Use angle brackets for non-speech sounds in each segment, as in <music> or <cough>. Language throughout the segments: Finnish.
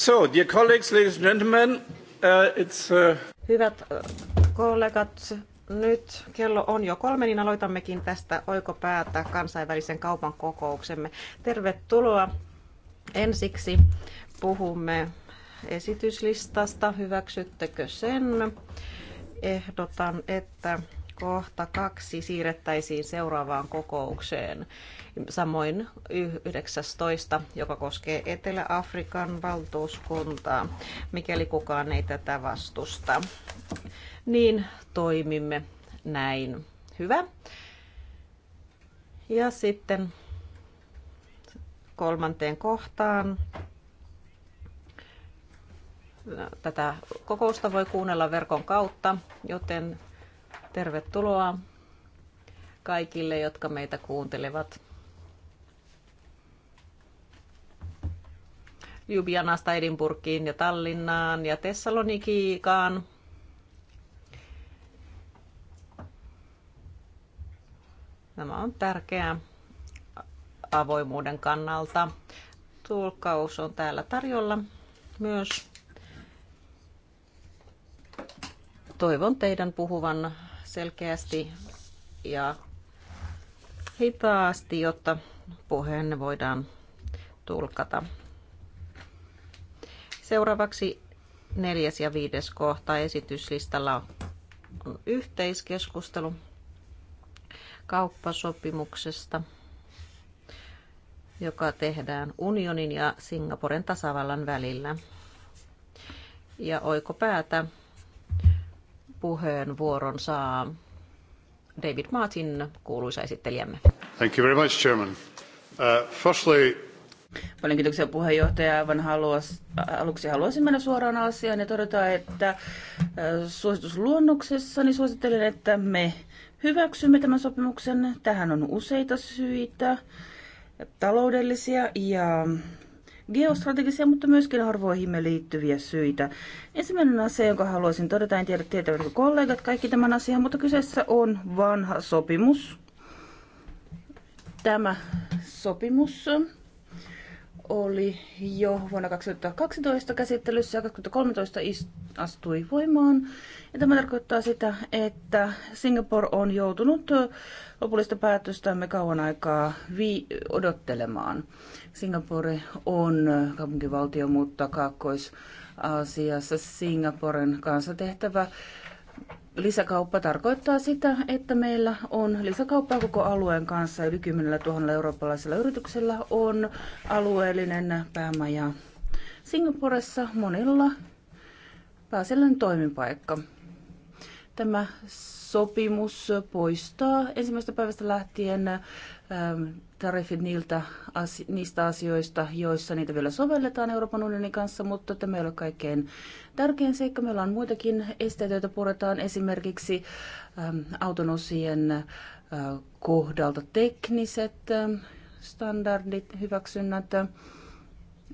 So, dear colleagues, ladies and gentlemen, uh, it's, uh... Hyvät äh, kollegat, nyt kello on jo kolme, niin aloitammekin tästä oikopäätä kansainvälisen kaupan kokouksemme. Tervetuloa. Ensiksi puhumme esityslistasta. Hyväksyttekö sen? Ehdotan, että kohta kaksi siirrettäisiin seuraavaan kokoukseen. Samoin 19, joka koskee Etelä-Afrikan valtuuskuntaa, mikäli kukaan ei tätä vastusta. Niin toimimme näin. Hyvä. Ja sitten kolmanteen kohtaan. Tätä kokousta voi kuunnella verkon kautta, joten Tervetuloa kaikille, jotka meitä kuuntelevat. Ljubianasta Edinburgiin ja Tallinnaan ja Tessalonikiikaan. Tämä on tärkeää avoimuuden kannalta. Tulkkaus on täällä tarjolla myös. Toivon teidän puhuvan selkeästi ja hitaasti, jotta puheen voidaan tulkata. Seuraavaksi neljäs ja viides kohta esityslistalla on yhteiskeskustelu kauppasopimuksesta, joka tehdään unionin ja Singaporen tasavallan välillä. Ja päätä puheenvuoron saa David Martin, kuuluisa esittelijämme. Thank you very much, Chairman. Uh, firstly, Paljon kiitoksia puheenjohtaja. Aivan haluas, aluksi haluaisin mennä suoraan asiaan ja todeta, että uh, suositusluonnoksessani suosittelen, että me hyväksymme tämän sopimuksen. Tähän on useita syitä, taloudellisia ja geostrategisia, mutta myöskin arvoihimme liittyviä syitä. Ensimmäinen asia, jonka haluaisin todeta, en tiedä tietävätkö kollegat kaikki tämän asian, mutta kyseessä on vanha sopimus. Tämä sopimus oli jo vuonna 2012 käsittelyssä ja 2013 astui voimaan. Ja tämä tarkoittaa sitä, että Singapore on joutunut lopullista päätöstämme kauan aikaa vi- odottelemaan. Singapore on kaupunkivaltio, mutta Kaakkois-Aasiassa Singaporen kanssa tehtävä lisäkauppa tarkoittaa sitä, että meillä on lisäkauppaa koko alueen kanssa. Yli 10 000 eurooppalaisella yrityksellä on alueellinen päämaja Singaporessa monilla pääsellinen toimipaikka. Tämä sopimus poistaa ensimmäistä päivästä lähtien ähm, tariffit niiltä, niistä asioista, joissa niitä vielä sovelletaan Euroopan unionin kanssa, mutta tämä ei ole kaikkein tärkein seikka. Meillä on muitakin esteitä, joita puretaan esimerkiksi äm, auton osien ä, äh, kohdalta tekniset ä, ähm, standardit, hyväksynnät.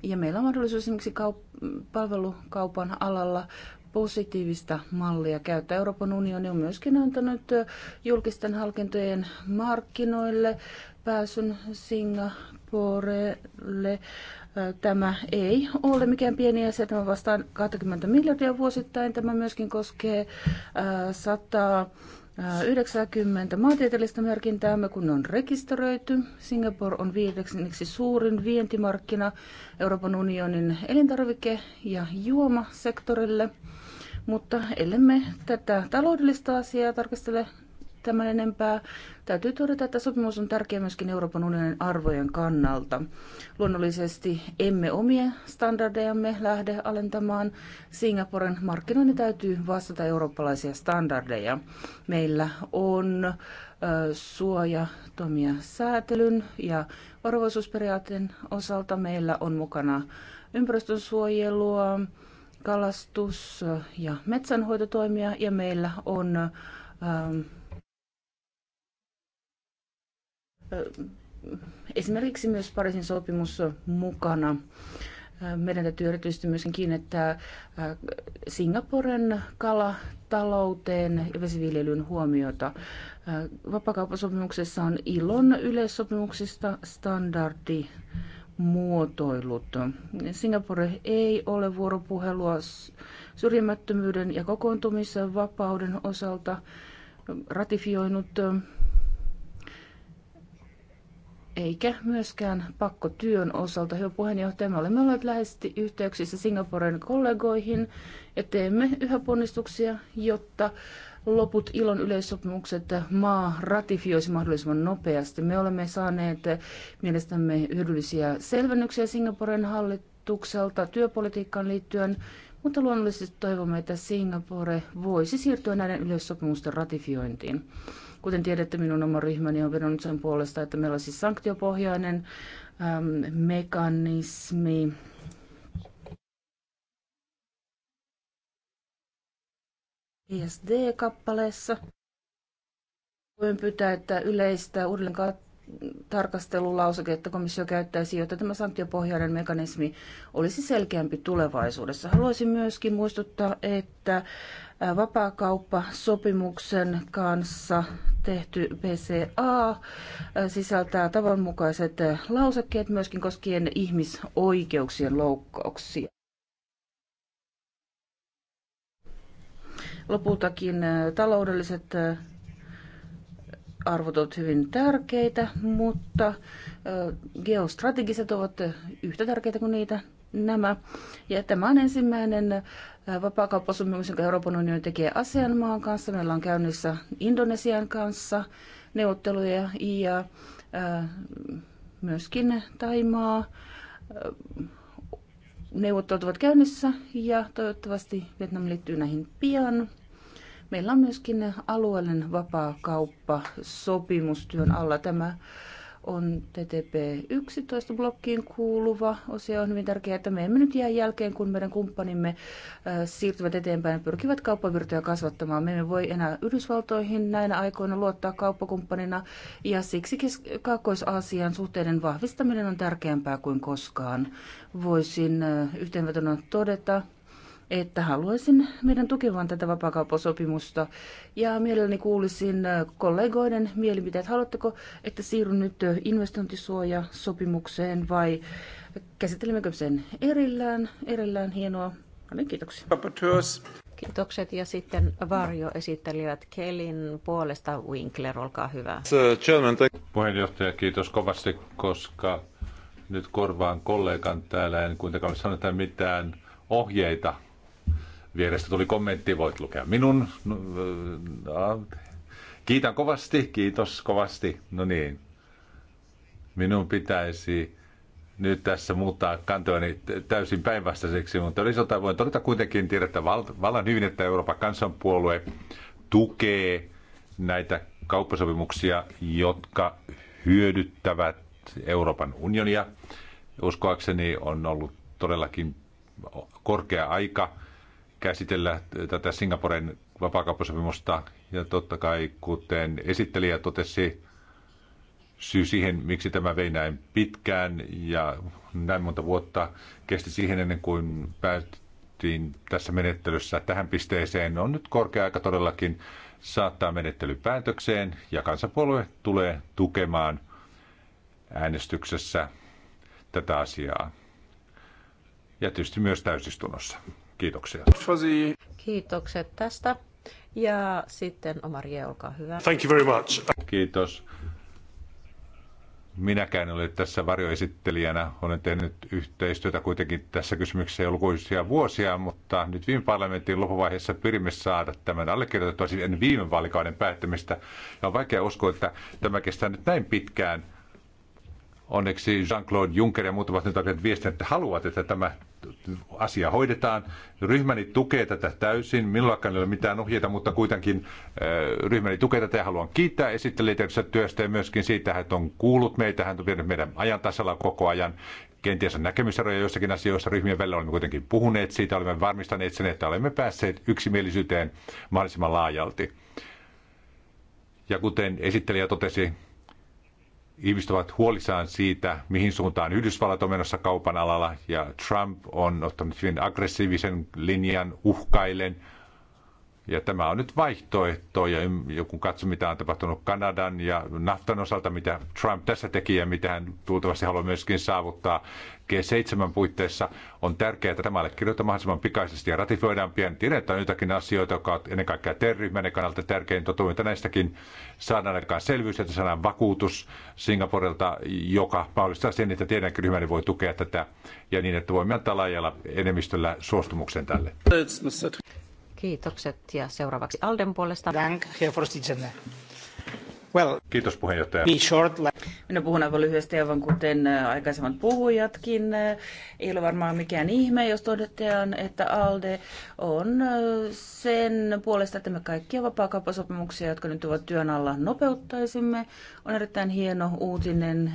Ja meillä on mahdollisuus esimerkiksi kaup- palvelukaupan alalla positiivista mallia käyttää. Euroopan unioni on myöskin antanut äh, julkisten hankintojen markkinoille pääsyn Singaporelle. Tämä ei ole mikään pieni asia, tämä vastaan 20 miljardia vuosittain. Tämä myöskin koskee 100 90 maantieteellistä merkintäämme, kun ne on rekisteröity. Singapore on viideksi suurin vientimarkkina Euroopan unionin elintarvike- ja juomasektorille. Mutta ellemme tätä taloudellista asiaa tarkastele tämän enempää. Täytyy todeta, että sopimus on tärkeä myöskin Euroopan unionin arvojen kannalta. Luonnollisesti emme omia standardejamme lähde alentamaan. Singaporen markkinoinnin täytyy vastata eurooppalaisia standardeja. Meillä on suoja toimia säätelyn ja varovaisuusperiaatteen osalta. Meillä on mukana ympäristönsuojelua, kalastus- ja metsänhoitotoimia ja meillä on ähm, esimerkiksi myös Pariisin sopimus mukana. Meidän täytyy erityisesti myöskin kiinnittää Singaporen kalatalouteen ja vesiviljelyyn huomiota. Vapakauppasopimuksessa on ilon yleissopimuksista standardi muotoilut. Singapore ei ole vuoropuhelua syrjimättömyyden ja kokoontumisen vapauden osalta ratifioinut eikä myöskään pakkotyön osalta. Hyvä puheenjohtaja, me olemme olleet läheisesti yhteyksissä Singaporen kollegoihin ja teemme yhä ponnistuksia, jotta loput ilon yleissopimukset maa ratifioisi mahdollisimman nopeasti. Me olemme saaneet mielestämme hyödyllisiä selvennyksiä Singaporen hallitukselta työpolitiikkaan liittyen, mutta luonnollisesti toivomme, että Singapore voisi siirtyä näiden yleissopimusten ratifiointiin. Kuten tiedätte, minun oma ryhmäni on vedonnut sen puolesta, että meillä on siis sanktiopohjainen äm, mekanismi. ISD-kappaleessa. Voin pyytää, että yleistä uudelleen tarkastelulauseketta komissio käyttäisi, jotta tämä sanktiopohjainen mekanismi olisi selkeämpi tulevaisuudessa. Haluaisin myöskin muistuttaa, että vapaakauppasopimuksen kanssa tehty PCA sisältää tavanmukaiset lausekkeet myöskin koskien ihmisoikeuksien loukkauksia. Lopultakin taloudelliset arvot ovat hyvin tärkeitä, mutta geostrategiset ovat yhtä tärkeitä kuin niitä nämä. Ja tämä on ensimmäinen vapaakauppasopimus, jonka Euroopan unioni tekee ASEAN maan kanssa. Meillä on käynnissä Indonesian kanssa neuvotteluja ja äh, myöskin Taimaa. Neuvottelut ovat käynnissä ja toivottavasti Vietnam liittyy näihin pian. Meillä on myöskin alueellinen vapaakauppasopimus työn alla. Tämä on TTP-11 blokkiin kuuluva osio. On hyvin tärkeää, että me emme nyt jää jälkeen, kun meidän kumppanimme siirtyvät eteenpäin ja pyrkivät kauppavirtoja kasvattamaan. Me emme voi enää Yhdysvaltoihin näinä aikoina luottaa kauppakumppanina ja siksi Kaakkois-Aasian suhteiden vahvistaminen on tärkeämpää kuin koskaan. Voisin yhteenvetona todeta, että haluaisin meidän tukevan tätä vapaakauppasopimusta. Ja mielelläni kuulisin äh, kollegoiden mielipiteet. Haluatteko, että siirryn nyt äh, investointisuojasopimukseen vai käsittelemmekö sen erillään? Erillään hienoa. Niin, kiitoksia. Kiitokset ja sitten Varjo esittelivät Kelin puolesta. Winkler, olkaa hyvä. Uh, Puheenjohtaja, kiitos kovasti, koska nyt korvaan kollegan täällä. En kuitenkaan sanota mitään ohjeita Vierestä tuli kommentti, voit lukea minun. No, no, kiitän kovasti, kiitos kovasti. No niin, minun pitäisi nyt tässä muuttaa kantojani täysin päinvastaiseksi, mutta jotain, voin todeta kuitenkin tiedä, että vallan hyvin, että Euroopan kansanpuolue tukee näitä kauppasopimuksia, jotka hyödyttävät Euroopan unionia. Uskoakseni on ollut todellakin korkea aika käsitellä tätä Singaporen vapaakauppasopimusta. Ja totta kai, kuten esittelijä totesi, syy siihen, miksi tämä vei näin pitkään ja näin monta vuotta kesti siihen ennen kuin päätettiin tässä menettelyssä tähän pisteeseen, on nyt korkea aika todellakin saattaa menettely päätökseen ja kansanpuolue tulee tukemaan äänestyksessä tätä asiaa ja tietysti myös täysistunnossa. Kiitoksia. Kiitokset tästä. Ja sitten Omarie, olkaa hyvä. Thank you very much. Kiitos. Minäkään olen tässä varjoesittelijänä. Olen tehnyt yhteistyötä kuitenkin tässä kysymyksessä jo lukuisia vuosia, mutta nyt viime parlamentin loppuvaiheessa pyrimme saada tämän allekirjoitettua siis ennen viime vaalikauden päättämistä. Ja on vaikea uskoa, että tämä kestää nyt näin pitkään. Onneksi Jean-Claude Juncker ja muut ovat nyt ovat viestin, että haluavat, että tämä asia hoidetaan. Ryhmäni tukee tätä täysin. Minullakaan ei ole mitään ohjeita, mutta kuitenkin äh, ryhmäni tukee tätä ja haluan kiittää esittelijätä työstä ja myöskin siitä, että on kuullut meitä. Hän on vienyt meidän ajan tasalla koko ajan. Kenties on näkemyseroja joissakin asioissa ryhmien välillä. Olemme kuitenkin puhuneet siitä, olemme varmistaneet sen, että olemme päässeet yksimielisyyteen mahdollisimman laajalti. Ja kuten esittelijä totesi, Ihmiset ovat huolissaan siitä, mihin suuntaan Yhdysvallat on menossa kaupan alalla, ja Trump on ottanut hyvin aggressiivisen linjan uhkailen – ja tämä on nyt vaihtoehto, ja kun katsoo, mitä on tapahtunut Kanadan ja naftan osalta, mitä Trump tässä teki ja mitä hän tuultavasti haluaa myöskin saavuttaa G7 puitteissa, on tärkeää, että tämä allekirjoittaa mahdollisimman pikaisesti ja ratifioidaan pian. Tiedetään jotakin asioita, jotka ovat ennen kaikkea terryhmänne kannalta tärkeintä. Toivon, että näistäkin saadaan aikaan selvyys, että saadaan vakuutus Singaporelta, joka mahdollistaa sen, että tiedänkin ryhmäni voi tukea tätä ja niin, että voimme antaa laajalla enemmistöllä suostumuksen tälle. Kiitokset ja seuraavaksi Alden puolesta. Well, Kiitos puheenjohtaja. Minä puhun aivan lyhyesti aivan kuten äh, aikaisemmat puhujatkin. Äh, ei ole varmaan mikään ihme, jos todetaan, että ALDE on äh, sen puolesta, että me kaikkia vapaakauppasopimuksia, jotka nyt ovat työn alla, nopeuttaisimme. On erittäin hieno uutinen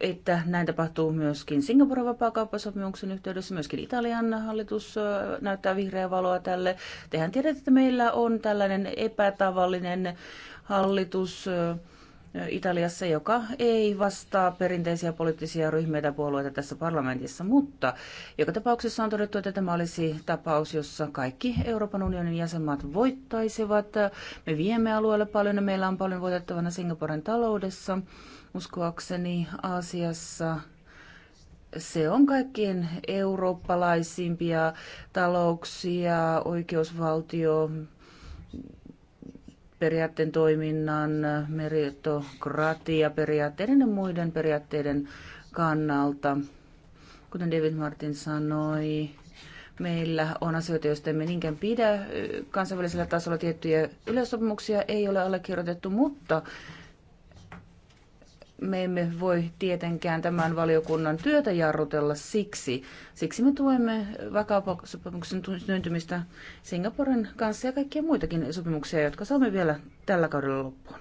että näin tapahtuu myöskin Singaporen vapaakauppasopimuksen yhteydessä, myöskin Italian hallitus näyttää vihreää valoa tälle. Tehän tiedät, että meillä on tällainen epätavallinen hallitus Italiassa, joka ei vastaa perinteisiä poliittisia ryhmiä tai puolueita tässä parlamentissa, mutta joka tapauksessa on todettu, että tämä olisi tapaus, jossa kaikki Euroopan unionin jäsenmaat voittaisivat. Me viemme alueelle paljon ja meillä on paljon voitettavana Singaporen taloudessa. Uskoakseni Aasiassa se on kaikkien eurooppalaisimpia talouksia, oikeusvaltio, periaatteen toiminnan, meritokratia, periaatteiden ja muiden periaatteiden kannalta. Kuten David Martin sanoi, meillä on asioita, joista emme niinkään pidä. Kansainvälisellä tasolla tiettyjä yleissopimuksia ei ole allekirjoitettu, mutta me emme voi tietenkään tämän valiokunnan työtä jarrutella siksi. Siksi me tuemme vakaupasopimuksen syntymistä Singaporen kanssa ja kaikkia muitakin sopimuksia, jotka saamme vielä tällä kaudella loppuun.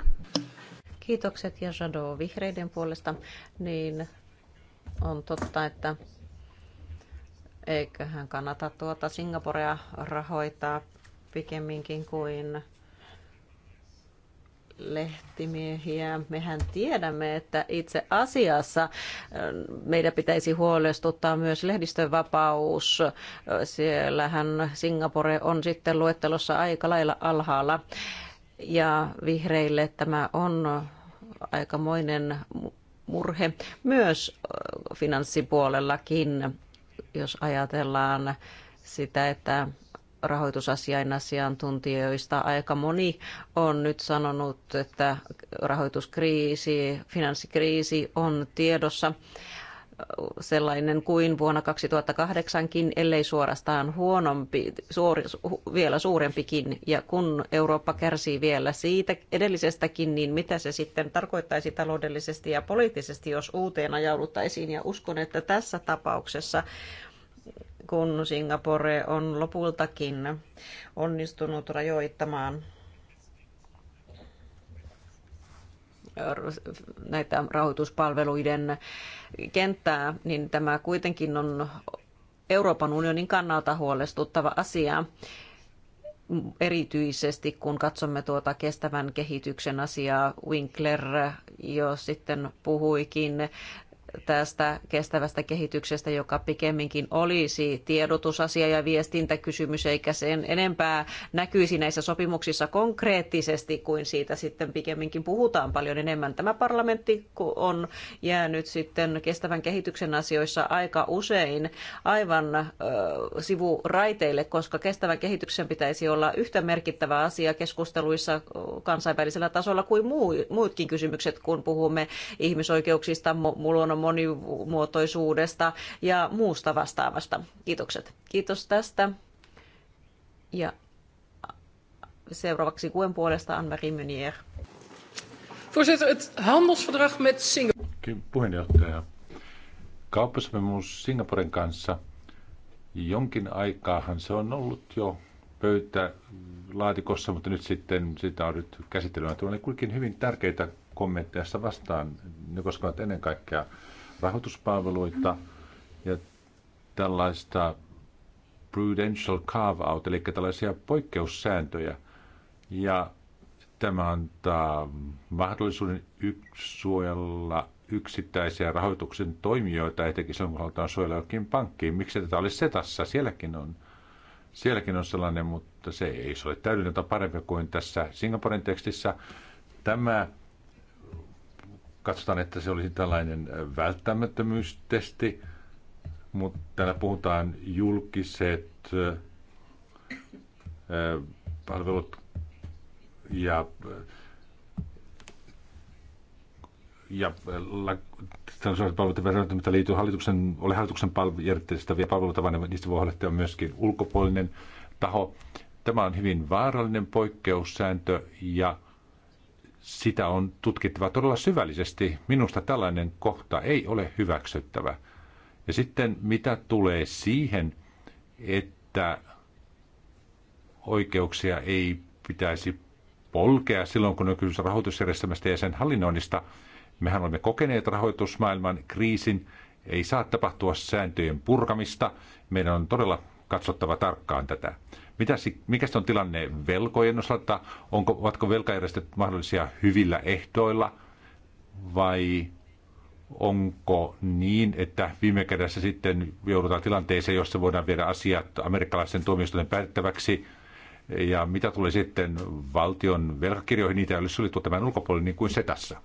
Kiitokset ja Jado vihreiden puolesta. Niin on totta, että eiköhän kannata tuota Singaporea rahoittaa pikemminkin kuin lehtimiehiä. Mehän tiedämme, että itse asiassa äh, meidän pitäisi huolestuttaa myös lehdistönvapaus. Äh, siellähän Singapore on sitten luettelossa aika lailla alhaalla. Ja vihreille tämä on aikamoinen murhe myös äh, finanssipuolellakin, jos ajatellaan sitä, että rahoitusasiain asiantuntijoista aika moni on nyt sanonut, että rahoituskriisi, finanssikriisi on tiedossa sellainen kuin vuonna 2008kin, ellei suorastaan huonompi, suori, vielä suurempikin. Ja kun Eurooppa kärsii vielä siitä edellisestäkin, niin mitä se sitten tarkoittaisi taloudellisesti ja poliittisesti, jos uuteen ajauduttaisiin? Ja uskon, että tässä tapauksessa kun Singapore on lopultakin onnistunut rajoittamaan näitä rahoituspalveluiden kenttää, niin tämä kuitenkin on Euroopan unionin kannalta huolestuttava asia, erityisesti kun katsomme tuota kestävän kehityksen asiaa. Winkler jo sitten puhuikin tästä kestävästä kehityksestä, joka pikemminkin olisi tiedotusasia ja viestintäkysymys, eikä sen enempää näkyisi näissä sopimuksissa konkreettisesti, kuin siitä sitten pikemminkin puhutaan paljon enemmän. Tämä parlamentti on jäänyt sitten kestävän kehityksen asioissa aika usein aivan ö, sivuraiteille, koska kestävän kehityksen pitäisi olla yhtä merkittävä asia keskusteluissa kansainvälisellä tasolla kuin muu, muutkin kysymykset, kun puhumme ihmisoikeuksista, luonnon monimuotoisuudesta ja muusta vastaavasta. Kiitokset. Kiitos tästä. Ja seuraavaksi kuen puolesta Anne-Marie Munier. Voorzitter, het handelsverdrag met Singapore. Puheenjohtaja. Kauppasopimus Singaporen kanssa. Jonkin aikaahan se on ollut jo pöytä laatikossa, mutta nyt sitten sitä on nyt käsitellään. Tulee kuitenkin hyvin tärkeitä kommentteja vastaan. Ne koskevat ennen kaikkea rahoituspalveluita ja tällaista prudential carve-out, eli tällaisia poikkeussääntöjä. Ja tämä antaa mahdollisuuden suojella yksittäisiä rahoituksen toimijoita, etenkin silloin kun halutaan suojella jokin pankkiin. Miksi tätä olisi setassa? Sielläkin on, sielläkin on sellainen, mutta se ei ole täydellinen parempi kuin tässä Singaporen tekstissä. Tämä katsotaan, että se olisi tällainen äh, välttämättömyystesti, mutta täällä puhutaan julkiset äh, äh, palvelut ja ja palveluiden välttämättä liittyy hallituksen, ole hallituksen palvelu, järjestettäviä palveluita, vaan niistä voi huolehtia myöskin ulkopuolinen taho. Tämä on hyvin vaarallinen poikkeussääntö ja sitä on tutkittava todella syvällisesti. Minusta tällainen kohta ei ole hyväksyttävä. Ja sitten mitä tulee siihen, että oikeuksia ei pitäisi polkea silloin, kun on kysymys rahoitusjärjestelmästä ja sen hallinnoinnista. Mehän olemme kokeneet rahoitusmaailman kriisin. Ei saa tapahtua sääntöjen purkamista. Meidän on todella katsottava tarkkaan tätä. Mitä, mikä on tilanne velkojen osalta? Onko, ovatko velkajärjestöt mahdollisia hyvillä ehdoilla vai onko niin, että viime kädessä sitten joudutaan tilanteeseen, jossa voidaan viedä asiat amerikkalaisten tuomioistuimen päätettäväksi. Ja mitä tulee sitten valtion velkakirjoihin, niitä ei olisi suljettu tämän ulkopuolelle niin kuin se tässä.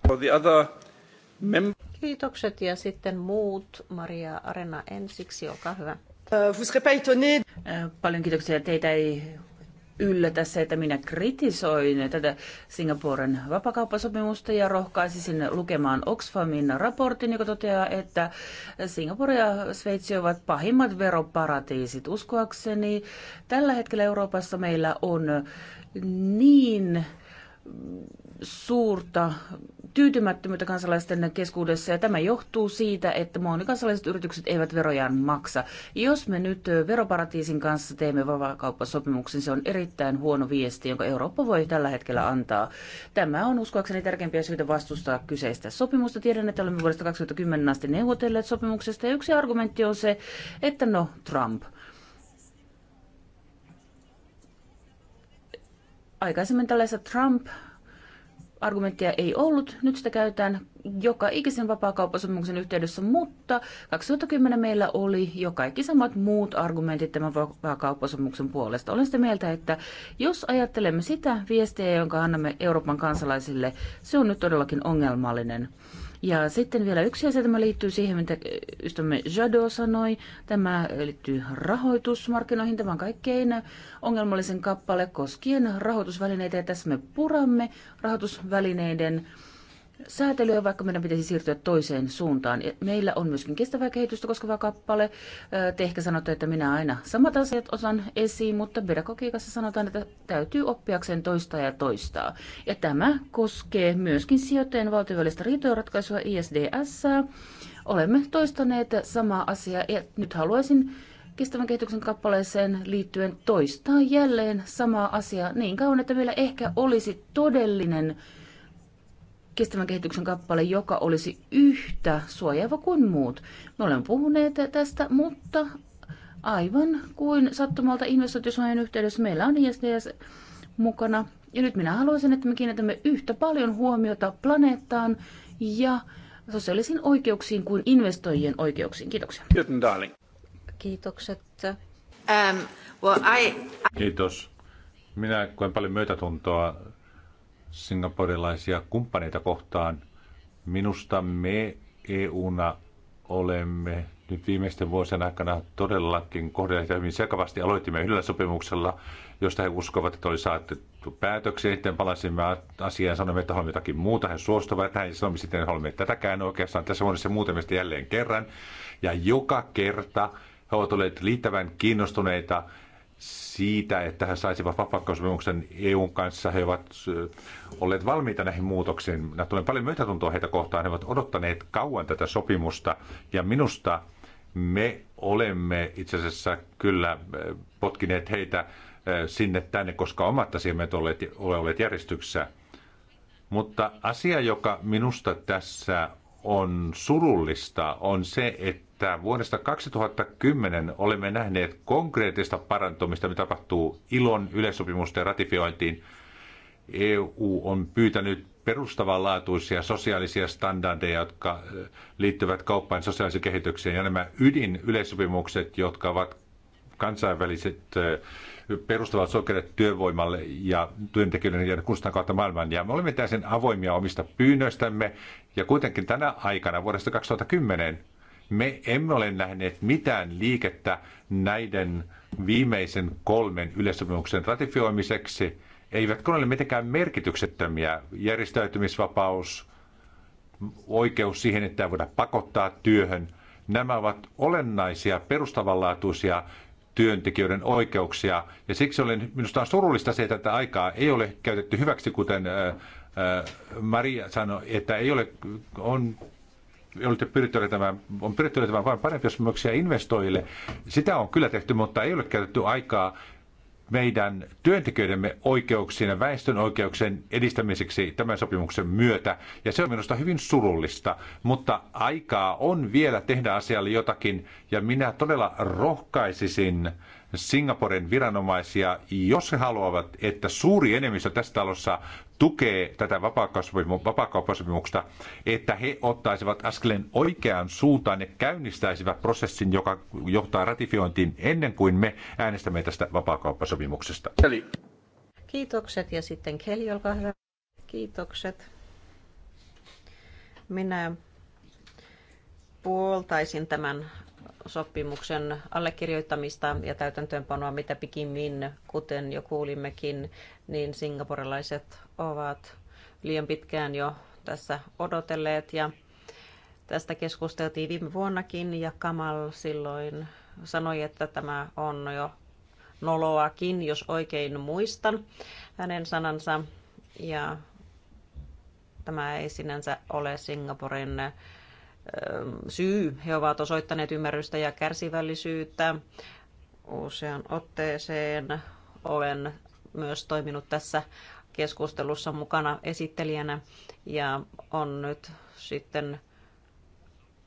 Kiitokset ja sitten muut. Maria Arena ensiksi, olkaa hyvä. Euh, äh, paljon kiitoksia. Teitä ei yllätä se, että minä kritisoin tätä Singaporen vapakauppasopimusta ja rohkaisisin lukemaan Oxfamin raportin, joka toteaa, että Singapore ja Sveitsi ovat pahimmat veroparatiisit. Uskoakseni tällä hetkellä Euroopassa meillä on niin suurta tyytymättömyyttä kansalaisten keskuudessa ja tämä johtuu siitä, että monikansalaiset yritykset eivät verojaan maksa. Jos me nyt veroparatiisin kanssa teemme vapaakauppasopimuksen, se on erittäin huono viesti, jonka Eurooppa voi tällä hetkellä antaa. Tämä on uskoakseni tärkeimpiä syitä vastustaa kyseistä sopimusta. Tiedän, että olemme vuodesta 2010 asti neuvotelleet sopimuksesta ja yksi argumentti on se, että no Trump. Aikaisemmin tällaisessa Trump argumenttia ei ollut. Nyt sitä käytetään joka ikisen vapaakauppasopimuksen yhteydessä, mutta 2010 meillä oli jo kaikki samat muut argumentit tämän vapaakauppasopimuksen puolesta. Olen sitä mieltä, että jos ajattelemme sitä viestiä, jonka annamme Euroopan kansalaisille, se on nyt todellakin ongelmallinen. Ja sitten vielä yksi asia, tämä liittyy siihen, mitä ystävämme Jado sanoi. Tämä liittyy rahoitusmarkkinoihin. Tämä on kaikkein ongelmallisen kappale koskien rahoitusvälineitä. Ja tässä me puramme rahoitusvälineiden äh, säätelyä, vaikka meidän pitäisi siirtyä toiseen suuntaan. Meillä on myöskin kestävää kehitystä koskeva kappale. Te ehkä sanotte, että minä aina samat asiat osan esiin, mutta pedagogiikassa sanotaan, että täytyy oppiakseen toistaa ja toistaa. Ja tämä koskee myöskin sijoittajien valtiovälistä riitojenratkaisua ISDS. Olemme toistaneet samaa asiaa ja nyt haluaisin kestävän kehityksen kappaleeseen liittyen toistaa jälleen samaa asiaa niin kauan, että meillä ehkä olisi todellinen kestävän kehityksen kappale, joka olisi yhtä suojaava kuin muut. Me olemme puhuneet tästä, mutta aivan kuin sattumalta investointisuojan yhteydessä meillä on ISDS mukana. Ja nyt minä haluaisin, että me kiinnitämme yhtä paljon huomiota planeettaan ja sosiaalisiin oikeuksiin kuin investoijien oikeuksiin. Kiitoksia. Kiitokset. Um, well, I... Kiitos. Minä koen paljon myötätuntoa singaporelaisia kumppaneita kohtaan. Minusta me EUna olemme nyt viimeisten vuosien aikana todellakin kohdelleet hyvin sekavasti. Aloitimme yhdellä sopimuksella, josta he uskovat, että oli saatettu päätöksiä. Sitten palasimme asiaan ja sanoimme, että haluamme jotakin muuta. He suostuvat tähän ja sanoimme sitten, että haluamme tätäkään oikeastaan. Tässä vuodessa muutamista jälleen kerran. Ja joka kerta he ovat olleet liittävän kiinnostuneita siitä, että he saisivat vapakkausopimuksen EUn kanssa. He ovat olleet valmiita näihin muutoksiin. Nämä tulee paljon myötätuntoa heitä kohtaan. He ovat odottaneet kauan tätä sopimusta ja minusta me olemme itse asiassa kyllä potkineet heitä sinne tänne, koska omat asiamme ole olleet järjestyksessä. Mutta asia, joka minusta tässä on surullista, on se, että että vuodesta 2010 olemme nähneet konkreettista parantumista, mitä tapahtuu ilon yleissopimusten ratifiointiin. EU on pyytänyt perustavanlaatuisia sosiaalisia standardeja, jotka liittyvät kauppaan sosiaaliseen kehitykseen. Ja nämä ydin yleissopimukset, jotka ovat kansainväliset perustavat sokeret työvoimalle ja työntekijöiden ja kustan kautta maailman. Ja me olemme täysin avoimia omista pyynnöistämme. Ja kuitenkin tänä aikana vuodesta 2010 me emme ole nähneet mitään liikettä näiden viimeisen kolmen yleissopimuksen ratifioimiseksi, eivätkö ole mitenkään merkityksettömiä. Järjestäytymisvapaus, oikeus siihen, että ei voida pakottaa työhön, nämä ovat olennaisia, perustavanlaatuisia työntekijöiden oikeuksia. Ja siksi olen, minusta on surullista se, että tätä aikaa ei ole käytetty hyväksi, kuten äh, äh, Maria sanoi, että ei ole, on olette pyritty löytämään, on pyritty löytämään vain parempia sopimuksia investoijille. Sitä on kyllä tehty, mutta ei ole käytetty aikaa meidän työntekijöidemme oikeuksien ja väestön oikeuksien edistämiseksi tämän sopimuksen myötä. Ja se on minusta hyvin surullista, mutta aikaa on vielä tehdä asialle jotakin. Ja minä todella rohkaisisin Singaporen viranomaisia, jos he haluavat, että suuri enemmistö tässä talossa tukee tätä vapaakauppasopimusta, että he ottaisivat askeleen oikeaan suuntaan ja käynnistäisivät prosessin, joka johtaa ratifiointiin ennen kuin me äänestämme tästä vapaakauppasopimuksesta. Eli. Kiitokset ja sitten Kelly, olkaa hyvä. Kiitokset. Minä puoltaisin tämän sopimuksen allekirjoittamista ja täytäntöönpanoa mitä pikimmin, kuten jo kuulimmekin, niin singaporelaiset ovat liian pitkään jo tässä odotelleet ja tästä keskusteltiin viime vuonnakin ja Kamal silloin sanoi, että tämä on jo noloakin, jos oikein muistan hänen sanansa ja tämä ei sinänsä ole Singaporen syy. He ovat osoittaneet ymmärrystä ja kärsivällisyyttä usean otteeseen. Olen myös toiminut tässä keskustelussa mukana esittelijänä ja on nyt sitten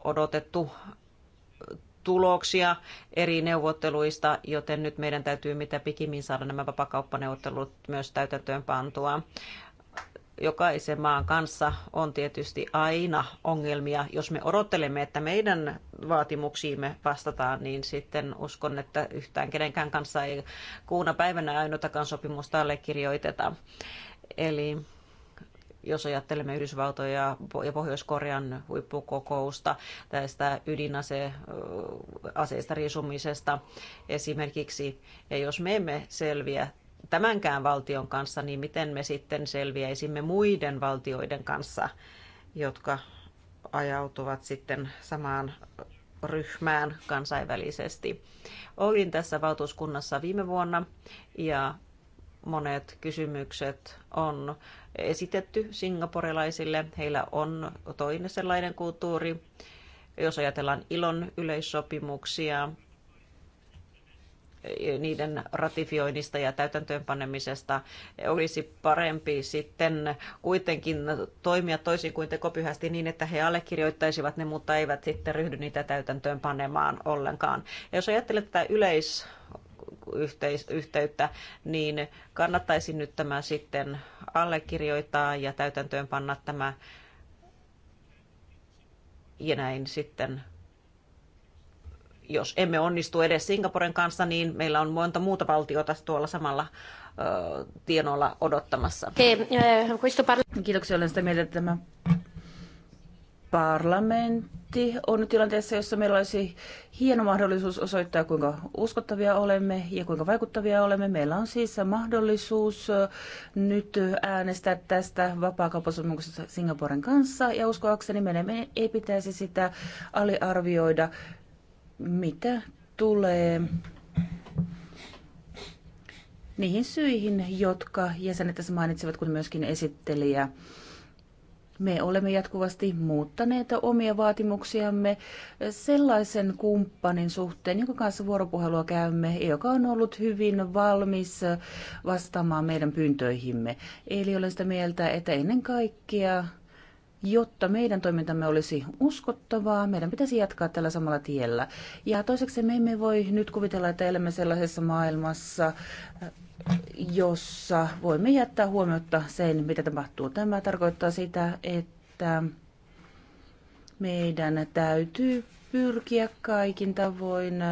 odotettu tuloksia eri neuvotteluista, joten nyt meidän täytyy mitä pikimmin saada nämä vapakauppaneuvottelut myös täytäntöön pantua jokaisen maan kanssa on tietysti aina ongelmia. Jos me odottelemme, että meidän vaatimuksiimme vastataan, niin sitten uskon, että yhtään kenenkään kanssa ei kuuna päivänä ainoatakaan sopimusta allekirjoiteta. Eli jos ajattelemme Yhdysvaltoja ja Pohjois-Korean huippukokousta tästä ydinaseista riisumisesta esimerkiksi, ja jos me emme selviä tämänkään valtion kanssa, niin miten me sitten selviäisimme muiden valtioiden kanssa, jotka ajautuvat sitten samaan ryhmään kansainvälisesti. Olin tässä valtuuskunnassa viime vuonna ja monet kysymykset on esitetty singaporelaisille. Heillä on toinen sellainen kulttuuri. Jos ajatellaan ilon yleissopimuksia, niiden ratifioinnista ja täytäntöönpanemisesta olisi parempi sitten kuitenkin toimia toisin kuin tekopyhästi niin, että he allekirjoittaisivat ne, mutta eivät sitten ryhdy niitä täytäntöönpanemaan ollenkaan. Ja jos ajattelet tätä yleis niin kannattaisi nyt tämä sitten allekirjoittaa ja täytäntöönpanna tämä ja näin sitten jos emme onnistu edes Singaporen kanssa, niin meillä on monta muuta valtiota tuolla samalla tienolla tienoilla odottamassa. Eh, Kiitoksia, olen sitä mieltä, että tämä parlamentti on tilanteessa, jossa meillä olisi hieno mahdollisuus osoittaa, kuinka uskottavia olemme ja kuinka vaikuttavia olemme. Meillä on siis mahdollisuus nyt äänestää tästä vapaakauppasopimuksesta Singaporen kanssa ja uskoakseni meidän ei pitäisi sitä aliarvioida mitä tulee niihin syihin, jotka jäsenet tässä mainitsivat, kun myöskin esittelijä. Me olemme jatkuvasti muuttaneet omia vaatimuksiamme sellaisen kumppanin suhteen, jonka kanssa vuoropuhelua käymme, joka on ollut hyvin valmis vastaamaan meidän pyyntöihimme. Eli olen sitä mieltä, että ennen kaikkea jotta meidän toimintamme olisi uskottavaa, meidän pitäisi jatkaa tällä samalla tiellä. Ja toiseksi me emme voi nyt kuvitella, että elämme sellaisessa maailmassa, jossa voimme jättää huomiota sen, mitä tapahtuu. Tämä tarkoittaa sitä, että meidän täytyy pyrkiä kaikin tavoin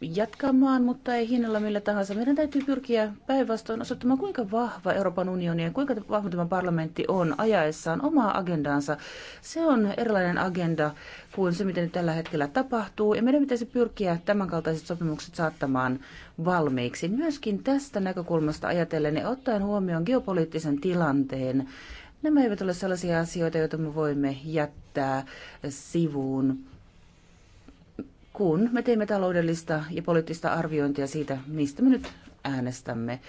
jatkamaan, mutta ei hinnalla millä tahansa. Meidän täytyy pyrkiä päinvastoin osoittamaan, kuinka vahva Euroopan unioni ja kuinka vahva tämä parlamentti on ajaessaan omaa agendaansa. Se on erilainen agenda kuin se, mitä nyt tällä hetkellä tapahtuu, ja meidän pitäisi pyrkiä tämänkaltaiset sopimukset saattamaan valmiiksi. Myöskin tästä näkökulmasta ajatellen ja niin ottaen huomioon geopoliittisen tilanteen, nämä eivät ole sellaisia asioita, joita me voimme jättää sivuun kun me teemme taloudellista ja poliittista arviointia siitä, mistä me nyt äänestämme.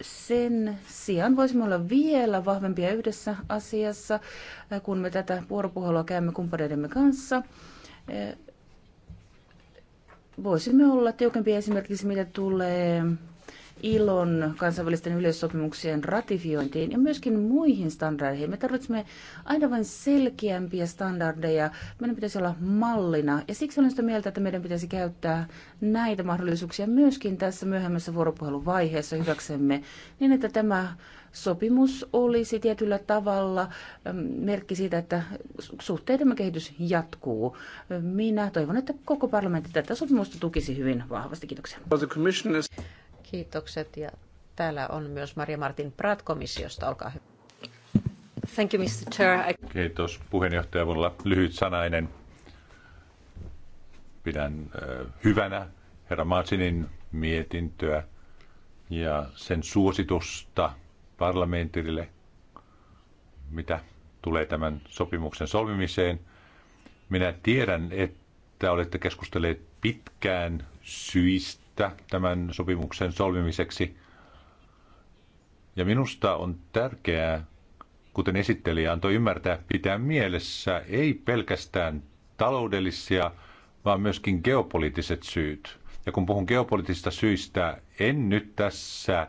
Sen sijaan voisimme olla vielä vahvempia yhdessä asiassa, äh, kun me tätä vuoropuhelua käymme kumppaneidemme kanssa. Äh, voisimme olla tiukempia esimerkiksi, mitä tulee ilon kansainvälisten yleissopimuksien ratifiointiin ja myöskin muihin standardeihin. Me tarvitsemme aina vain selkeämpiä standardeja. Meidän pitäisi olla mallina ja siksi olen sitä mieltä, että meidän pitäisi käyttää näitä mahdollisuuksia myöskin tässä myöhemmässä vuoropuheluvaiheessa vaiheessa hyväksemme niin, että tämä sopimus olisi tietyllä tavalla merkki siitä, että suhteidemme kehitys jatkuu. Minä toivon, että koko parlamentti tätä sopimusta tukisi hyvin vahvasti. Kiitoksia. Kiitokset ja täällä on myös Maria Martin Prat komissiosta. Olkaa hyvä. Thank you, Mr. Chair. Kiitos puheenjohtaja. voi olla lyhyt sanainen. Pidän hyvänä herra Martinin mietintöä ja sen suositusta parlamentille, mitä tulee tämän sopimuksen solmimiseen. Minä tiedän, että olette keskustelleet pitkään syistä, työtä tämän sopimuksen solmimiseksi. Ja minusta on tärkeää, kuten esittelijä antoi ymmärtää, pitää mielessä ei pelkästään taloudellisia, vaan myöskin geopoliittiset syyt. Ja kun puhun geopoliittisista syistä, en nyt tässä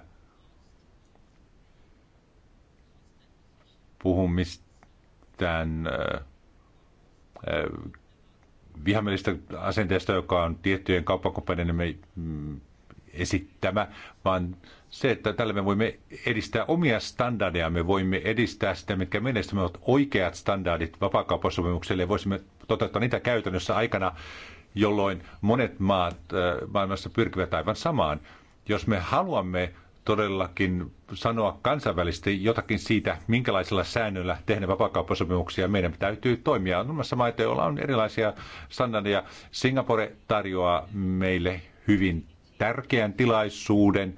puhu mistään äh, äh, vihamielistä asenteesta, joka on tiettyjen me mm, esittämä, vaan se, että tällä me voimme edistää omia standardeja, me voimme edistää sitä, mitkä mielestämme ovat oikeat standardit vapaakauppasopimukselle, voisimme toteuttaa niitä käytännössä aikana, jolloin monet maat äh, maailmassa pyrkivät aivan samaan. Jos me haluamme todellakin sanoa kansainvälisesti jotakin siitä, minkälaisilla säännöillä tehdään vapaakauppasopimuksia. Meidän täytyy toimia. On olemassa maita, joilla on erilaisia standardeja. Singapore tarjoaa meille hyvin tärkeän tilaisuuden,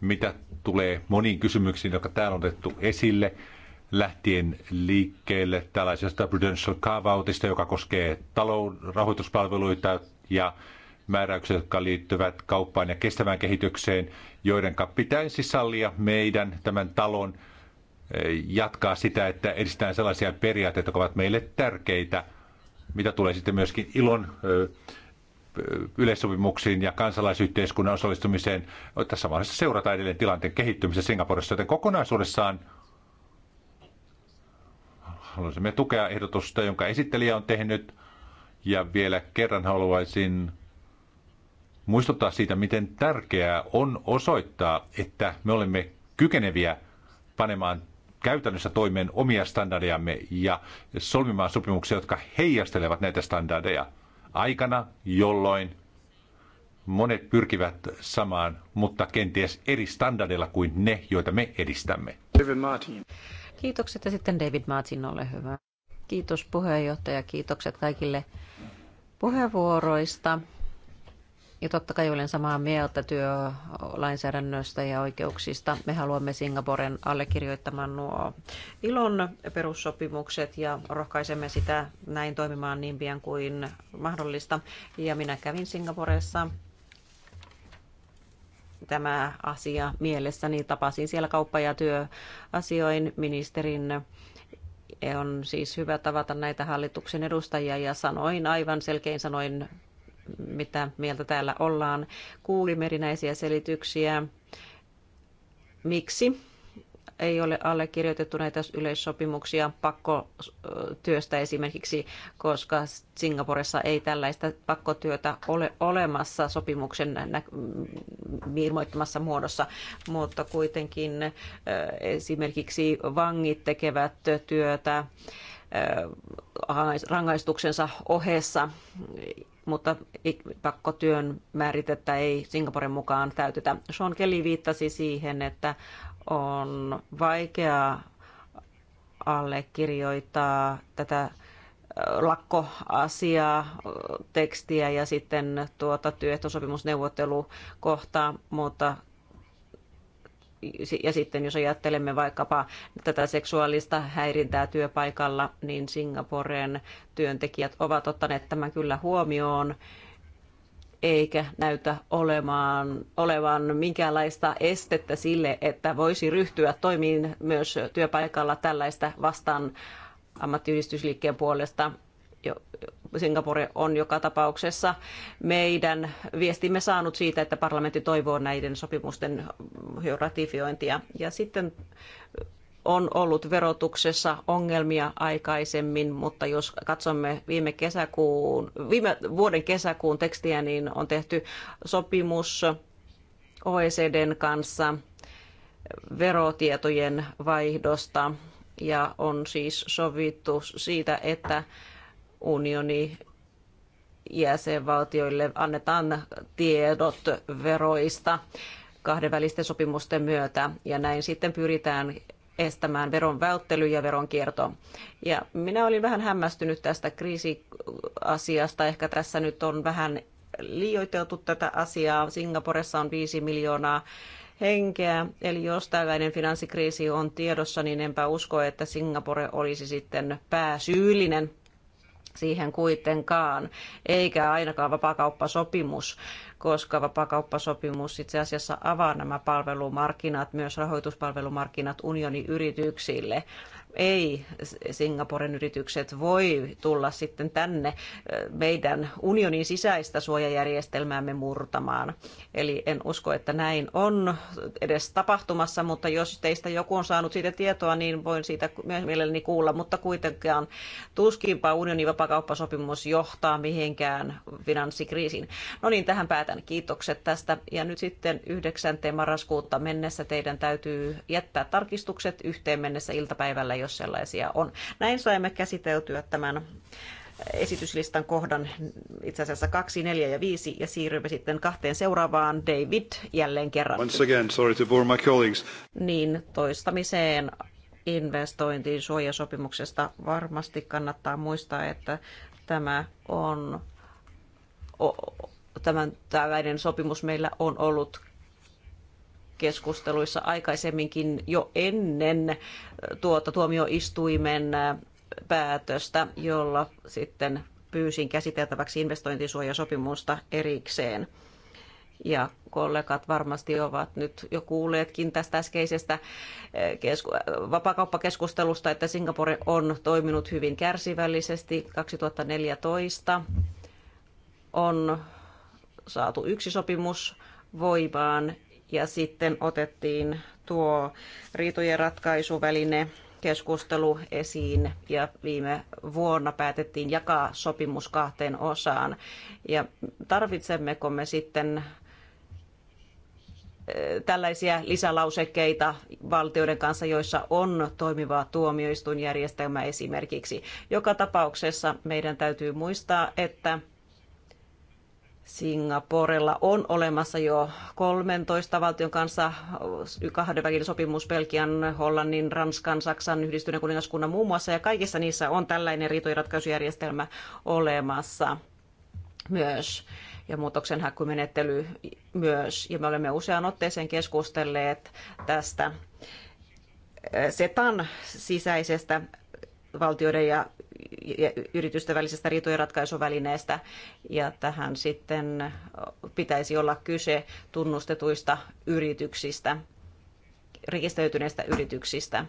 mitä tulee moniin kysymyksiin, jotka täällä on otettu esille lähtien liikkeelle tällaisesta prudential carve joka koskee talouden rahoituspalveluita ja määräykset, jotka liittyvät kauppaan ja kestävään kehitykseen, joiden pitäisi sallia meidän tämän talon e, jatkaa sitä, että edistetään sellaisia periaatteita, jotka ovat meille tärkeitä, mitä tulee sitten myöskin ilon e, e, yleissopimuksiin ja kansalaisyhteiskunnan osallistumiseen. Tässä vaiheessa seurataan edelleen tilanteen kehittymisessä Singaporessa, joten kokonaisuudessaan haluaisimme tukea ehdotusta, jonka esittelijä on tehnyt. Ja vielä kerran haluaisin muistuttaa siitä, miten tärkeää on osoittaa, että me olemme kykeneviä panemaan käytännössä toimeen omia standardejamme ja solmimaan sopimuksia, jotka heijastelevat näitä standardeja aikana, jolloin monet pyrkivät samaan, mutta kenties eri standardeilla kuin ne, joita me edistämme. David Martin. Kiitokset ja sitten David Martin, ole hyvä. Kiitos puheenjohtaja, kiitokset kaikille puheenvuoroista. Ja totta kai olen samaa mieltä työlainsäädännöstä ja oikeuksista. Me haluamme Singaporen allekirjoittamaan nuo ilon perussopimukset ja rohkaisemme sitä näin toimimaan niin pian kuin mahdollista. Ja minä kävin Singaporessa tämä asia mielessäni. Tapasin siellä kauppa- ja työasioin ministerin on siis hyvä tavata näitä hallituksen edustajia ja sanoin aivan selkein sanoin mitä mieltä täällä ollaan. Kuulimme erinäisiä selityksiä, miksi ei ole allekirjoitettu näitä yleissopimuksia pakkotyöstä esimerkiksi, koska Singaporessa ei tällaista pakkotyötä ole olemassa sopimuksen ilmoittamassa muodossa, mutta kuitenkin esimerkiksi vangit tekevät työtä rangaistuksensa ohessa mutta pakkotyön määritettä ei Singaporen mukaan täytetä. Sean Kelly viittasi siihen, että on vaikea allekirjoittaa tätä lakkoasiaa, tekstiä ja sitten tuota työehtosopimusneuvottelukohtaa, mutta ja sitten jos ajattelemme vaikkapa tätä seksuaalista häirintää työpaikalla, niin Singaporen työntekijät ovat ottaneet tämän kyllä huomioon eikä näytä olemaan, olevan minkäänlaista estettä sille, että voisi ryhtyä toimiin myös työpaikalla tällaista vastaan ammattiyhdistysliikkeen puolesta. Singapore on joka tapauksessa meidän viestimme saanut siitä, että parlamentti toivoo näiden sopimusten ratifiointia. Ja sitten on ollut verotuksessa ongelmia aikaisemmin, mutta jos katsomme viime, kesäkuun, viime vuoden kesäkuun tekstiä, niin on tehty sopimus OECDn kanssa verotietojen vaihdosta ja on siis sovittu siitä, että unioni jäsenvaltioille annetaan tiedot veroista kahdenvälisten sopimusten myötä ja näin sitten pyritään estämään veron välttely ja veronkierto. Ja minä olin vähän hämmästynyt tästä kriisiasiasta. Ehkä tässä nyt on vähän liioiteltu tätä asiaa. Singaporessa on 5 miljoonaa henkeä. Eli jos tällainen finanssikriisi on tiedossa, niin enpä usko, että Singapore olisi sitten pääsyyllinen siihen kuitenkaan, eikä ainakaan vapakauppasopimus, koska vapakauppasopimus itse asiassa avaa nämä palvelumarkkinat, myös rahoituspalvelumarkkinat unionin yrityksille ei Singaporen yritykset voi tulla sitten tänne eh, meidän unionin sisäistä suojajärjestelmäämme murtamaan. Eli en usko, että näin on edes tapahtumassa, mutta jos teistä joku on saanut siitä tietoa, niin voin siitä mielelläni kuulla, mutta kuitenkaan tuskinpa unionin vapakauppasopimus johtaa mihinkään finanssikriisiin. No niin, tähän päätän. Kiitokset tästä. Ja nyt sitten 9. marraskuutta mennessä teidän täytyy jättää tarkistukset yhteen mennessä iltapäivällä, jos sellaisia on. Näin saimme käsiteltyä tämän esityslistan kohdan itse asiassa 2, 4 ja 5 ja siirrymme sitten kahteen seuraavaan. David jälleen kerran. Once again, sorry to bore my colleagues. Niin toistamiseen investointiin suojasopimuksesta varmasti kannattaa muistaa, että tämä on tämän, tämän sopimus meillä on ollut keskusteluissa aikaisemminkin jo ennen tuota tuomioistuimen päätöstä, jolla sitten pyysin käsiteltäväksi investointisuojasopimusta erikseen. Ja kollegat varmasti ovat nyt jo kuulleetkin tästä äskeisestä kesku- vapakauppakeskustelusta, että Singapore on toiminut hyvin kärsivällisesti. 2014 on saatu yksi sopimus voimaan ja sitten otettiin tuo riitojen ratkaisuväline keskustelu esiin ja viime vuonna päätettiin jakaa sopimus kahteen osaan. Ja tarvitsemmeko me sitten eh, tällaisia lisälausekkeita valtioiden kanssa, joissa on toimiva tuomioistuinjärjestelmä esimerkiksi. Joka tapauksessa meidän täytyy muistaa, että Singaporella on olemassa jo 13 valtion kanssa kahdenvälinen sopimus Belgian, Hollannin, Ranskan, Saksan, Yhdistyneen kuningaskunnan muun muassa, ja kaikissa niissä on tällainen riitojenratkaisujärjestelmä olemassa myös ja muutoksenhakumenettely myös. Ja me olemme useaan otteeseen keskustelleet tästä eh, SETAn sisäisestä valtioiden ja yritysten välisestä riitojen ratkaisuvälineestä. Ja tähän sitten pitäisi olla kyse tunnustetuista yrityksistä, rekisteröityneistä yrityksistä.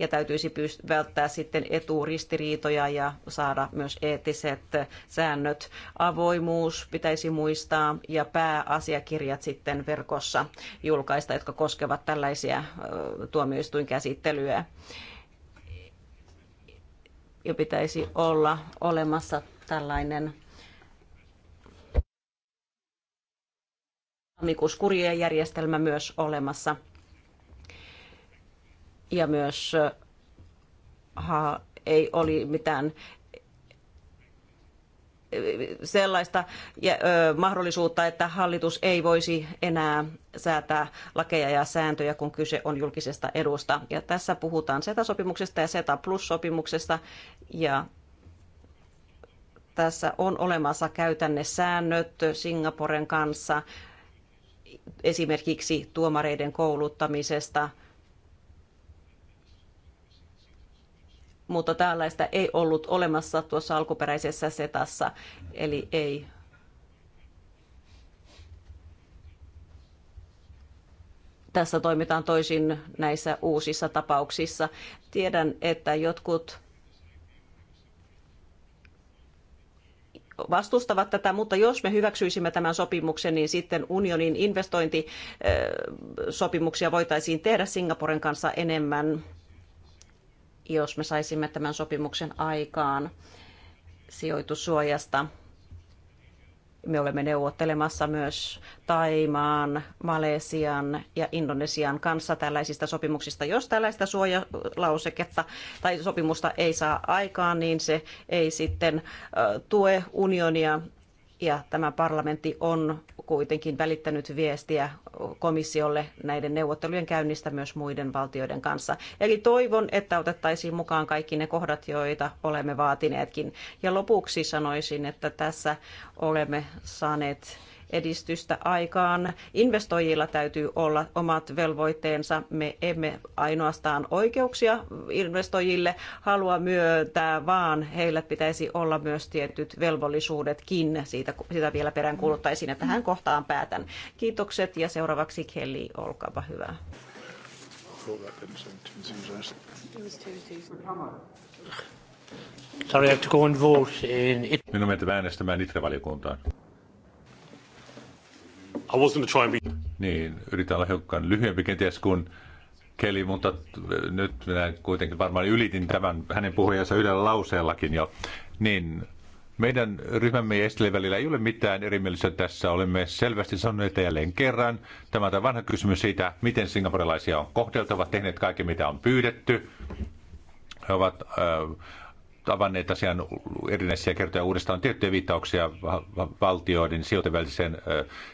Ja täytyisi välttää sitten eturistiriitoja ja saada myös eettiset säännöt. Avoimuus pitäisi muistaa ja pääasiakirjat sitten verkossa julkaista, jotka koskevat tällaisia tuomioistuinkäsittelyjä. käsittelyä ja pitäisi olla olemassa tällainen tammikuuskurien järjestelmä myös olemassa. Ja myös äh, ha, ei oli mitään sellaista mahdollisuutta, että hallitus ei voisi enää säätää lakeja ja sääntöjä, kun kyse on julkisesta edusta. Ja tässä puhutaan SETA-sopimuksesta ja SETA Plus-sopimuksesta ja tässä on olemassa käytännesäännöt Singaporen kanssa esimerkiksi tuomareiden kouluttamisesta – mutta tällaista ei ollut olemassa tuossa alkuperäisessä setassa, eli ei tässä toimitaan toisin näissä uusissa tapauksissa. Tiedän, että jotkut vastustavat tätä, mutta jos me hyväksyisimme tämän sopimuksen, niin sitten unionin investointisopimuksia voitaisiin tehdä Singaporen kanssa enemmän jos me saisimme tämän sopimuksen aikaan sijoitussuojasta. Me olemme neuvottelemassa myös Taimaan, Malesian ja Indonesian kanssa tällaisista sopimuksista. Jos tällaista suojalauseketta tai sopimusta ei saa aikaan, niin se ei sitten tue unionia ja tämä parlamentti on kuitenkin välittänyt viestiä komissiolle näiden neuvottelujen käynnistä myös muiden valtioiden kanssa. Eli toivon, että otettaisiin mukaan kaikki ne kohdat, joita olemme vaatineetkin. Ja lopuksi sanoisin, että tässä olemme saaneet edistystä aikaan. Investoijilla täytyy olla omat velvoitteensa. Me emme ainoastaan oikeuksia investoijille halua myöntää, vaan heillä pitäisi olla myös tietyt velvollisuudetkin. Siitä, sitä vielä perään kuuluttaisin ja tähän kohtaan päätän. Kiitokset ja seuraavaksi Kelly, olkaapa hyvä. Sorry, I have to go and vote in it. Minun menetään äänestämään Itre-valiokuntaan. I was try and be... Niin, yritän olla hiukan lyhyempi kenties kuin Keli, mutta äh, nyt minä kuitenkin varmaan ylitin tämän hänen puhujansa yhdellä lauseellakin jo. Niin, meidän ryhmämme ja Estelin välillä ei ole mitään erimielisyyttä tässä. Olemme selvästi sanoneet jälleen kerran. Tämä on vanha kysymys siitä, miten singaporelaisia on kohdeltava, tehneet kaiken mitä on pyydetty. He ovat äh, avanneet asian erinäisiä kertoja uudestaan. On tiettyjä viittauksia valtioiden sijoitevälisiin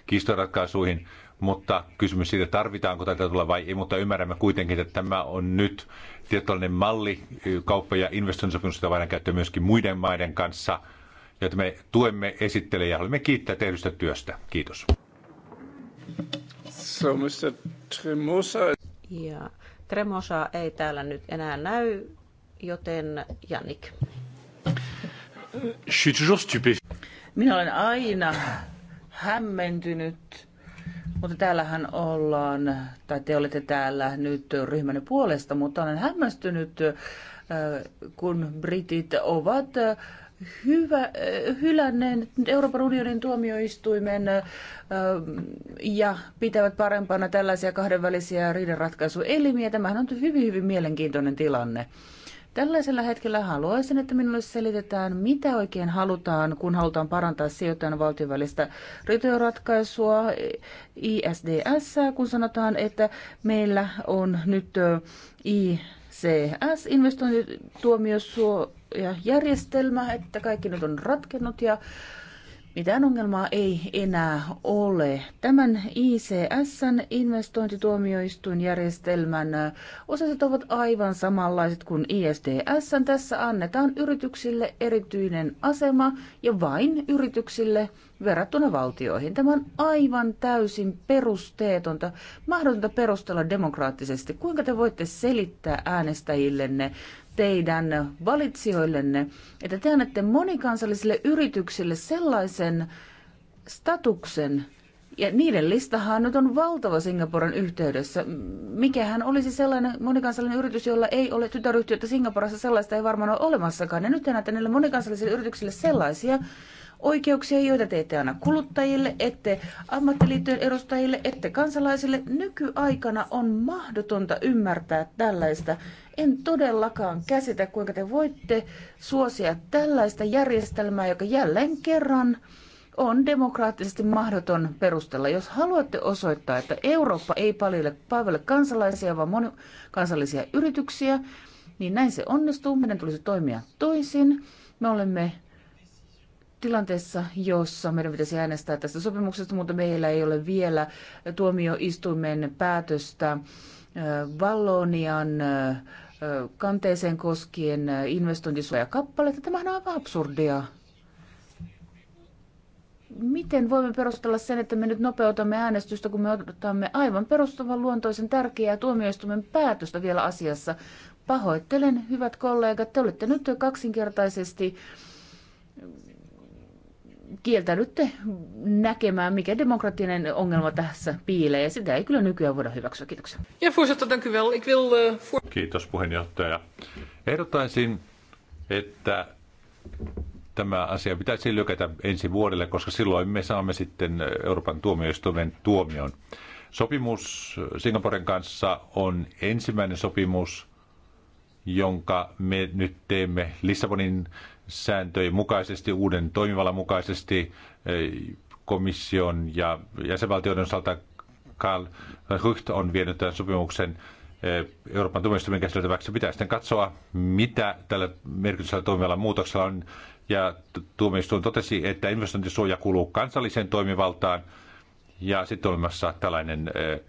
kiistoratkaisuihin, mutta kysymys siitä, tarvitaanko tätä tulla vai ei, mutta ymmärrämme kuitenkin, että tämä on nyt tietynlainen malli kauppa- ja investointisopimusta voidaan käyttää myöskin muiden maiden kanssa, joita me tuemme esittele ja haluamme kiittää tehdystä työstä. Kiitos. So, Mr. Tremosa. Ja Tremosa ei täällä nyt enää näy Joten Jannik. Minä olen aina hämmentynyt, mutta täällähän ollaan, tai te olette täällä nyt ryhmänne puolesta, mutta olen hämmästynyt, kun britit ovat hyvä, hylänneen Euroopan unionin tuomioistuimen ja pitävät parempana tällaisia kahdenvälisiä riidanratkaisuelimiä. Tämähän on hyvin, hyvin mielenkiintoinen tilanne. Tällaisella hetkellä haluaisin, että minulle selitetään, mitä oikein halutaan, kun halutaan parantaa sijoittajan valtion välistä ratkaisua eh, ISDS, kun sanotaan, että meillä on nyt eh, ICS, investointituomiosuojajärjestelmä, että kaikki nyt on ratkennut ja mitään ongelmaa ei enää ole. Tämän ICSn investointituomioistuinjärjestelmän osaset ovat aivan samanlaiset kuin ISDSn. Tässä annetaan yrityksille erityinen asema ja vain yrityksille verrattuna valtioihin. Tämä on aivan täysin perusteetonta, mahdotonta perustella demokraattisesti. Kuinka te voitte selittää äänestäjillenne teidän valitsijoillenne, että te annatte monikansallisille yrityksille sellaisen statuksen, ja niiden listahan nyt on valtava Singaporen yhteydessä. Mikähän olisi sellainen monikansallinen yritys, jolla ei ole tytäryhtiötä Singaporessa, sellaista ei varmaan ole olemassakaan. Ja nyt te näette näille monikansallisille yrityksille sellaisia oikeuksia, joita te ette aina kuluttajille, ette ammattiliittojen edustajille, ette kansalaisille. Nykyaikana on mahdotonta ymmärtää tällaista, en todellakaan käsitä, kuinka te voitte suosia tällaista järjestelmää, joka jälleen kerran on demokraattisesti mahdoton perustella. Jos haluatte osoittaa, että Eurooppa ei palvele, palvele kansalaisia, vaan moni, kansallisia yrityksiä, niin näin se onnistuu. Meidän tulisi toimia toisin. Me olemme tilanteessa, jossa meidän pitäisi äänestää tästä sopimuksesta, mutta meillä ei ole vielä tuomioistuimen päätöstä Vallonian äh, kanteeseen koskien investointisuojakappaletta. Tämähän on aivan absurdia. Miten voimme perustella sen, että me nyt nopeutamme äänestystä, kun me otamme aivan perustavan luontoisen tärkeää tuomioistuimen päätöstä vielä asiassa? Pahoittelen, hyvät kollegat, te olette nyt kaksinkertaisesti kieltäydytte näkemään, mikä demokratinen ongelma tässä piilee. Ja sitä ei kyllä nykyään voida hyväksyä. Kiitoksia. Ja eh, Kiitos puheenjohtaja. Ehdottaisin, että tämä asia pitäisi lykätä ensi vuodelle, koska silloin me saamme sitten eh, Euroopan tuomioistuimen tuomion. Sopimus eh, Singaporen kanssa on ensimmäinen sopimus, jonka me nyt teemme Lissabonin sääntöjen mukaisesti, uuden toimivallan mukaisesti eh, komission ja jäsenvaltioiden osalta Karl Rücht on vienyt tämän sopimuksen eh, Euroopan tuomioistuimen käsiteltäväksi. Pitää sitten katsoa, mitä tällä merkityksellä toimivalla muutoksella on. Ja tuomioistuin totesi, että investointisuoja kuuluu kansalliseen toimivaltaan. Ja sitten on olemassa tällainen eh,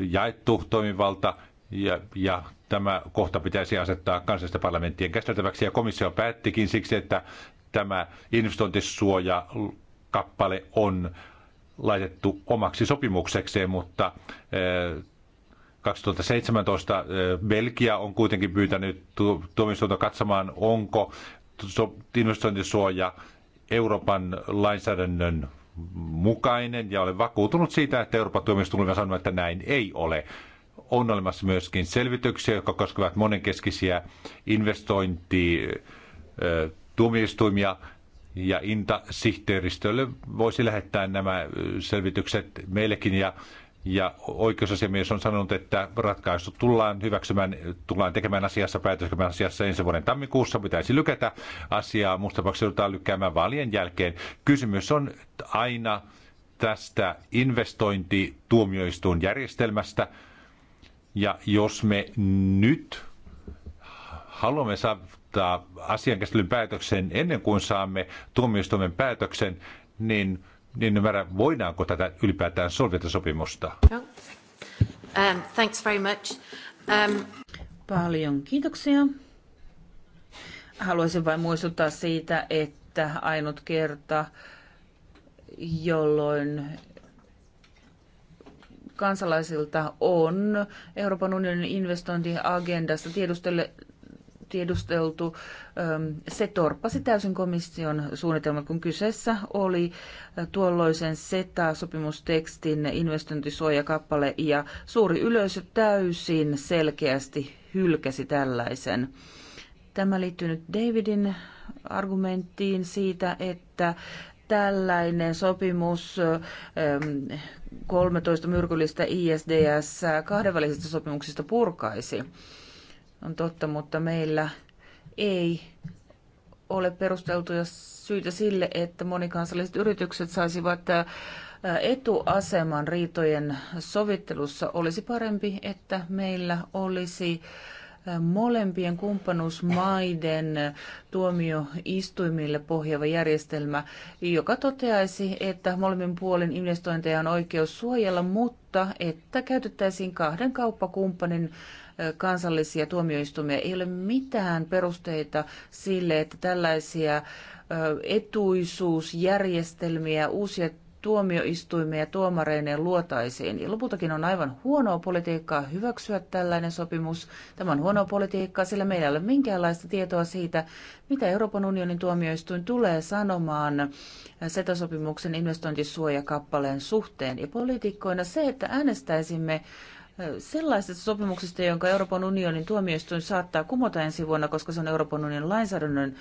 jaettu toimivalta, ja, ja tämä kohta pitäisi asettaa kansallisten parlamenttien käsiteltäväksi. Ja komissio päättikin siksi, että tämä investointisuoja-kappale on laitettu omaksi sopimuksekseen, mutta 2017 eh, eh, Belgia on kuitenkin pyytänyt tuomioistuinta katsomaan, onko investointisuoja Euroopan lainsäädännön mukainen ja olen vakuutunut siitä, että Euroopan tuomioistuin on sanonut, että näin ei ole on olemassa myöskin selvityksiä, jotka koskevat monenkeskisiä investointituomioistuimia, ja INTA-sihteeristölle voisi lähettää nämä selvitykset meillekin, ja, ja oikeusasiamies on sanonut, että ratkaisut tullaan hyväksymään, tullaan tekemään asiassa, päätöskemään asiassa ensi vuoden tammikuussa, pitäisi lykätä asiaa, musta tapauksessa joudutaan lykkäämään vaalien jälkeen. Kysymys on aina tästä investointituomioistuun järjestelmästä, ja jos me nyt haluamme saattaa asiankäsittelyn päätöksen ennen kuin saamme tuomioistuimen päätöksen, niin, niin ymmärrä, voidaanko tätä ylipäätään solvita sopimusta? No. Um, thanks very much. Um... Paljon kiitoksia. Haluaisin vain muistuttaa siitä, että ainut kerta, jolloin kansalaisilta on Euroopan unionin investointiagendasta tiedustelle, tiedusteltu. Se torppasi täysin komission suunnitelmat, kun kyseessä oli tuolloisen SETA-sopimustekstin investointisuojakappale ja suuri yleisö täysin selkeästi hylkäsi tällaisen. Tämä liittyy nyt Davidin argumenttiin siitä, että tällainen sopimus 13 myrkyllistä ISDS kahdenvälisistä sopimuksista purkaisi. On totta, mutta meillä ei ole perusteltuja syitä sille, että monikansalliset yritykset saisivat äh, etuaseman riitojen sovittelussa. Olisi parempi, että meillä olisi molempien kumppanuusmaiden tuomioistuimille pohjava järjestelmä, joka toteaisi, että molemmin puolin investointeja on oikeus suojella, mutta että käytettäisiin kahden kauppakumppanin kansallisia tuomioistuimia. Ei ole mitään perusteita sille, että tällaisia etuisuusjärjestelmiä, uusia tuomioistuimeen ja tuomareineen luotaisiin. Ja lopultakin on aivan huonoa politiikkaa hyväksyä tällainen sopimus. Tämä on huonoa politiikkaa, sillä meillä ei ole minkäänlaista tietoa siitä, mitä Euroopan unionin tuomioistuin tulee sanomaan SETA-sopimuksen investointisuojakappaleen suhteen. Ja poliitikkoina se, että äänestäisimme sellaisesta sopimuksesta, jonka Euroopan unionin tuomioistuin saattaa kumota ensi vuonna, koska se on Euroopan unionin lainsäädännön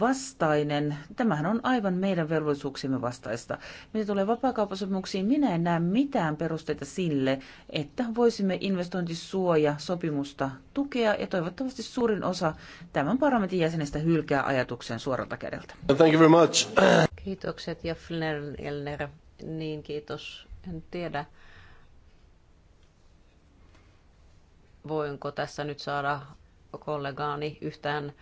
vastainen. Tämähän on aivan meidän velvollisuuksimme vastaista. Mitä tulee vapaakauppasopimuksiin, minä en näe mitään perusteita sille, että voisimme investointisuoja sopimusta tukea ja toivottavasti suurin osa tämän parlamentin jäsenistä hylkää ajatuksen suoralta kädeltä. Thank you very much. Kiitokset ja Fjellner. Niin kiitos. En tiedä. Voinko tässä nyt saada kollegaani yhtään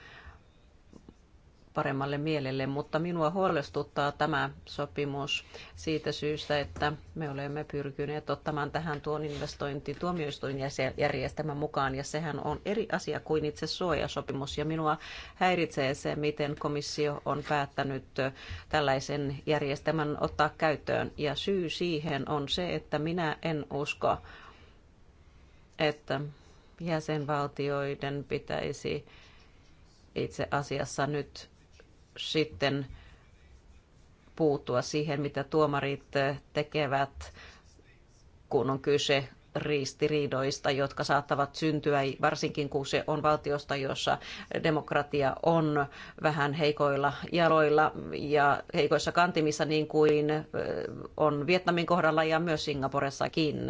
paremmalle mielelle, mutta minua huolestuttaa tämä sopimus siitä syystä, että me olemme pyrkineet ottamaan tähän tuon investointi tuomioistuinjärjestelmän mukaan, ja sehän on eri asia kuin itse suojasopimus, ja minua häiritsee se, miten komissio on päättänyt tällaisen järjestelmän ottaa käyttöön, ja syy siihen on se, että minä en usko, että jäsenvaltioiden pitäisi itse asiassa nyt sitten puuttua siihen, mitä tuomarit tekevät, kun on kyse ristiriidoista, jotka saattavat syntyä, varsinkin kun se on valtiosta, jossa demokratia on vähän heikoilla jaloilla ja heikoissa kantimissa, niin kuin on Vietnamin kohdalla ja myös Singaporessakin.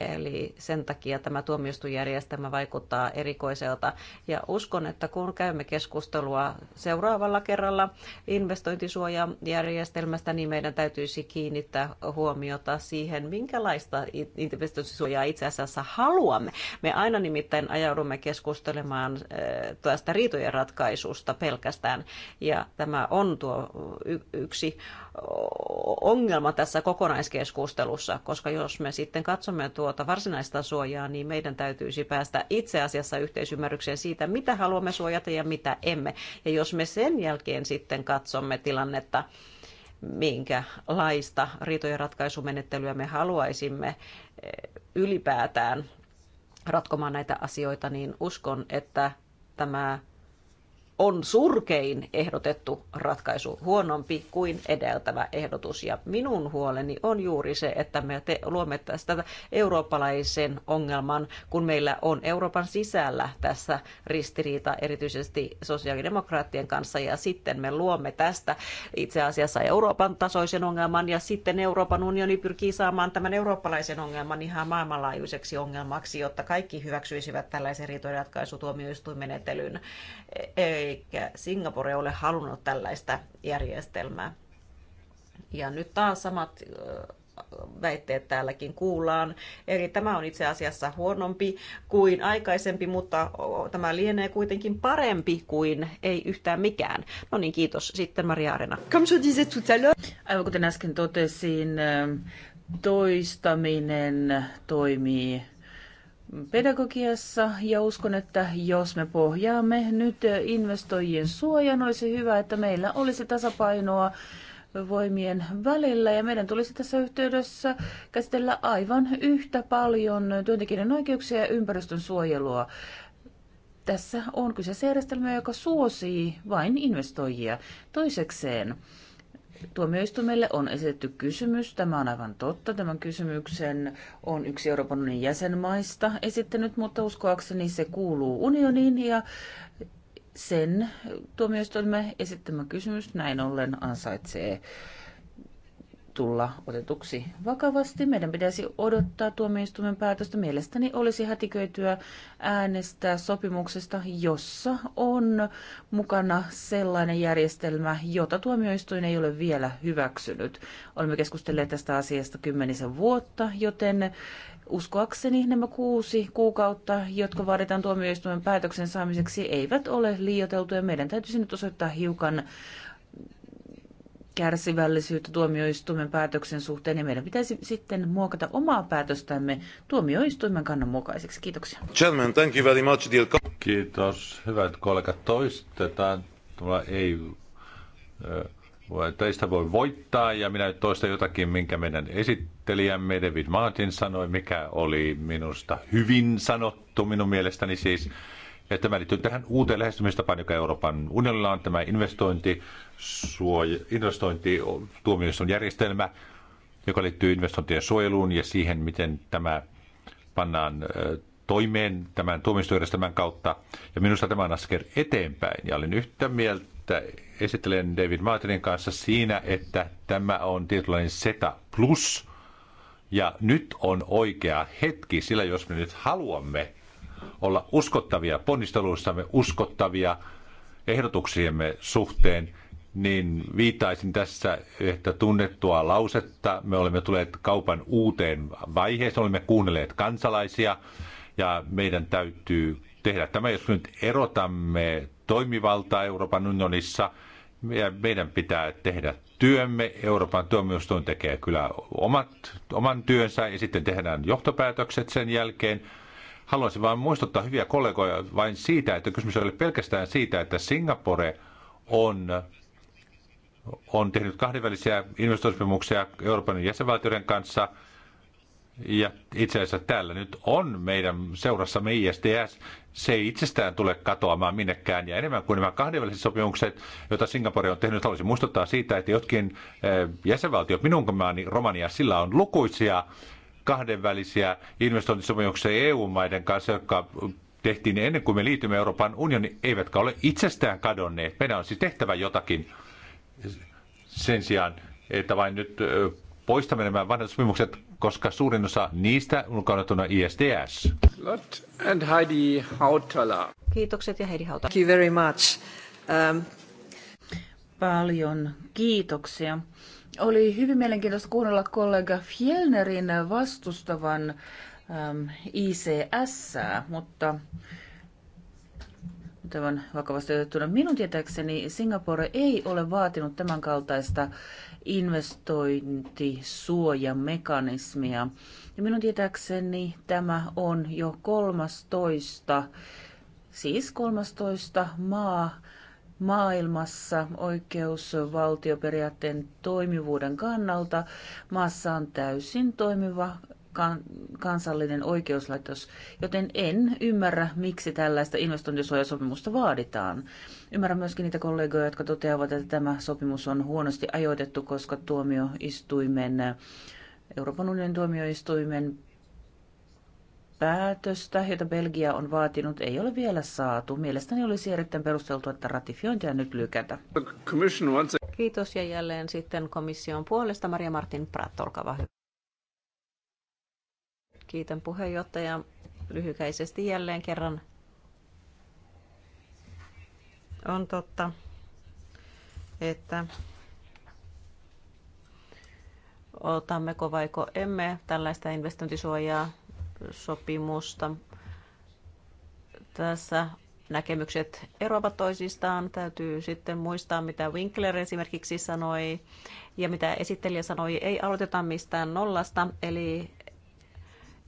Eli sen takia tämä tuomioistujärjestelmä vaikuttaa erikoiselta. Ja uskon, että kun käymme keskustelua seuraavalla kerralla investointisuojajärjestelmästä, niin meidän täytyisi kiinnittää huomiota siihen, minkälaista investointisuojaa itse asiassa haluamme. Me aina nimittäin ajaudumme keskustelemaan eh, tästä riitojen ratkaisusta pelkästään. Ja tämä on tuo yksi ongelma tässä kokonaiskeskustelussa, koska jos me sitten katsomme tuota varsinaista suojaa, niin meidän täytyisi päästä itse asiassa yhteisymmärrykseen siitä, mitä haluamme suojata ja mitä emme. Ja jos me sen jälkeen sitten katsomme tilannetta, minkälaista riitojen ratkaisumenettelyä me haluaisimme eh, ylipäätään ratkomaan näitä asioita, niin uskon, että tämä on surkein ehdotettu ratkaisu, huonompi kuin edeltävä ehdotus. Ja minun huoleni on juuri se, että me te, luomme tästä eurooppalaisen ongelman, kun meillä on Euroopan sisällä tässä ristiriita erityisesti sosiaalidemokraattien kanssa, ja sitten me luomme tästä itse asiassa Euroopan tasoisen ongelman, ja sitten Euroopan unioni pyrkii saamaan tämän eurooppalaisen ongelman ihan maailmanlaajuiseksi ongelmaksi, jotta kaikki hyväksyisivät tällaisen riitojen ratkaisutuomioistuinmenettelyn. Ei eikä Singapore ole halunnut tällaista järjestelmää. Ja nyt taas samat väitteet täälläkin kuullaan. Eli tämä on itse asiassa huonompi kuin aikaisempi, mutta tämä lienee kuitenkin parempi kuin ei yhtään mikään. No niin, kiitos. Sitten Maria Arena. Aivan kuten äsken totesin, toistaminen toimii pedagogiassa ja uskon, että jos me pohjaamme nyt investoijien suojan, olisi hyvä, että meillä olisi tasapainoa voimien välillä ja meidän tulisi tässä yhteydessä käsitellä aivan yhtä paljon työntekijöiden oikeuksia ja ympäristön suojelua. Tässä on kyseessä järjestelmä, joka suosii vain investoijia. Toisekseen Tuomioistuimelle on esitetty kysymys, tämä on aivan totta. Tämän kysymyksen on yksi Euroopan unionin jäsenmaista esittänyt, mutta uskoakseni se kuuluu unioniin ja sen tuomioistuimme esittämä kysymys näin ollen ansaitsee tulla otetuksi vakavasti. Meidän pitäisi odottaa tuomioistuimen päätöstä. Mielestäni olisi hätiköityä äänestää sopimuksesta, jossa on mukana sellainen järjestelmä, jota tuomioistuin ei ole vielä hyväksynyt. Olemme keskustelleet tästä asiasta kymmenisen vuotta, joten Uskoakseni nämä kuusi kuukautta, jotka vaaditaan tuomioistuimen päätöksen saamiseksi, eivät ole liioiteltuja. Meidän täytyisi nyt osoittaa hiukan kärsivällisyyttä tuomioistuimen päätöksen suhteen ja niin meidän pitäisi sitten muokata omaa päätöstämme tuomioistuimen kannan mukaiseksi. Kiitoksia. Chairman, thank you very much, dear... Kiitos, hyvät kollegat. Toistetaan, tulla ei, teistä voi voittaa ja minä toista jotakin, minkä meidän esittelijämme David Martin sanoi, mikä oli minusta hyvin sanottu minun mielestäni siis. Ja tämä liittyy tähän uuteen lähestymistapaan, joka Euroopan unionilla on, tämä investointi, suoja, investointituomioistuin järjestelmä, joka liittyy investointien suojeluun ja siihen, miten tämä pannaan toimeen tämän tuomioistuinjärjestelmän kautta. Ja minusta tämä on askel eteenpäin. Ja olen yhtä mieltä esittelen David Martinin kanssa siinä, että tämä on tietynlainen SETA plus. Ja nyt on oikea hetki, sillä jos me nyt haluamme olla uskottavia ponnisteluissamme, uskottavia ehdotuksiemme suhteen, niin viitaisin tässä että tunnettua lausetta. Me olemme tulleet kaupan uuteen vaiheeseen, olemme kuunnelleet kansalaisia ja meidän täytyy tehdä tämä, jos nyt erotamme toimivaltaa Euroopan unionissa ja meidän pitää tehdä työmme. Euroopan tuomioistuin tekee kyllä omat, oman työnsä ja sitten tehdään johtopäätökset sen jälkeen. Haluaisin vain muistuttaa hyviä kollegoja vain siitä, että kysymys oli pelkästään siitä, että Singapore on on tehnyt kahdenvälisiä investointisopimuksia Euroopan jäsenvaltioiden kanssa. Ja itse asiassa täällä nyt on meidän seurassamme ISDS. Se ei itsestään tule katoamaan minnekään. Ja enemmän kuin nämä kahdenväliset sopimukset, joita Singapore on tehnyt, haluaisin muistuttaa siitä, että jotkin eh, jäsenvaltiot, minun maani Romania, sillä on lukuisia kahdenvälisiä investointisopimuksia EU-maiden kanssa, jotka tehtiin ennen kuin me liitymme Euroopan unioniin, eivätkä ole itsestään kadonneet. Meidän on siis tehtävä jotakin sen sijaan, että vain nyt poistamme nämä vanhat sopimukset, koska suurin osa niistä ulkoonottuna ISDS. And Heidi Hautala. Kiitokset ja Heidi Hautala. Thank you very much. Um... Paljon kiitoksia. Oli hyvin mielenkiintoista kuunnella kollega Fjellnerin vastustavan äm, ICS, mutta tämän vakavasti otettuna minun tietääkseni Singapore ei ole vaatinut tämän kaltaista investointisuojamekanismia. Ja minun tietääkseni tämä on jo 13, siis 13 maa, maailmassa oikeusvaltioperiaatteen toimivuuden kannalta. Maassa on täysin toimiva kansallinen oikeuslaitos, joten en ymmärrä, miksi tällaista investointisuojasopimusta vaaditaan. Ymmärrän myöskin niitä kollegoja, jotka toteavat, että tämä sopimus on huonosti ajoitettu, koska tuomioistuimen Euroopan unionin tuomioistuimen päätöstä, jota Belgia on vaatinut, ei ole vielä saatu. Mielestäni olisi erittäin perusteltu, että ratifiointia nyt lykätä. Kiitos ja jälleen sitten komission puolesta Maria Martin Pratt, olkaa hyvä. Kiitän puheenjohtaja lyhykäisesti jälleen kerran. On totta, että otammeko vaiko emme tällaista investointisuojaa sopimusta. Tässä näkemykset eroavat toisistaan. Täytyy sitten muistaa, mitä Winkler esimerkiksi sanoi ja mitä esittelijä sanoi. Ei aloiteta mistään nollasta, eli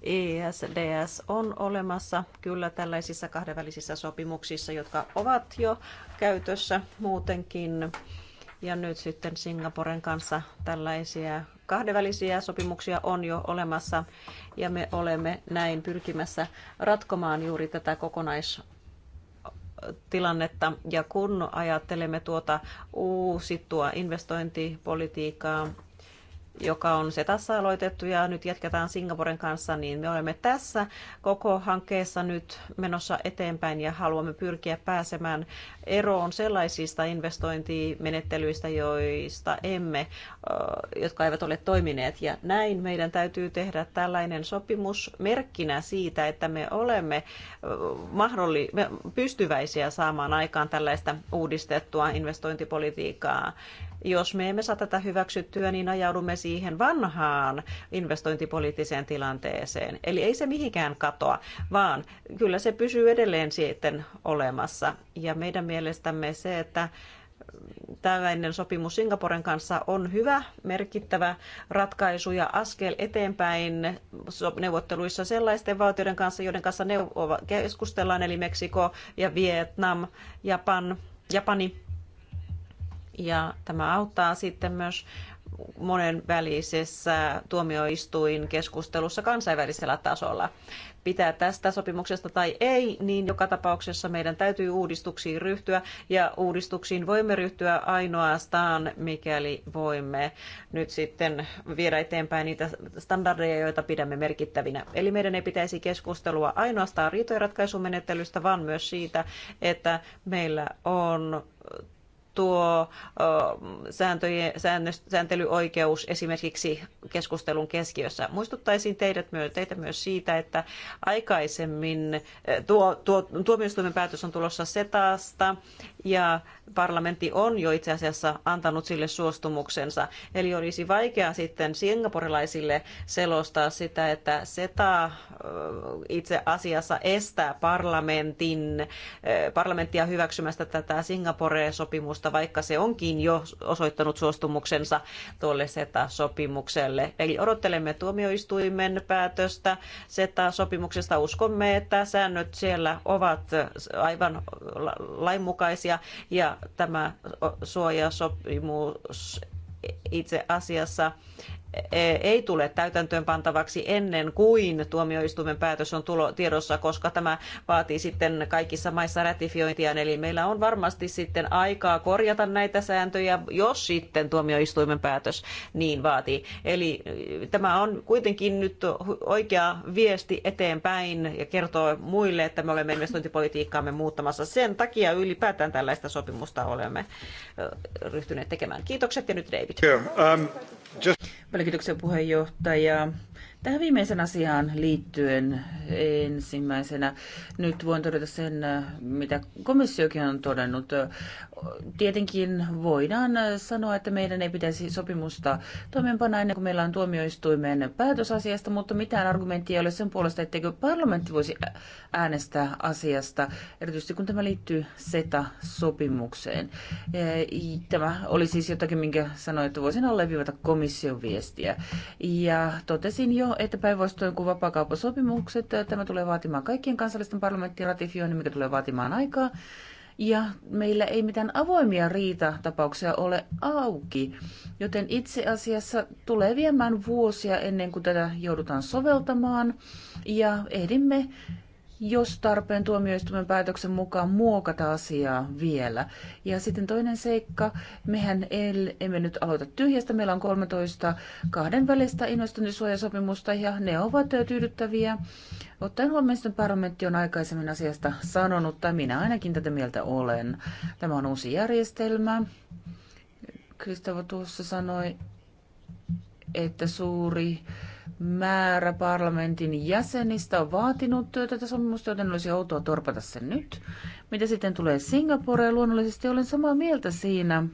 ESDS on olemassa kyllä tällaisissa kahdenvälisissä sopimuksissa, jotka ovat jo käytössä muutenkin. Ja nyt sitten Singaporen kanssa tällaisia kahdenvälisiä sopimuksia on jo olemassa ja me olemme näin pyrkimässä ratkomaan juuri tätä kokonais tilannetta. Ja kun ajattelemme tuota uusittua investointipolitiikkaa, joka on se tässä aloitettu ja nyt jatketaan Singaporen kanssa, niin me olemme tässä koko hankkeessa nyt menossa eteenpäin ja haluamme pyrkiä pääsemään eroon sellaisista investointimenettelyistä, joista emme, jotka eivät ole toimineet. Ja näin meidän täytyy tehdä tällainen sopimus merkkinä siitä, että me olemme mahdolli, me pystyväisiä saamaan aikaan tällaista uudistettua investointipolitiikkaa. Jos me emme saa tätä hyväksyttyä, niin ajaudumme siihen vanhaan investointipoliittiseen tilanteeseen. Eli ei se mihinkään katoa, vaan kyllä se pysyy edelleen sitten olemassa. Ja meidän mielestämme se, että tällainen sopimus Singaporen kanssa on hyvä, merkittävä ratkaisu ja askel eteenpäin neuvotteluissa sellaisten valtioiden kanssa, joiden kanssa keskustellaan, eli Meksiko ja Vietnam, Japan, Japani. Ja tämä auttaa sitten myös monenvälisessä tuomioistuinkeskustelussa kansainvälisellä tasolla. Pitää tästä sopimuksesta tai ei, niin joka tapauksessa meidän täytyy uudistuksiin ryhtyä ja uudistuksiin voimme ryhtyä ainoastaan, mikäli voimme nyt sitten viedä eteenpäin niitä standardeja, joita pidämme merkittävinä. Eli meidän ei pitäisi keskustelua ainoastaan ratkaisumenettelystä, vaan myös siitä, että meillä on tuo sääntöjen, sääntelyoikeus esimerkiksi keskustelun keskiössä. Muistuttaisin teidät, teitä myös siitä, että aikaisemmin tuo, tuo tuomioistuimen päätös on tulossa setaasta ja parlamentti on jo itse asiassa antanut sille suostumuksensa. Eli olisi vaikea sitten singaporilaisille selostaa sitä, että seta itse asiassa estää parlamentin, parlamenttia hyväksymästä tätä Singapore-sopimusta sopimusta, vaikka se onkin jo osoittanut suostumuksensa tuolle SETA-sopimukselle. Eli odottelemme tuomioistuimen päätöstä SETA-sopimuksesta. Uskomme, että säännöt siellä ovat aivan lainmukaisia ja tämä suojasopimus itse asiassa E, ei tule täytäntöön pantavaksi ennen kuin tuomioistuimen päätös on tulo, tiedossa, koska tämä vaatii sitten kaikissa maissa ratifiointia. Eli meillä on varmasti sitten aikaa korjata näitä sääntöjä, jos sitten tuomioistuimen päätös niin vaatii. Eli e, tämä on kuitenkin nyt oikea viesti eteenpäin ja kertoo muille, että me olemme investointipolitiikkaamme muuttamassa. Sen takia ylipäätään tällaista sopimusta olemme e, ryhtyneet tekemään. Kiitokset ja nyt David. Yeah, um, just... Kiitoksia puheenjohtaja. Tähän viimeisen asiaan liittyen ensimmäisenä nyt voin todeta sen, mitä komissiokin on todennut. Tietenkin voidaan sanoa, että meidän ei pitäisi sopimusta toimeenpana ennen kuin meillä on tuomioistuimen päätösasiasta, mutta mitään argumenttia ei ole sen puolesta, etteikö parlamentti voisi äänestää asiasta, erityisesti kun tämä liittyy SETA-sopimukseen. Tämä oli siis jotakin, minkä sanoin, että voisin alleviivata komission viestiä. Ja totesin jo, että päinvastoin kuin vapaakauppasopimukset, äh, tämä tulee vaatimaan kaikkien kansallisten parlamenttien ratifioinnin, mikä tulee vaatimaan aikaa. Ja meillä ei mitään avoimia riitatapauksia ole auki, joten itse asiassa tulee viemään vuosia ennen kuin tätä joudutaan soveltamaan. Ja ehdimme jos tarpeen tuomioistuimen päätöksen mukaan muokata asiaa vielä. Ja sitten toinen seikka, mehän emme nyt aloita tyhjästä, meillä on 13 kahden välistä investointisuojasopimusta ja ne ovat tyydyttäviä. Ottaen huomioon, että parlamentti on aikaisemmin asiasta sanonut, tai minä ainakin tätä mieltä olen. Tämä on uusi järjestelmä. Kristava tuossa sanoi, että suuri määrä parlamentin jäsenistä on vaatinut tätä sopimusta, joten olisi outoa torpata sen nyt. Mitä sitten tulee Singaporeen, luonnollisesti olen samaa mieltä siinä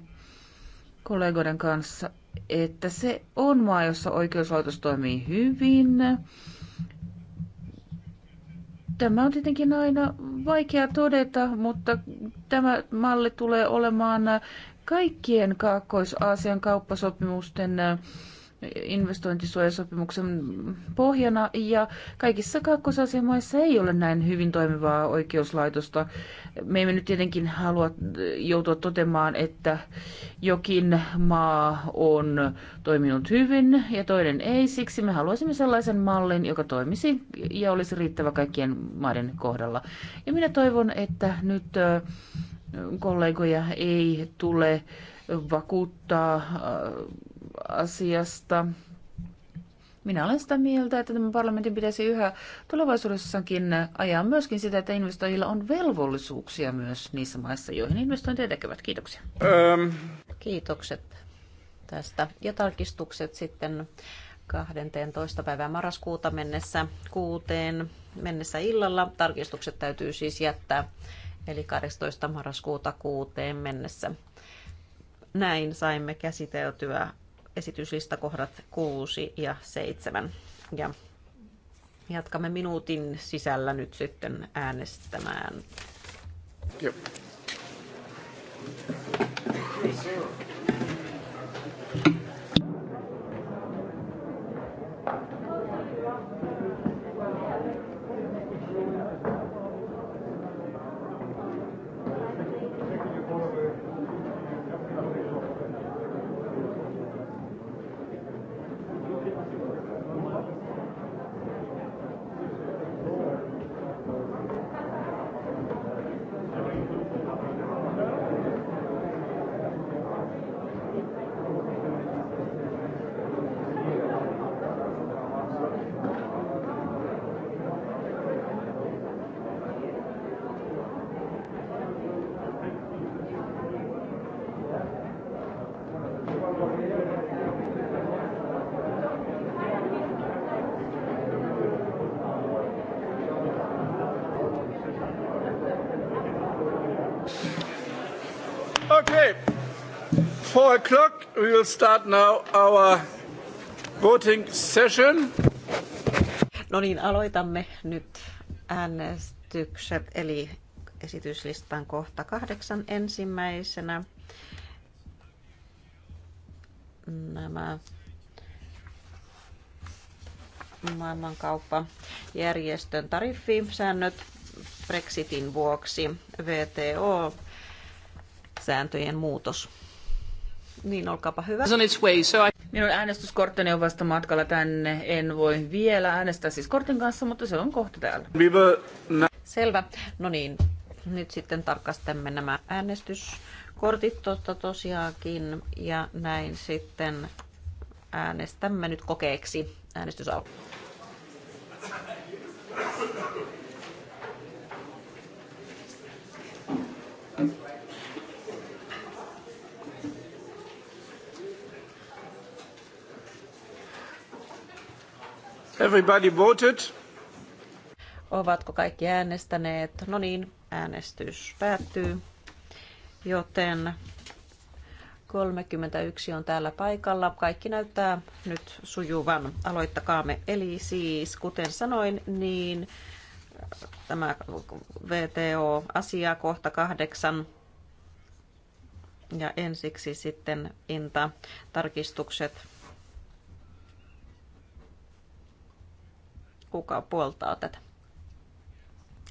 kollegoiden kanssa, että se on maa, jossa oikeuslaitos toimii hyvin. Tämä on tietenkin aina vaikea todeta, mutta tämä malli tulee olemaan kaikkien Kaakkois-Aasian kauppasopimusten investointisuojasopimuksen pohjana ja kaikissa kakkosasian ei ole näin hyvin toimivaa oikeuslaitosta. Me emme nyt tietenkin halua joutua totemaan, että jokin maa on toiminut hyvin ja toinen ei. Siksi me haluaisimme sellaisen mallin, joka toimisi ja olisi riittävä kaikkien maiden kohdalla. Ja minä toivon, että nyt kollegoja ei tule vakuuttaa asiasta. Minä olen sitä mieltä, että tämä parlamentin pitäisi yhä tulevaisuudessakin ajaa myöskin sitä, että investoijilla on velvollisuuksia myös niissä maissa, joihin investointeja tekevät. Kiitoksia. Ähm. Kiitokset tästä. Ja tarkistukset sitten 12. päivää marraskuuta mennessä kuuteen mennessä illalla. Tarkistukset täytyy siis jättää eli 18. marraskuuta kuuteen mennessä. Näin saimme käsiteltyä esityslistakohdat 6 ja 7. Ja jatkamme minuutin sisällä nyt sitten äänestämään. Joo. Yes, four o'clock. We will start now our voting session. No niin, aloitamme nyt äänestykset, eli esityslistan kohta kahdeksan ensimmäisenä. Nämä maailmankauppajärjestön tariffisäännöt Brexitin vuoksi, VTO, sääntöjen muutos. Niin, olkaapa hyvä. Minun äänestyskorttini on vasta matkalla tänne. En voi vielä äänestää siis kortin kanssa, mutta se on kohta täällä. Selvä. No niin, nyt sitten tarkastamme nämä äänestyskortit totta tosiaankin. Ja näin sitten äänestämme nyt kokeeksi. Äänestys alkaa. Everybody voted. Ovatko kaikki äänestäneet? No niin, äänestys päättyy. Joten 31 on täällä paikalla. Kaikki näyttää nyt sujuvan. Aloittakaamme. Eli siis, kuten sanoin, niin äh, tämä VTO-asia kohta kahdeksan ja ensiksi sitten inta tarkistukset Kuka puoltaa tätä?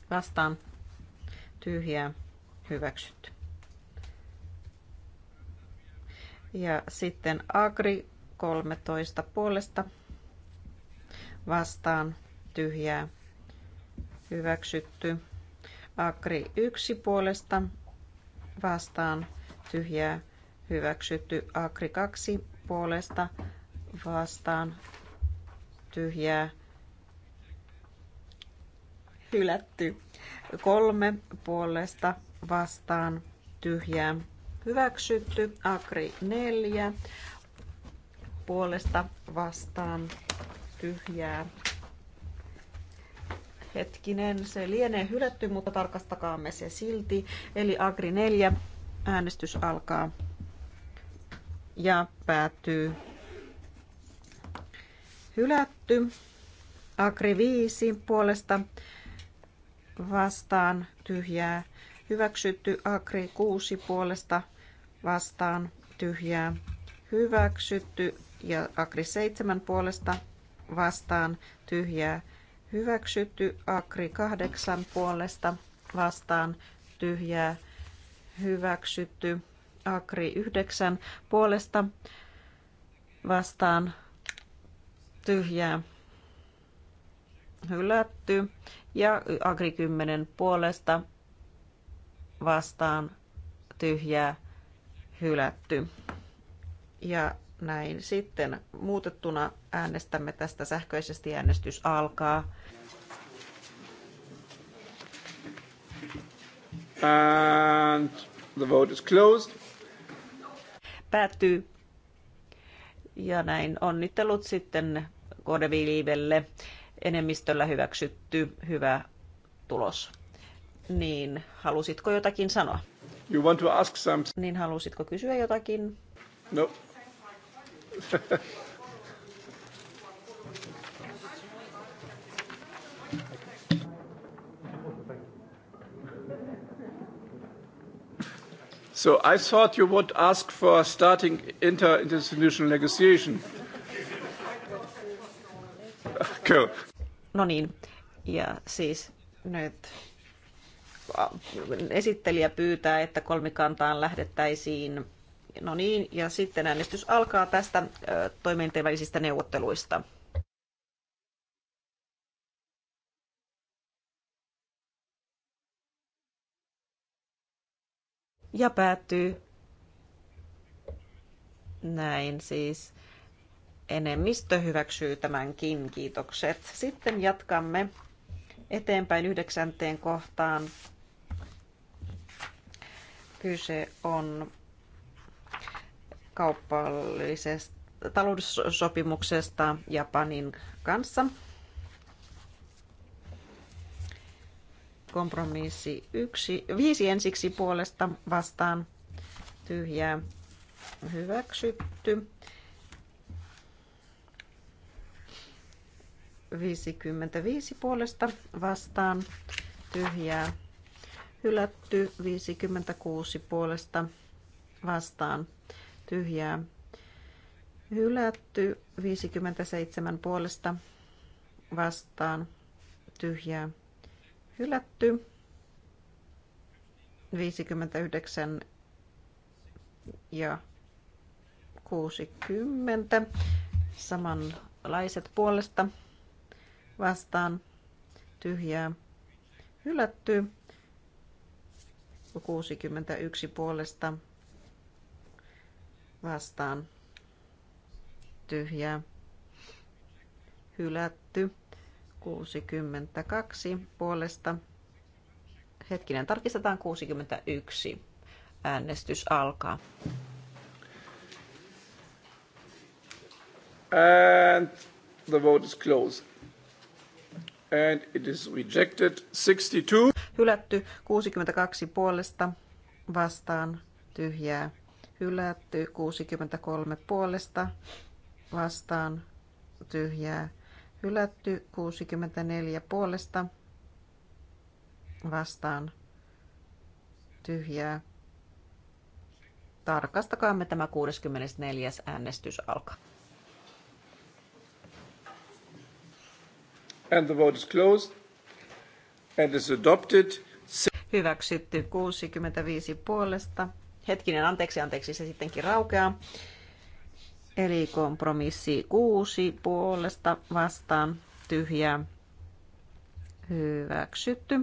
Vastaan. Tyhjää. Hyväksytty. Ja sitten Agri 13 puolesta vastaan tyhjää hyväksytty. Agri 1 puolesta vastaan tyhjää hyväksytty. Agri 2 puolesta vastaan tyhjää hyväksytty hylätty. Kolme puolesta vastaan tyhjää hyväksytty. Agri neljä puolesta vastaan tyhjää. Hetkinen, se lienee hylätty, mutta tarkastakaamme se silti. Eli Agri 4 äänestys alkaa ja päättyy hylätty. Agri 5 puolesta vastaan tyhjää. Hyväksytty Agri 6 puolesta vastaan tyhjää. Hyväksytty ja Agri 7 puolesta vastaan tyhjää. Hyväksytty Agri 8 puolesta vastaan tyhjää. Hyväksytty Agri 9 puolesta vastaan tyhjää. Hylätty ja Agri 10 puolesta vastaan tyhjää hylätty. Ja näin sitten muutettuna äänestämme tästä sähköisesti äänestys alkaa. And the vote is closed. Päättyy. Ja näin onnittelut sitten Kodeviliivelle enemmistöllä hyväksytty hyvä tulos. Niin, halusitko jotakin sanoa? You want to ask some... Niin, halusitko kysyä jotakin? No. So I thought you would ask for starting interinstitutional negotiation. <laughs> Cool. No niin, ja siis nyt esittelijä pyytää, että kolmikantaan lähdettäisiin. No niin, ja sitten äänestys alkaa tästä toimintojen välisistä neuvotteluista. Ja päättyy. Näin siis enemmistö hyväksyy tämänkin. Kiitokset. Sitten jatkamme eteenpäin yhdeksänteen kohtaan. Kyse on kaupallisesta taloudessopimuksesta Japanin kanssa. Kompromissi yksi, viisi ensiksi puolesta vastaan tyhjää hyväksytty. 55 puolesta vastaan tyhjää. Hylätty 56 puolesta vastaan tyhjää. Hylätty 57 puolesta vastaan tyhjää. Hylätty 59 ja 60 samanlaiset puolesta vastaan tyhjää hylätty. 61 puolesta vastaan tyhjää hylätty. 62 puolesta. Hetkinen, tarkistetaan 61. Äänestys alkaa. And the vote is closed and it is rejected 62. Hylätty 62 puolesta vastaan tyhjää. Hylätty 63 puolesta vastaan tyhjää. Hylätty 64 puolesta vastaan tyhjää. Tarkastakaamme tämä 64. äänestys alkaa. And the vote is closed. And is adopted. Hyväksytty 65 puolesta. Hetkinen, anteeksi, anteeksi, se sittenkin raukeaa. Eli kompromissi 6 puolesta vastaan tyhjää. Hyväksytty.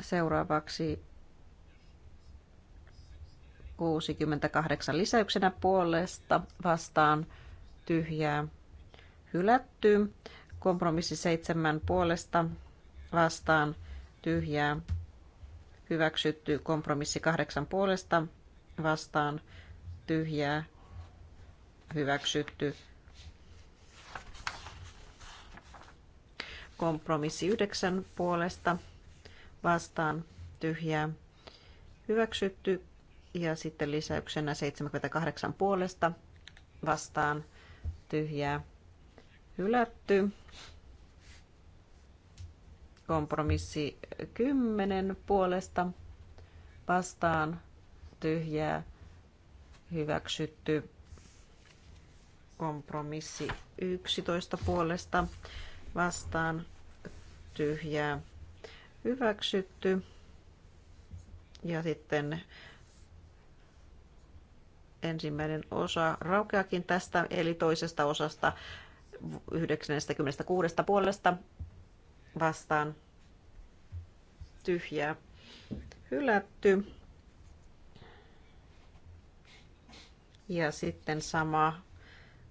Seuraavaksi 68 lisäyksenä puolesta vastaan tyhjää hylätty. Kompromissi seitsemän puolesta vastaan tyhjää. Hyväksytty kompromissi kahdeksan puolesta vastaan tyhjää. Hyväksytty kompromissi yhdeksän puolesta vastaan tyhjää. Hyväksytty ja sitten lisäyksenä 78 puolesta vastaan tyhjää hylätty. Kompromissi 10 puolesta vastaan tyhjää hyväksytty. Kompromissi 11 puolesta vastaan tyhjää hyväksytty. Ja sitten ensimmäinen osa raukeakin tästä, eli toisesta osasta 96 puolesta vastaan tyhjää hylätty. Ja sitten sama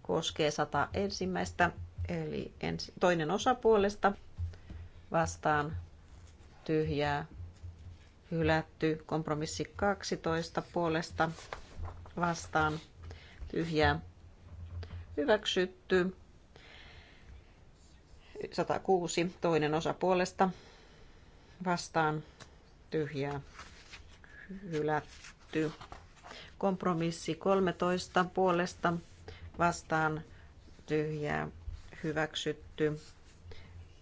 koskee 100 ensimmäistä, eli ensi, toinen osa puolesta vastaan tyhjää hylätty. Kompromissi 12 puolesta vastaan tyhjää hyväksytty. 106, toinen osa puolesta vastaan tyhjää hylätty. Kompromissi 13 puolesta vastaan tyhjää hyväksytty.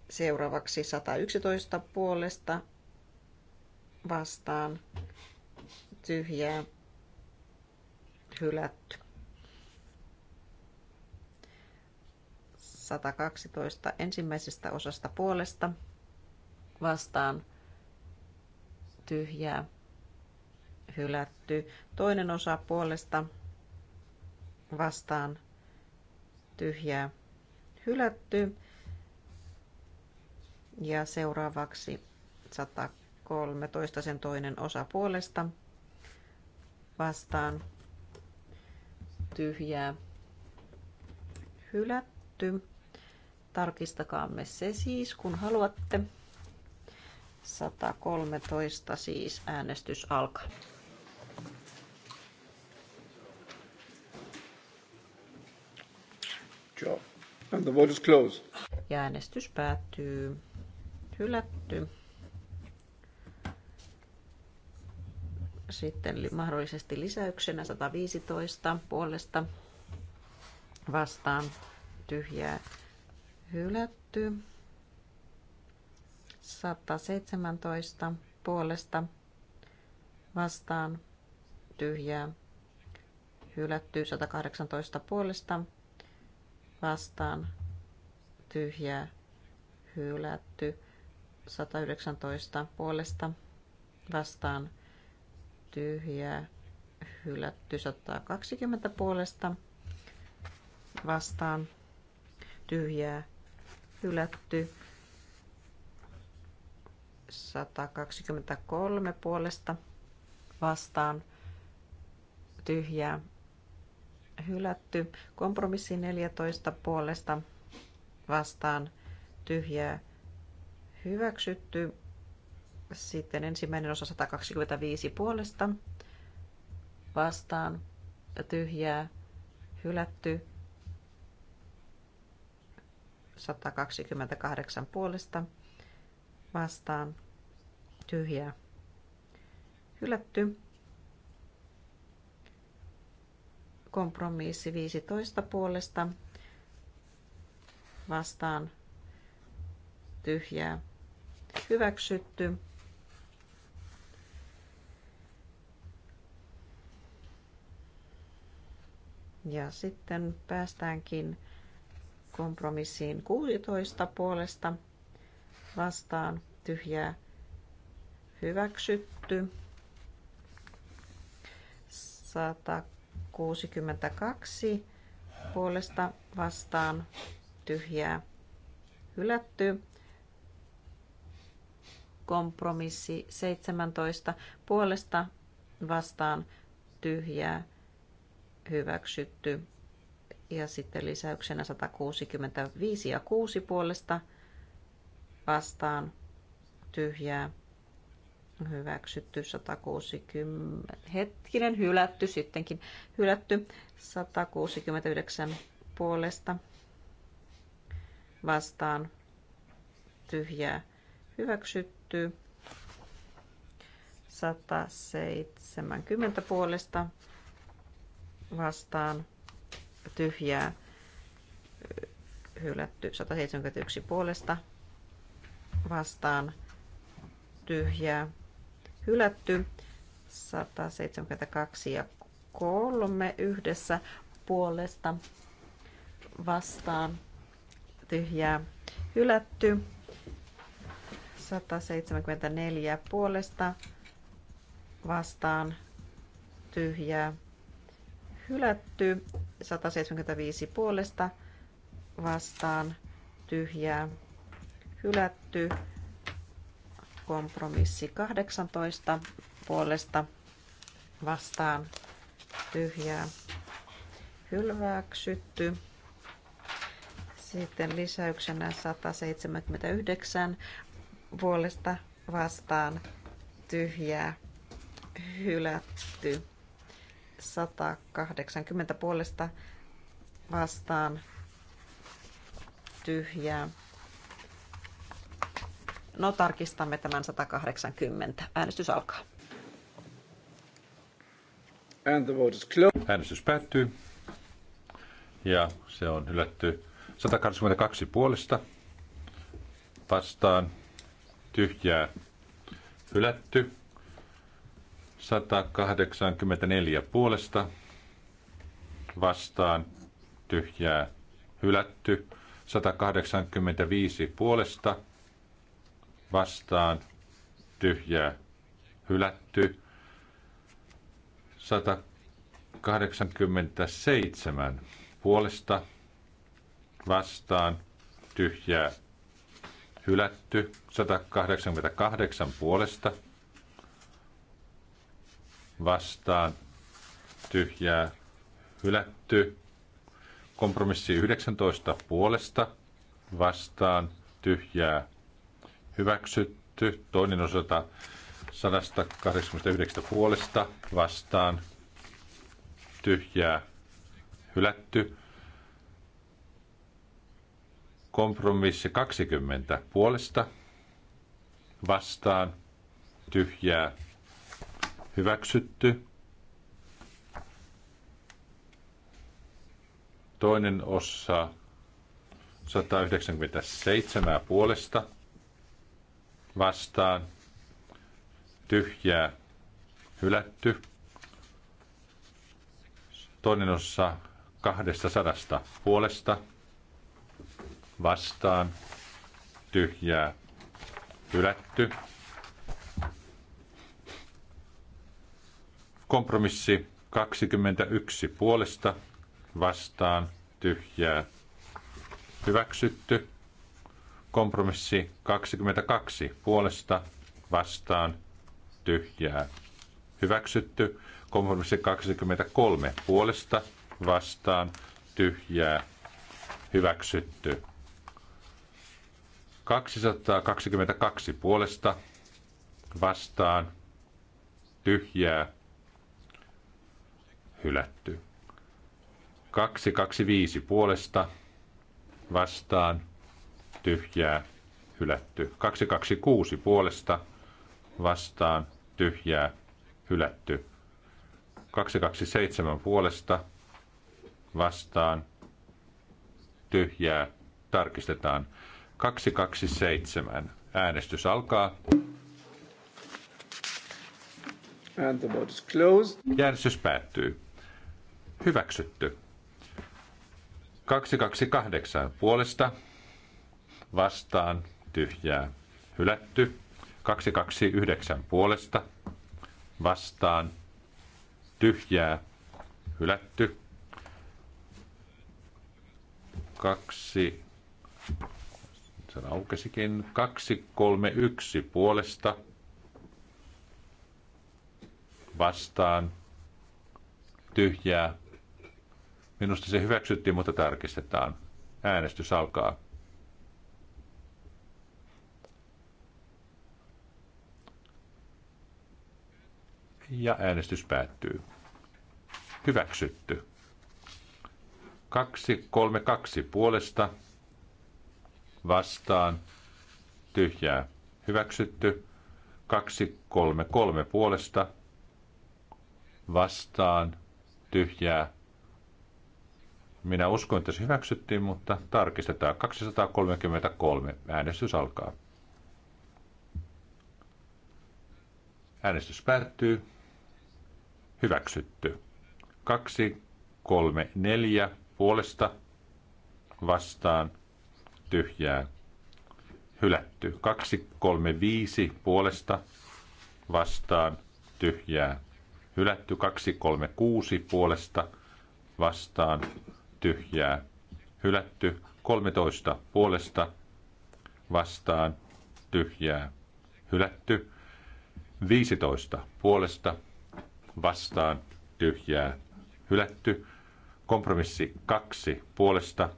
Seuraavaksi 111 puolesta vastaan tyhjää hylätty. 112 ensimmäisestä osasta puolesta vastaan tyhjää hylätty. Toinen osa puolesta vastaan tyhjää hylätty. Ja seuraavaksi 113 sen toinen osa puolesta vastaan tyhjää hylätty. Tarkistakaamme se siis, kun haluatte. 113 siis äänestys alkaa. And the vote is closed. Ja äänestys päättyy. Hylätty. Sitten mahdollisesti lisäyksenä 115 puolesta vastaan tyhjää hylätty. 117 puolesta vastaan tyhjää hylätty. 118 puolesta vastaan tyhjää hylätty. 119 puolesta vastaan tyhjää hylätty. 120 puolesta vastaan tyhjää hylätty. 123 puolesta vastaan tyhjää hylätty. Kompromissi 14 puolesta vastaan tyhjää hyväksytty. Sitten ensimmäinen osa 125 puolesta vastaan tyhjää hylätty. 128 puolesta vastaan tyhjää hylätty. Kompromissi 15 puolesta vastaan tyhjää hyväksytty. Ja sitten päästäänkin kompromissiin 16 puolesta vastaan tyhjää hyväksytty. 162 puolesta vastaan tyhjää hylätty. Kompromissi 17 puolesta vastaan tyhjää hyväksytty. Ja sitten lisäyksenä 165 ja 6 puolesta vastaan tyhjää hyväksytty 160, hetkinen hylätty sittenkin, hylätty 169 puolesta vastaan tyhjää hyväksytty 170 puolesta vastaan tyhjää hylätty 171 puolesta vastaan tyhjää hylätty 172 ja 3 yhdessä puolesta vastaan tyhjää hylätty 174 puolesta vastaan tyhjää hylätty. 175 puolesta vastaan tyhjää hylätty. Kompromissi 18 puolesta vastaan tyhjää hyväksytty. Sitten lisäyksenä 179 puolesta vastaan tyhjää hylätty. 180 puolesta vastaan tyhjää. No tarkistamme tämän 180. Äänestys alkaa. And the vote is closed. Äänestys päättyy. Ja se on hylätty 182 puolesta. Vastaan tyhjää hylätty. 184 puolesta vastaan tyhjää hylätty. 185 puolesta vastaan tyhjää hylätty. 187 puolesta vastaan tyhjää hylätty. 188 puolesta vastaan tyhjää hylätty. Kompromissi 19 puolesta vastaan tyhjää hyväksytty. Toinen osata 189 puolesta vastaan tyhjää hylätty. Kompromissi 20 puolesta vastaan tyhjää Hyväksytty. Toinen osa 197 puolesta vastaan. Tyhjää hylätty. Toinen osa 200 puolesta vastaan. Tyhjää hylätty. Kompromissi 21 puolesta vastaan tyhjää hyväksytty. Kompromissi 22 puolesta vastaan tyhjää hyväksytty. Kompromissi 23 puolesta vastaan tyhjää hyväksytty. 222 puolesta vastaan tyhjää hylätty. 225 puolesta vastaan tyhjää hylätty. 226 puolesta vastaan tyhjää hylätty. 227 puolesta vastaan tyhjää tarkistetaan. 227 äänestys alkaa. And the vote is closed. Äänestys päättyy. Hyväksytty. 228 puolesta vastaan tyhjää hylätty. 229 puolesta vastaan tyhjää hylätty. 2 se aukesikin 231 puolesta vastaan tyhjää Minusta se hyväksyttiin, mutta tarkistetaan. Äänestys alkaa. Ja äänestys päättyy. Hyväksytty. 232 puolesta vastaan tyhjää. Hyväksytty. 233 puolesta vastaan tyhjää minä uskon, että se hyväksyttiin, mutta tarkistetaan. 233. Äänestys alkaa. Äänestys päättyy. Hyväksytty. 234 puolesta vastaan tyhjää hylätty. 235 puolesta vastaan tyhjää hylätty. 236 puolesta vastaan tyhjää, hylätty. 13 puolesta vastaan, tyhjää, hylätty. 15 puolesta vastaan, tyhjää, hylätty. Kompromissi 2 puolesta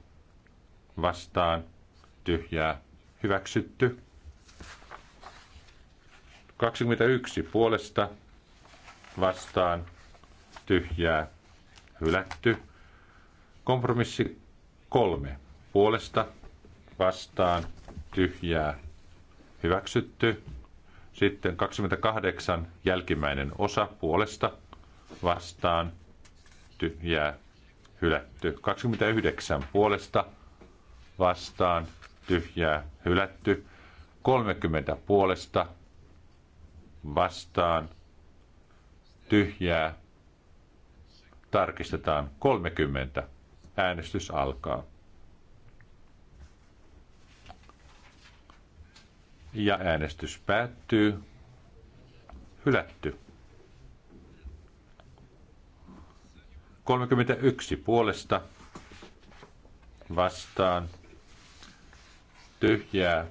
vastaan, tyhjää, hyväksytty. 21 puolesta vastaan, tyhjää, hylätty. Kompromissi kolme. Puolesta vastaan tyhjää hyväksytty. Sitten 28 jälkimmäinen osa puolesta vastaan tyhjää hylätty. 29 puolesta vastaan tyhjää hylätty. 30 puolesta vastaan tyhjää tarkistetaan 30 Äänestys alkaa. Ja äänestys päättyy. Hylätty. 31 puolesta vastaan. Tyhjää.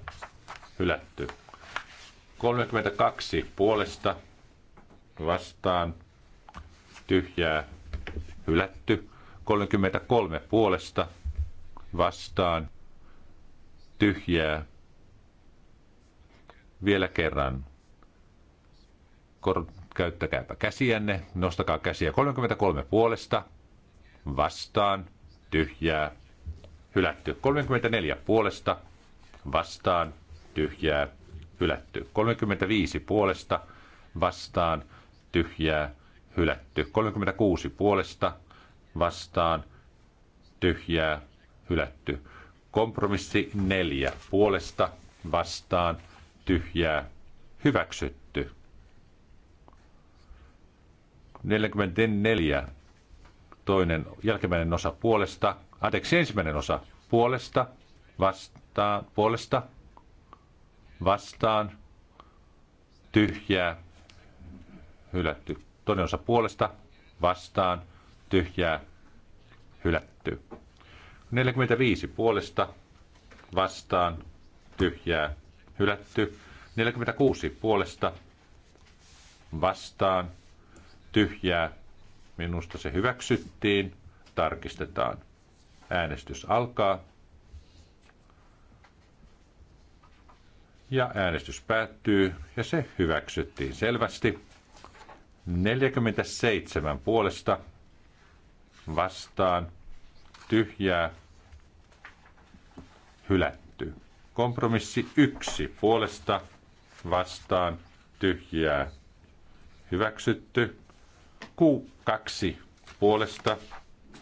Hylätty. 32 puolesta vastaan. Tyhjää. Hylätty. 33 puolesta vastaan tyhjää. Vielä kerran. Kor- käyttäkääpä käsiänne. Nostakaa käsiä 33 puolesta vastaan tyhjää. Hylätty 34 puolesta vastaan tyhjää. Hylätty 35 puolesta vastaan tyhjää. Hylätty 36 puolesta vastaan tyhjää hylätty. Kompromissi neljä puolesta vastaan tyhjää hyväksytty. 44 toinen jälkimmäinen osa puolesta, anteeksi ensimmäinen osa puolesta, vastaan, puolesta, vastaan, tyhjää, hylätty. Toinen osa puolesta, vastaan, tyhjää, hylätty. 45 puolesta vastaan, tyhjää, hylätty. 46 puolesta vastaan, tyhjää, minusta se hyväksyttiin, tarkistetaan. Äänestys alkaa. Ja äänestys päättyy ja se hyväksyttiin selvästi. 47 puolesta vastaan, tyhjää, hylätty. Kompromissi yksi puolesta, vastaan, tyhjää, hyväksytty. Q2 puolesta,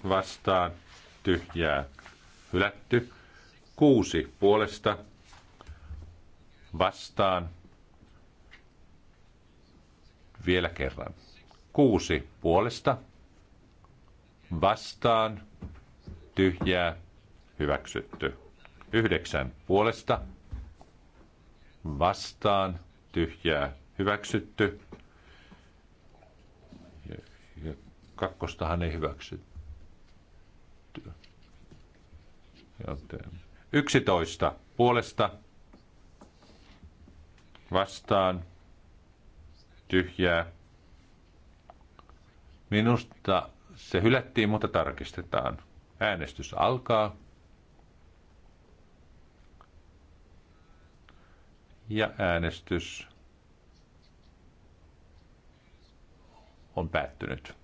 vastaan, tyhjää, hylätty. Kuusi puolesta, vastaan, vielä kerran. Kuusi puolesta, vastaan, tyhjää, hyväksytty. Yhdeksän puolesta, vastaan, tyhjää, hyväksytty. Ja kakkostahan ei hyväksytty. Joten puolesta, vastaan, tyhjää. Minusta se hylättiin, mutta tarkistetaan. Äänestys alkaa. Ja äänestys on päättynyt.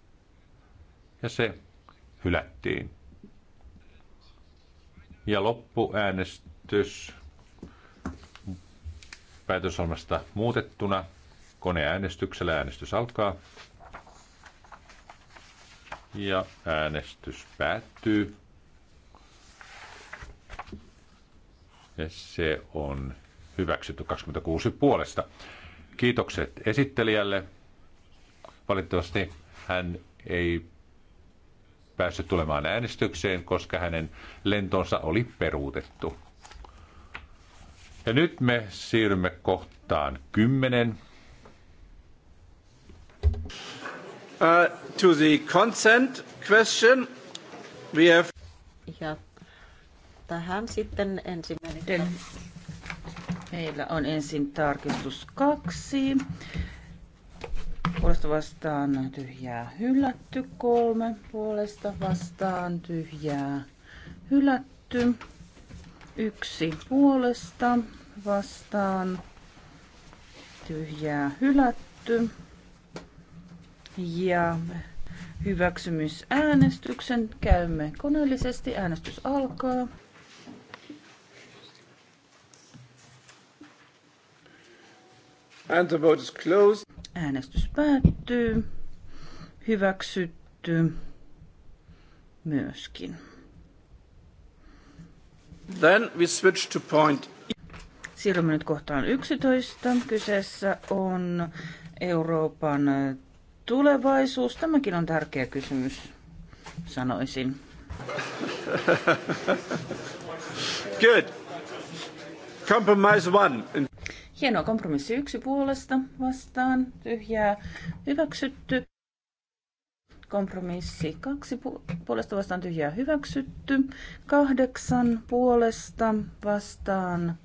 Ja se hylättiin. Ja loppuäänestys päätösolmasta muutettuna koneäänestyksellä äänestys alkaa. Ja äänestys päättyy. Ja se on hyväksytty 26 puolesta. Kiitokset esittelijälle. Valitettavasti hän ei päässyt tulemaan äänestykseen, koska hänen lentonsa oli peruutettu. Ja nyt me siirrymme kohtaan 10. Uh, to the consent question, we have... Ja tähän sitten ensimmäinen. Meillä on ensin tarkistus kaksi. Puolesta vastaan tyhjää hylätty. Kolme puolesta vastaan tyhjää hylätty. Yksi puolesta vastaan tyhjää hylätty ja hyväksymysäänestyksen. Käymme koneellisesti. Äänestys alkaa. And the vote is closed. Äänestys päättyy. Hyväksytty myöskin. Then we switch to point. Siirrymme nyt kohtaan 11. Kyseessä on Euroopan tulevaisuus? Tämäkin on tärkeä kysymys, sanoisin. <laughs> Good. Compromise one. Hienoa kompromissi yksi puolesta vastaan, tyhjää hyväksytty. Kompromissi kaksi puolesta vastaan, tyhjää hyväksytty. Kahdeksan puolesta vastaan,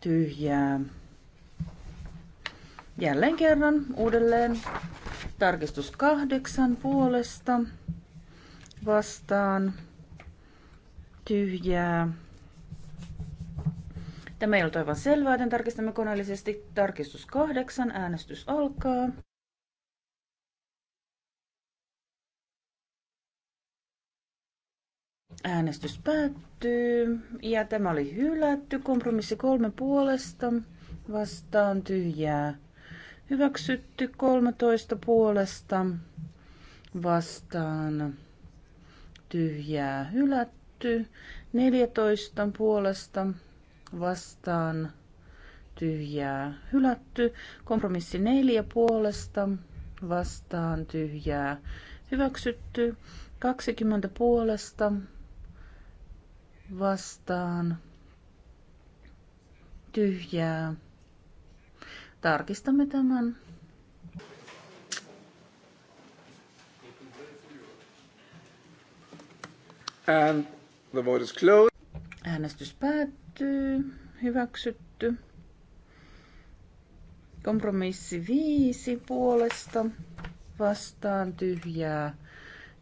tyhjää Jälleen kerran uudelleen tarkistus kahdeksan puolesta vastaan tyhjää. Tämä ei ollut aivan selvää, joten tarkistamme koneellisesti. Tarkistus kahdeksan, äänestys alkaa. Äänestys päättyy ja tämä oli hylätty. Kompromissi kolme puolesta vastaan tyhjää Hyväksytty 13 puolesta vastaan. Tyhjää hylätty. 14 puolesta vastaan. Tyhjää hylätty. Kompromissi 4 puolesta vastaan. Tyhjää hyväksytty. 20 puolesta vastaan. Tyhjää Tarkistamme tämän. And the vote is closed. Äänestys päättyy. Hyväksytty. Kompromissi viisi puolesta vastaan tyhjää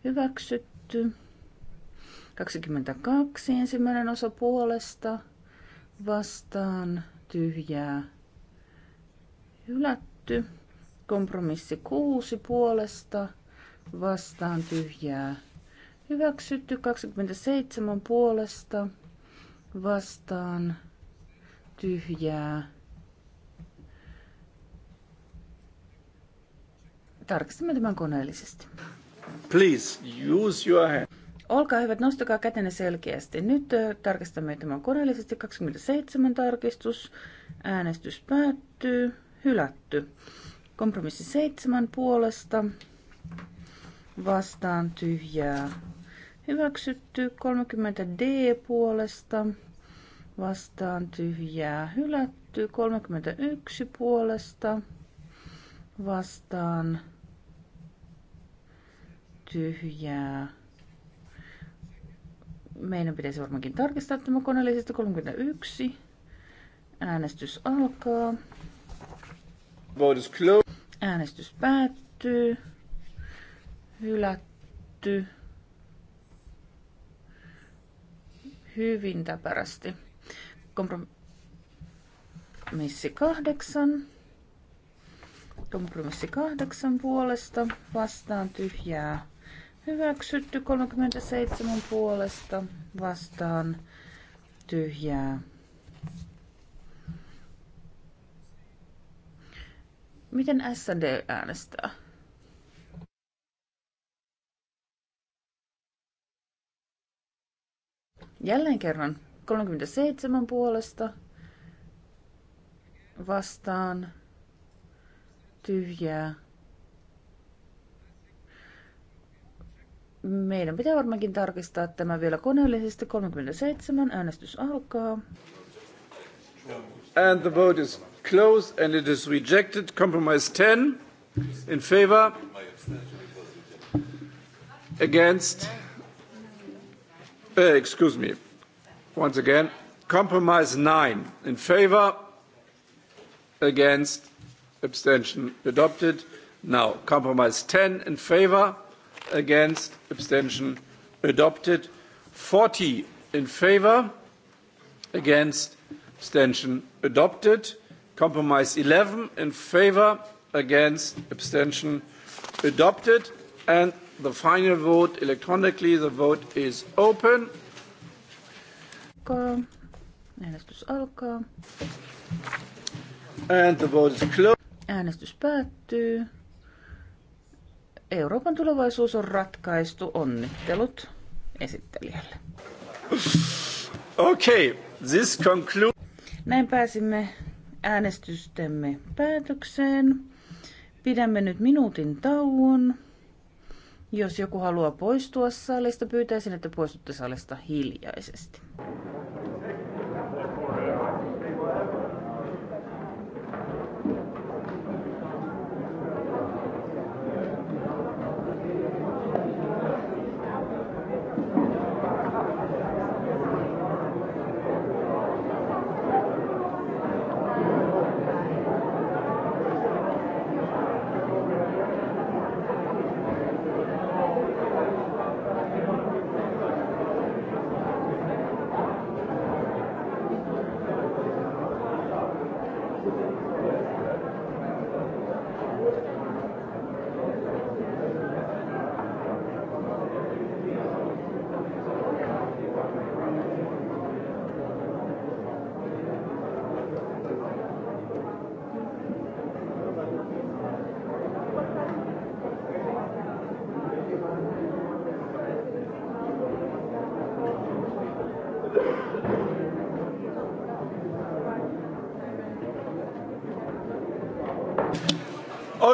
hyväksytty. 22 ensimmäinen osa puolesta vastaan tyhjää hylätty. Kompromissi kuusi puolesta vastaan tyhjää hyväksytty. 27 puolesta vastaan tyhjää. Tarkistamme tämän koneellisesti. Please use your hand. Olkaa hyvät, nostakaa kätenne selkeästi. Nyt tarkistamme tämän koneellisesti. 27 tarkistus. Äänestys päättyy hylätty. Kompromissi seitsemän puolesta vastaan tyhjää hyväksytty. 30 D puolesta vastaan tyhjää hylätty. 31 puolesta vastaan tyhjää. Meidän pitäisi varmaankin tarkistaa tämä koneellisesti. 31. Äänestys alkaa. Äänestys päättyy. Hylätty. Hyvin täpärästi. Kompromissi kahdeksan. Kompromissi kahdeksan puolesta. Vastaan tyhjää. Hyväksytty 37 puolesta. Vastaan tyhjää Miten SD äänestää? Jälleen kerran 37 puolesta vastaan tyhjää. Meidän pitää varmaankin tarkistaa tämä vielä koneellisesti. 37 äänestys alkaa. And the vote is close and it is rejected compromise 10 in favor against uh, excuse me once again compromise 9 in favor against abstention adopted now compromise 10 in favor against abstention adopted 40 in favor against abstention adopted Compromise 11 in favor, against, abstention adopted. And the final vote electronically, the vote is open. Äänestys alkaa. And the vote is closed. Äänestys päättyy. Euroopan tulevaisuus on ratkaistu. Onnittelut esittelijälle. Okei, okay, this concludes. Näin pääsimme äänestystemme päätökseen. Pidämme nyt minuutin tauon. Jos joku haluaa poistua salista, pyytäisin, että poistutte salista hiljaisesti.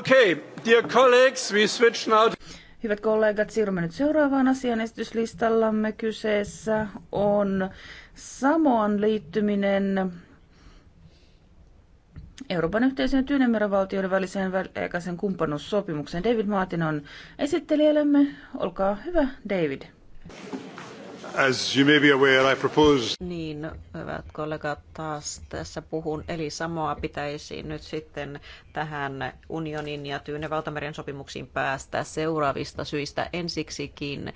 Okay, dear colleagues, we switch now. Hyvät kollegat, siirrymme nyt seuraavaan asian esityslistallamme. Kyseessä on Samoan liittyminen Euroopan yhteisön ja Tyynemeren valtioiden väliseen väliaikaisen kumppanuussopimukseen. David Maatin on esittelijällemme. Olkaa hyvä, David. As you may be aware, I propose... Niin, hyvät kollegat, taas tässä puhun. Eli samoa pitäisi nyt sitten tähän unionin ja Tyyne-Valtameren sopimuksiin päästä seuraavista syistä ensiksikin.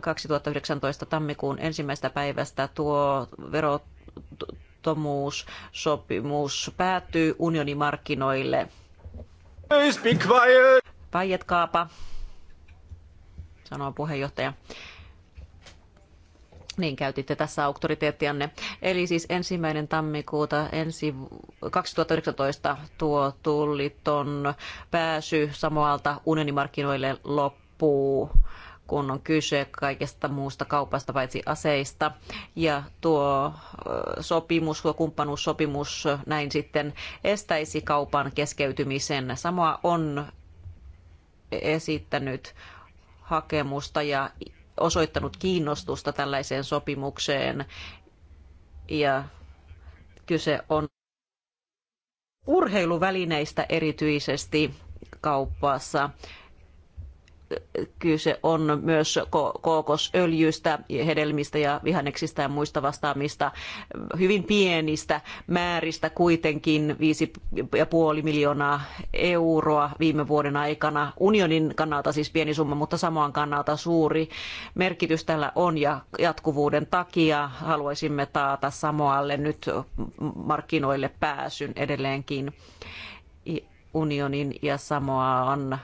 2019 eh, tammikuun ensimmäistä päivästä tuo verottomuussopimus päättyy unionimarkkinoille. Please be quiet. Vaietkaapa, sanoo puheenjohtaja niin käytitte tässä auktoriteettianne. Eli siis ensimmäinen tammikuuta ensi 2019 tuo tulliton pääsy Samoalta unionimarkkinoille loppuu kun on kyse kaikesta muusta kaupasta paitsi aseista. Ja tuo sopimus, tuo kumppanuussopimus näin sitten estäisi kaupan keskeytymisen. Samoa on esittänyt hakemusta ja osoittanut kiinnostusta tällaiseen sopimukseen. Ja kyse on urheiluvälineistä erityisesti kauppaassa kyse on myös kookosöljystä, hedelmistä ja vihanneksista ja muista vastaamista. Hyvin pienistä määristä kuitenkin 5,5 miljoonaa euroa viime vuoden aikana. Unionin kannalta siis pieni summa, mutta samaan kannalta suuri merkitys tällä on ja jatkuvuuden takia haluaisimme taata Samoalle nyt markkinoille pääsyn edelleenkin unionin ja Samoaan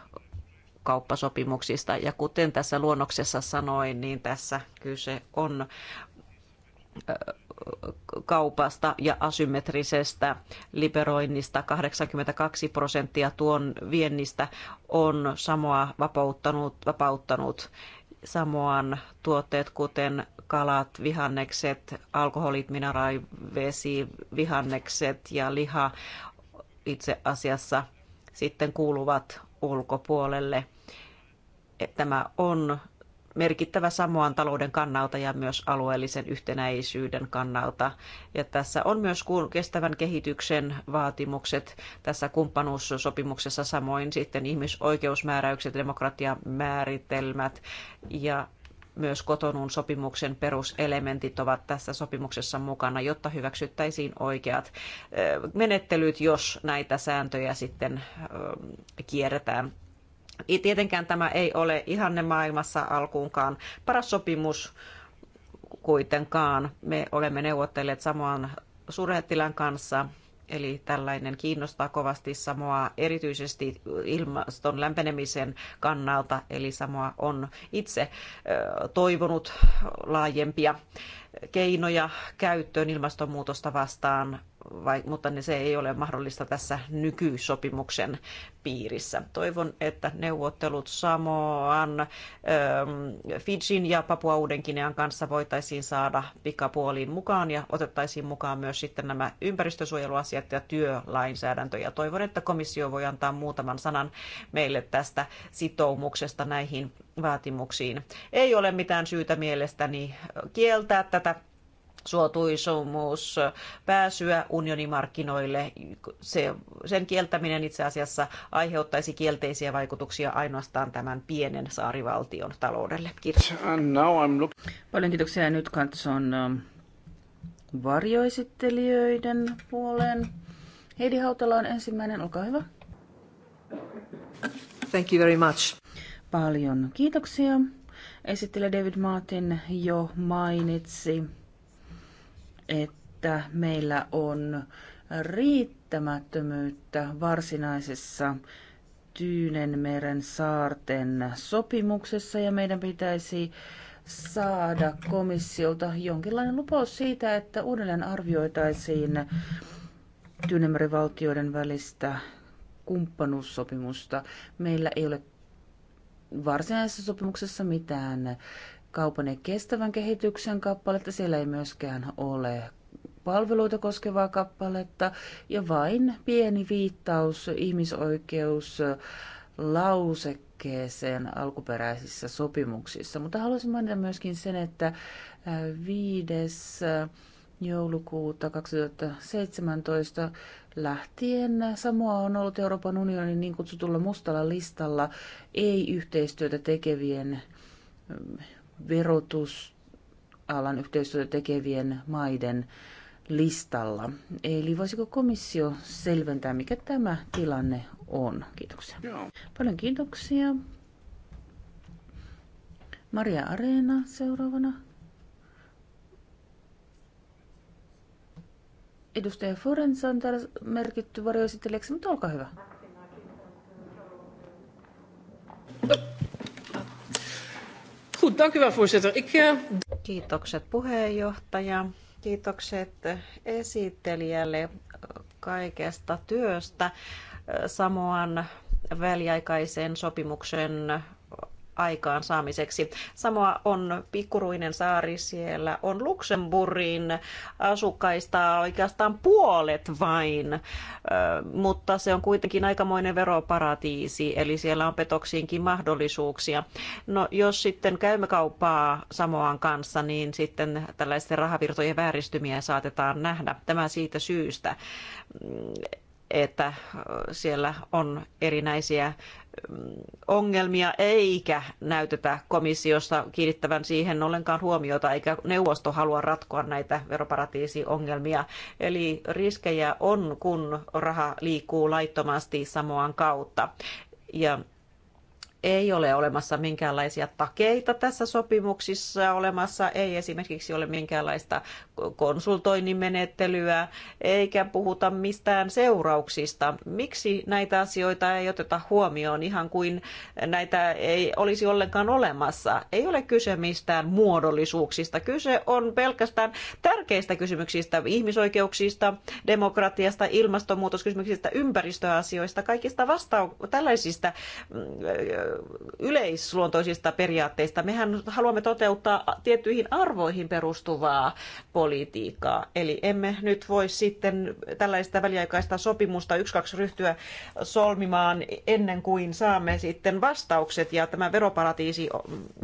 kauppasopimuksista. Ja kuten tässä luonnoksessa sanoin, niin tässä kyse on kaupasta ja asymmetrisestä liberoinnista. 82 prosenttia tuon viennistä on samoa vapauttanut, vapauttanut samoan tuotteet, kuten kalat, vihannekset, alkoholit, mineraalivesi, vihannekset ja liha itse asiassa sitten kuuluvat ulkopuolelle. E, tämä on merkittävä samoan talouden kannalta ja myös alueellisen yhtenäisyyden kannalta. Ja tässä on myös kestävän kehityksen vaatimukset tässä kumppanuussopimuksessa, samoin sitten ihmisoikeusmääräykset, demokratiamääritelmät ja myös kotonun sopimuksen peruselementit ovat tässä sopimuksessa mukana, jotta hyväksyttäisiin oikeat menettelyt, jos näitä sääntöjä sitten kierretään. Tietenkään tämä ei ole ihanne maailmassa alkuunkaan paras sopimus kuitenkaan. Me olemme neuvotteleet samaan suurhettilän kanssa Eli tällainen kiinnostaa kovasti samoa erityisesti ilmaston lämpenemisen kannalta, eli samoa on itse toivonut laajempia keinoja käyttöön ilmastonmuutosta vastaan vai, mutta ne, se ei ole mahdollista tässä nykysopimuksen piirissä. Toivon, että neuvottelut Samoan, ähm, Fidjin ja Papua Uudenkinean kanssa voitaisiin saada pikapuoliin mukaan ja otettaisiin mukaan myös sitten nämä ympäristösuojeluasiat ja työlainsäädäntö. Ja toivon, että komissio voi antaa muutaman sanan meille tästä sitoumuksesta näihin vaatimuksiin. Ei ole mitään syytä mielestäni kieltää tätä suotuisumus pääsyä unionimarkkinoille. Se, sen kieltäminen itse asiassa aiheuttaisi kielteisiä vaikutuksia ainoastaan tämän pienen saarivaltion taloudelle. Kiitos. Paljon kiitoksia. Nyt katson ähm, varjoesittelijöiden puolen. Heidi Hautala on ensimmäinen, olkaa hyvä. Thank you very much. Paljon kiitoksia. Esittelijä David Martin jo mainitsi että meillä on riittämättömyyttä varsinaisessa Tyynenmeren saarten sopimuksessa ja meidän pitäisi saada komissiolta jonkinlainen lupaus siitä, että uudelleen arvioitaisiin Tyynenmeren valtioiden välistä kumppanuussopimusta. Meillä ei ole varsinaisessa sopimuksessa mitään kaupan ei kestävän kehityksen kappaletta. Siellä ei myöskään ole palveluita koskevaa kappaletta ja vain pieni viittaus ihmisoikeus lausekkeeseen alkuperäisissä sopimuksissa. Mutta haluaisin mainita myöskin sen, että 5. Äh, äh, joulukuuta 2017 lähtien Samoa on ollut Euroopan unionin niin kutsutulla mustalla listalla ei-yhteistyötä tekevien verotusalan yhteistyötä tekevien maiden listalla. Eli voisiko komissio selventää, mikä tämä tilanne on? Kiitoksia. Joo. Paljon kiitoksia. Maria Areena seuraavana. Edustaja Forens on täällä merkitty varjoesittelijäksi, mutta olkaa hyvä. Goed, dank u wel, voorzitter. Ik, eh, Kiitokset puheenjohtaja. Kiitokset esittelijälle kaikesta työstä. Eh, Samoan väliaikaisen sopimuksen aikaan saamiseksi. Samoa on pikkuruinen saari, siellä on Luxemburgin asukkaista oikeastaan puolet vain, mutta se on kuitenkin aikamoinen veroparatiisi, eli siellä on petoksiinkin mahdollisuuksia. No jos sitten käymme kauppaa Samoan kanssa, niin sitten tällaisten rahavirtojen vääristymiä saatetaan nähdä. Tämä siitä syystä että siellä on erinäisiä mm, ongelmia eikä näytetä komissiossa kiinnittävän siihen ollenkaan huomiota eikä neuvosto halua ratkoa näitä veroparatiisiongelmia. Eli riskejä on, kun raha liikkuu laittomasti samoan kautta. Ja ei ole olemassa minkäänlaisia takeita tässä sopimuksissa olemassa, ei esimerkiksi ole minkäänlaista konsultoinnin menettelyä, eikä puhuta mistään seurauksista. Miksi näitä asioita ei oteta huomioon ihan kuin näitä ei olisi ollenkaan olemassa? Ei ole kyse mistään muodollisuuksista. Kyse on pelkästään tärkeistä kysymyksistä, ihmisoikeuksista, demokratiasta, ilmastonmuutoskysymyksistä, ympäristöasioista, kaikista vasta- tällaisista mm, yleisluontoisista periaatteista. Mehän haluamme toteuttaa tiettyihin arvoihin perustuvaa politiikkaa. Eli emme nyt voi sitten tällaista väliaikaista sopimusta yksi kaksi ryhtyä solmimaan ennen kuin saamme sitten vastaukset ja tämän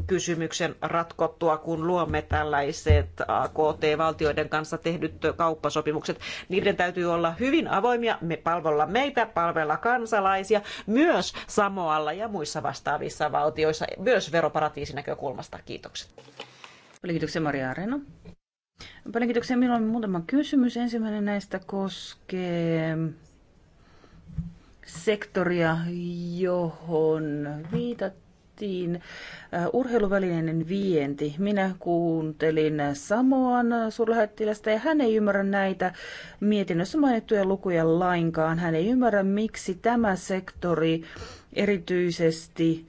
kysymyksen ratkottua, kun luomme tällaiset kt valtioiden kanssa tehdyt kauppasopimukset. Niiden täytyy olla hyvin avoimia, me palvella meitä, palvella kansalaisia, myös Samoalla ja muissa vastaavissa vastaavissa valtioissa, myös näkökulmasta. Kiitokset. Paljon kiitoksia Maria Areno. Paljon kiitoksia. Minulla on muutama kysymys. Ensimmäinen näistä koskee sektoria, johon viitattiin. Äh, urheiluvälineiden vienti. Minä kuuntelin Samoan suurlähettilästä ja hän ei ymmärrä näitä mietinnössä mainittuja lukuja lainkaan. Hän ei ymmärrä, miksi tämä sektori erityisesti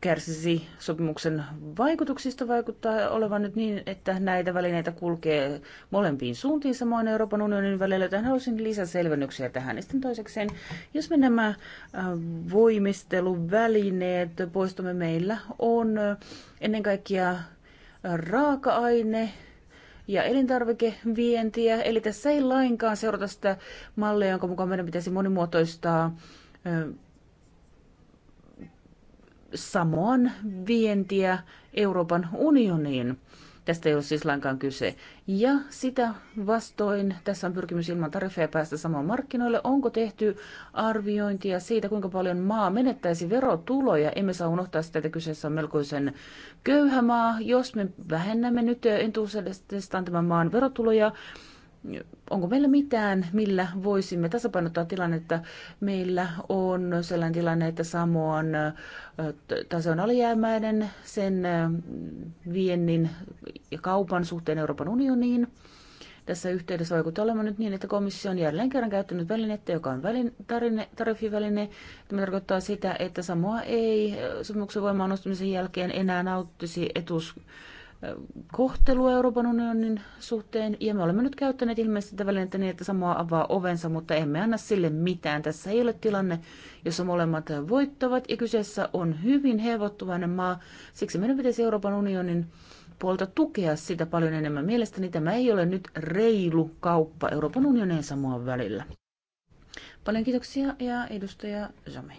kärsisi sopimuksen vaikutuksista vaikuttaa olevan nyt niin, että näitä välineitä kulkee molempiin suuntiin samoin Euroopan unionin välillä. Tähän haluaisin lisäselvennyksiä tähän. Ja sitten toisekseen, jos me nämä äh, voimisteluvälineet poistumme meillä on äh, ennen kaikkea äh, raaka-aine, ja elintarvikevientiä. Eli tässä ei lainkaan seurata sitä mallia, jonka mukaan meidän pitäisi monimuotoistaa Samoan vientiä Euroopan unioniin. Tästä ei ole siis lainkaan kyse. Ja sitä vastoin, tässä on pyrkimys ilman tarifeja päästä samoin markkinoille. Onko tehty arviointia siitä, kuinka paljon maa menettäisi verotuloja? Emme saa unohtaa sitä, että kyseessä on melkoisen köyhä maa. Jos me vähennämme nyt entuudestaan tämän maan verotuloja, onko meillä mitään, millä voisimme tasapainottaa tilannetta. Meillä on sellainen tilanne, että Samoan taso on alijäämäinen sen viennin ja kaupan suhteen Euroopan unioniin. Tässä yhteydessä vaikuttaa olemaan nyt niin, että komissio on jälleen kerran käyttänyt välinettä, joka on välin, tarine, tariffiväline. Tämä tarkoittaa sitä, että Samoa ei sopimuksen voimaan nostamisen jälkeen enää nauttisi etus kohtelua Euroopan unionin suhteen, ja me olemme nyt käyttäneet ilmeisesti tätä välinettä niin, että samoa avaa ovensa, mutta emme anna sille mitään. Tässä ei ole tilanne, jossa molemmat voittavat, ja kyseessä on hyvin hevottuvainen maa, siksi meidän pitäisi Euroopan unionin puolta tukea sitä paljon enemmän. Mielestäni tämä ei ole nyt reilu kauppa Euroopan unionin ja välillä. Paljon kiitoksia ja edustaja Jame.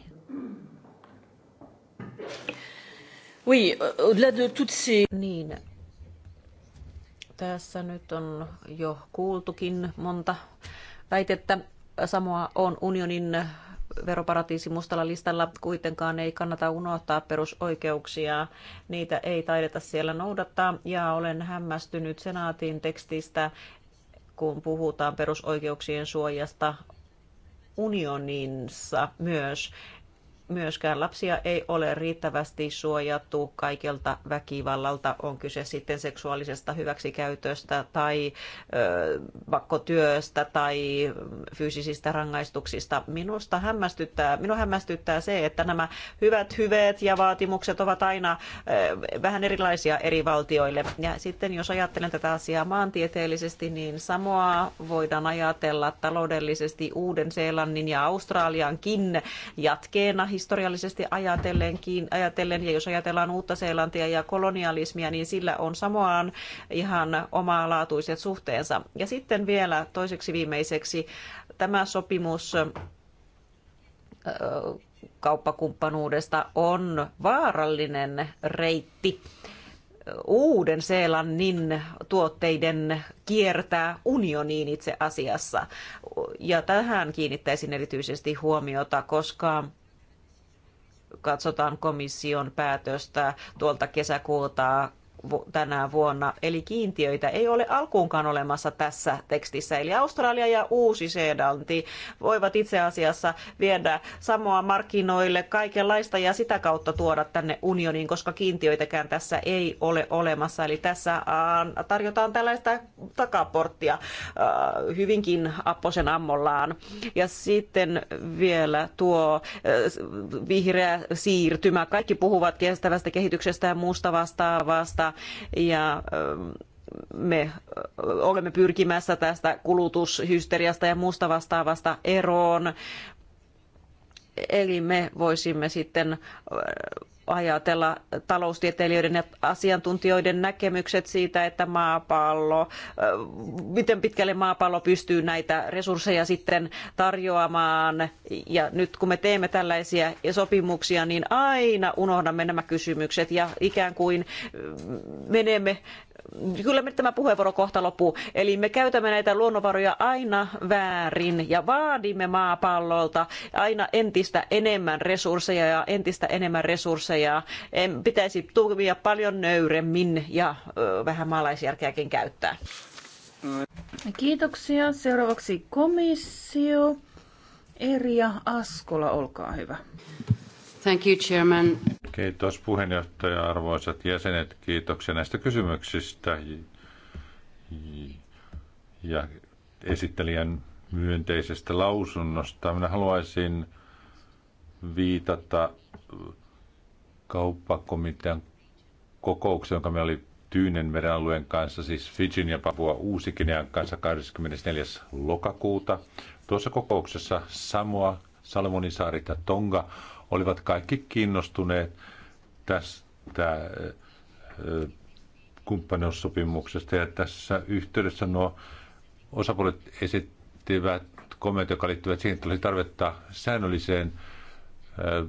Oui, au-delà de toutes ces... Niin, tässä nyt on jo kuultukin monta väitettä. Samoa on unionin veroparatiisi mustalla listalla. Kuitenkaan ei kannata unohtaa perusoikeuksia. Niitä ei taideta siellä noudattaa. Ja olen hämmästynyt senaatin tekstistä, kun puhutaan perusoikeuksien suojasta unioninsa myös myöskään lapsia ei ole riittävästi suojattu kaikelta väkivallalta, on kyse sitten seksuaalisesta hyväksikäytöstä tai ö, pakkotyöstä tai fyysisistä rangaistuksista. Minusta hämmästyttää, minua hämmästyttää se, että nämä hyvät hyveet ja vaatimukset ovat aina ö, vähän erilaisia eri valtioille. Ja sitten jos ajattelen tätä asiaa maantieteellisesti, niin samoa voidaan ajatella taloudellisesti Uuden-Seelannin ja Australiankin jatkeena historiallisesti ajatellenkin, ajatellen, ja jos ajatellaan uutta Seelantia ja kolonialismia, niin sillä on samoin ihan omalaatuiset suhteensa. Ja sitten vielä toiseksi viimeiseksi tämä sopimus kauppakumppanuudesta on vaarallinen reitti uuden Seelannin tuotteiden kiertää unioniin itse asiassa. Ja tähän kiinnittäisin erityisesti huomiota, koska katsotaan komission päätöstä tuolta kesäkuulta tänä vuonna. Eli kiintiöitä ei ole alkuunkaan olemassa tässä tekstissä. Eli Australia ja Uusi-Seelanti voivat itse asiassa viedä samoa markkinoille kaikenlaista ja sitä kautta tuoda tänne unioniin, koska kiintiöitäkään tässä ei ole olemassa. Eli tässä tarjotaan tällaista takaporttia hyvinkin apposen ammollaan. Ja sitten vielä tuo vihreä siirtymä. Kaikki puhuvat kestävästä kehityksestä ja muusta vastaavasta ja, ähm, me olemme pyrkimässä tästä kulutushysteriasta ja muusta vastaavasta eroon. Eli me voisimme sitten ajatella taloustieteilijöiden ja asiantuntijoiden näkemykset siitä, että maapallo, miten pitkälle maapallo pystyy näitä resursseja sitten tarjoamaan. Ja nyt kun me teemme tällaisia sopimuksia, niin aina unohdamme nämä kysymykset ja ikään kuin menemme kyllä nyt tämä puheenvuoro kohta loppuu. Eli me käytämme näitä luonnonvaroja aina väärin ja vaadimme maapallolta aina entistä enemmän resursseja ja entistä enemmän resursseja. En pitäisi tuomia paljon nöyremmin ja ö, vähän maalaisjärkeäkin käyttää. Kiitoksia. Seuraavaksi komissio. Erja Askola, olkaa hyvä. Thank you, Chairman. Kiitos puheenjohtaja, arvoisat jäsenet. Kiitoksia näistä kysymyksistä ja esittelijän myönteisestä lausunnosta. Minä haluaisin viitata kauppakomitean kokoukseen, jonka me oli Tyynenmeren alueen kanssa, siis Fijin ja Papua Uusikinean kanssa 24. lokakuuta. Tuossa kokouksessa Samoa, Salmonisaarit ja Tonga olivat kaikki kiinnostuneet tästä eh, kumppanuussopimuksesta. Ja tässä yhteydessä nuo osapuolet esittivät kommentteja, jotka liittyvät siihen, että olisi tarvetta säännölliseen eh,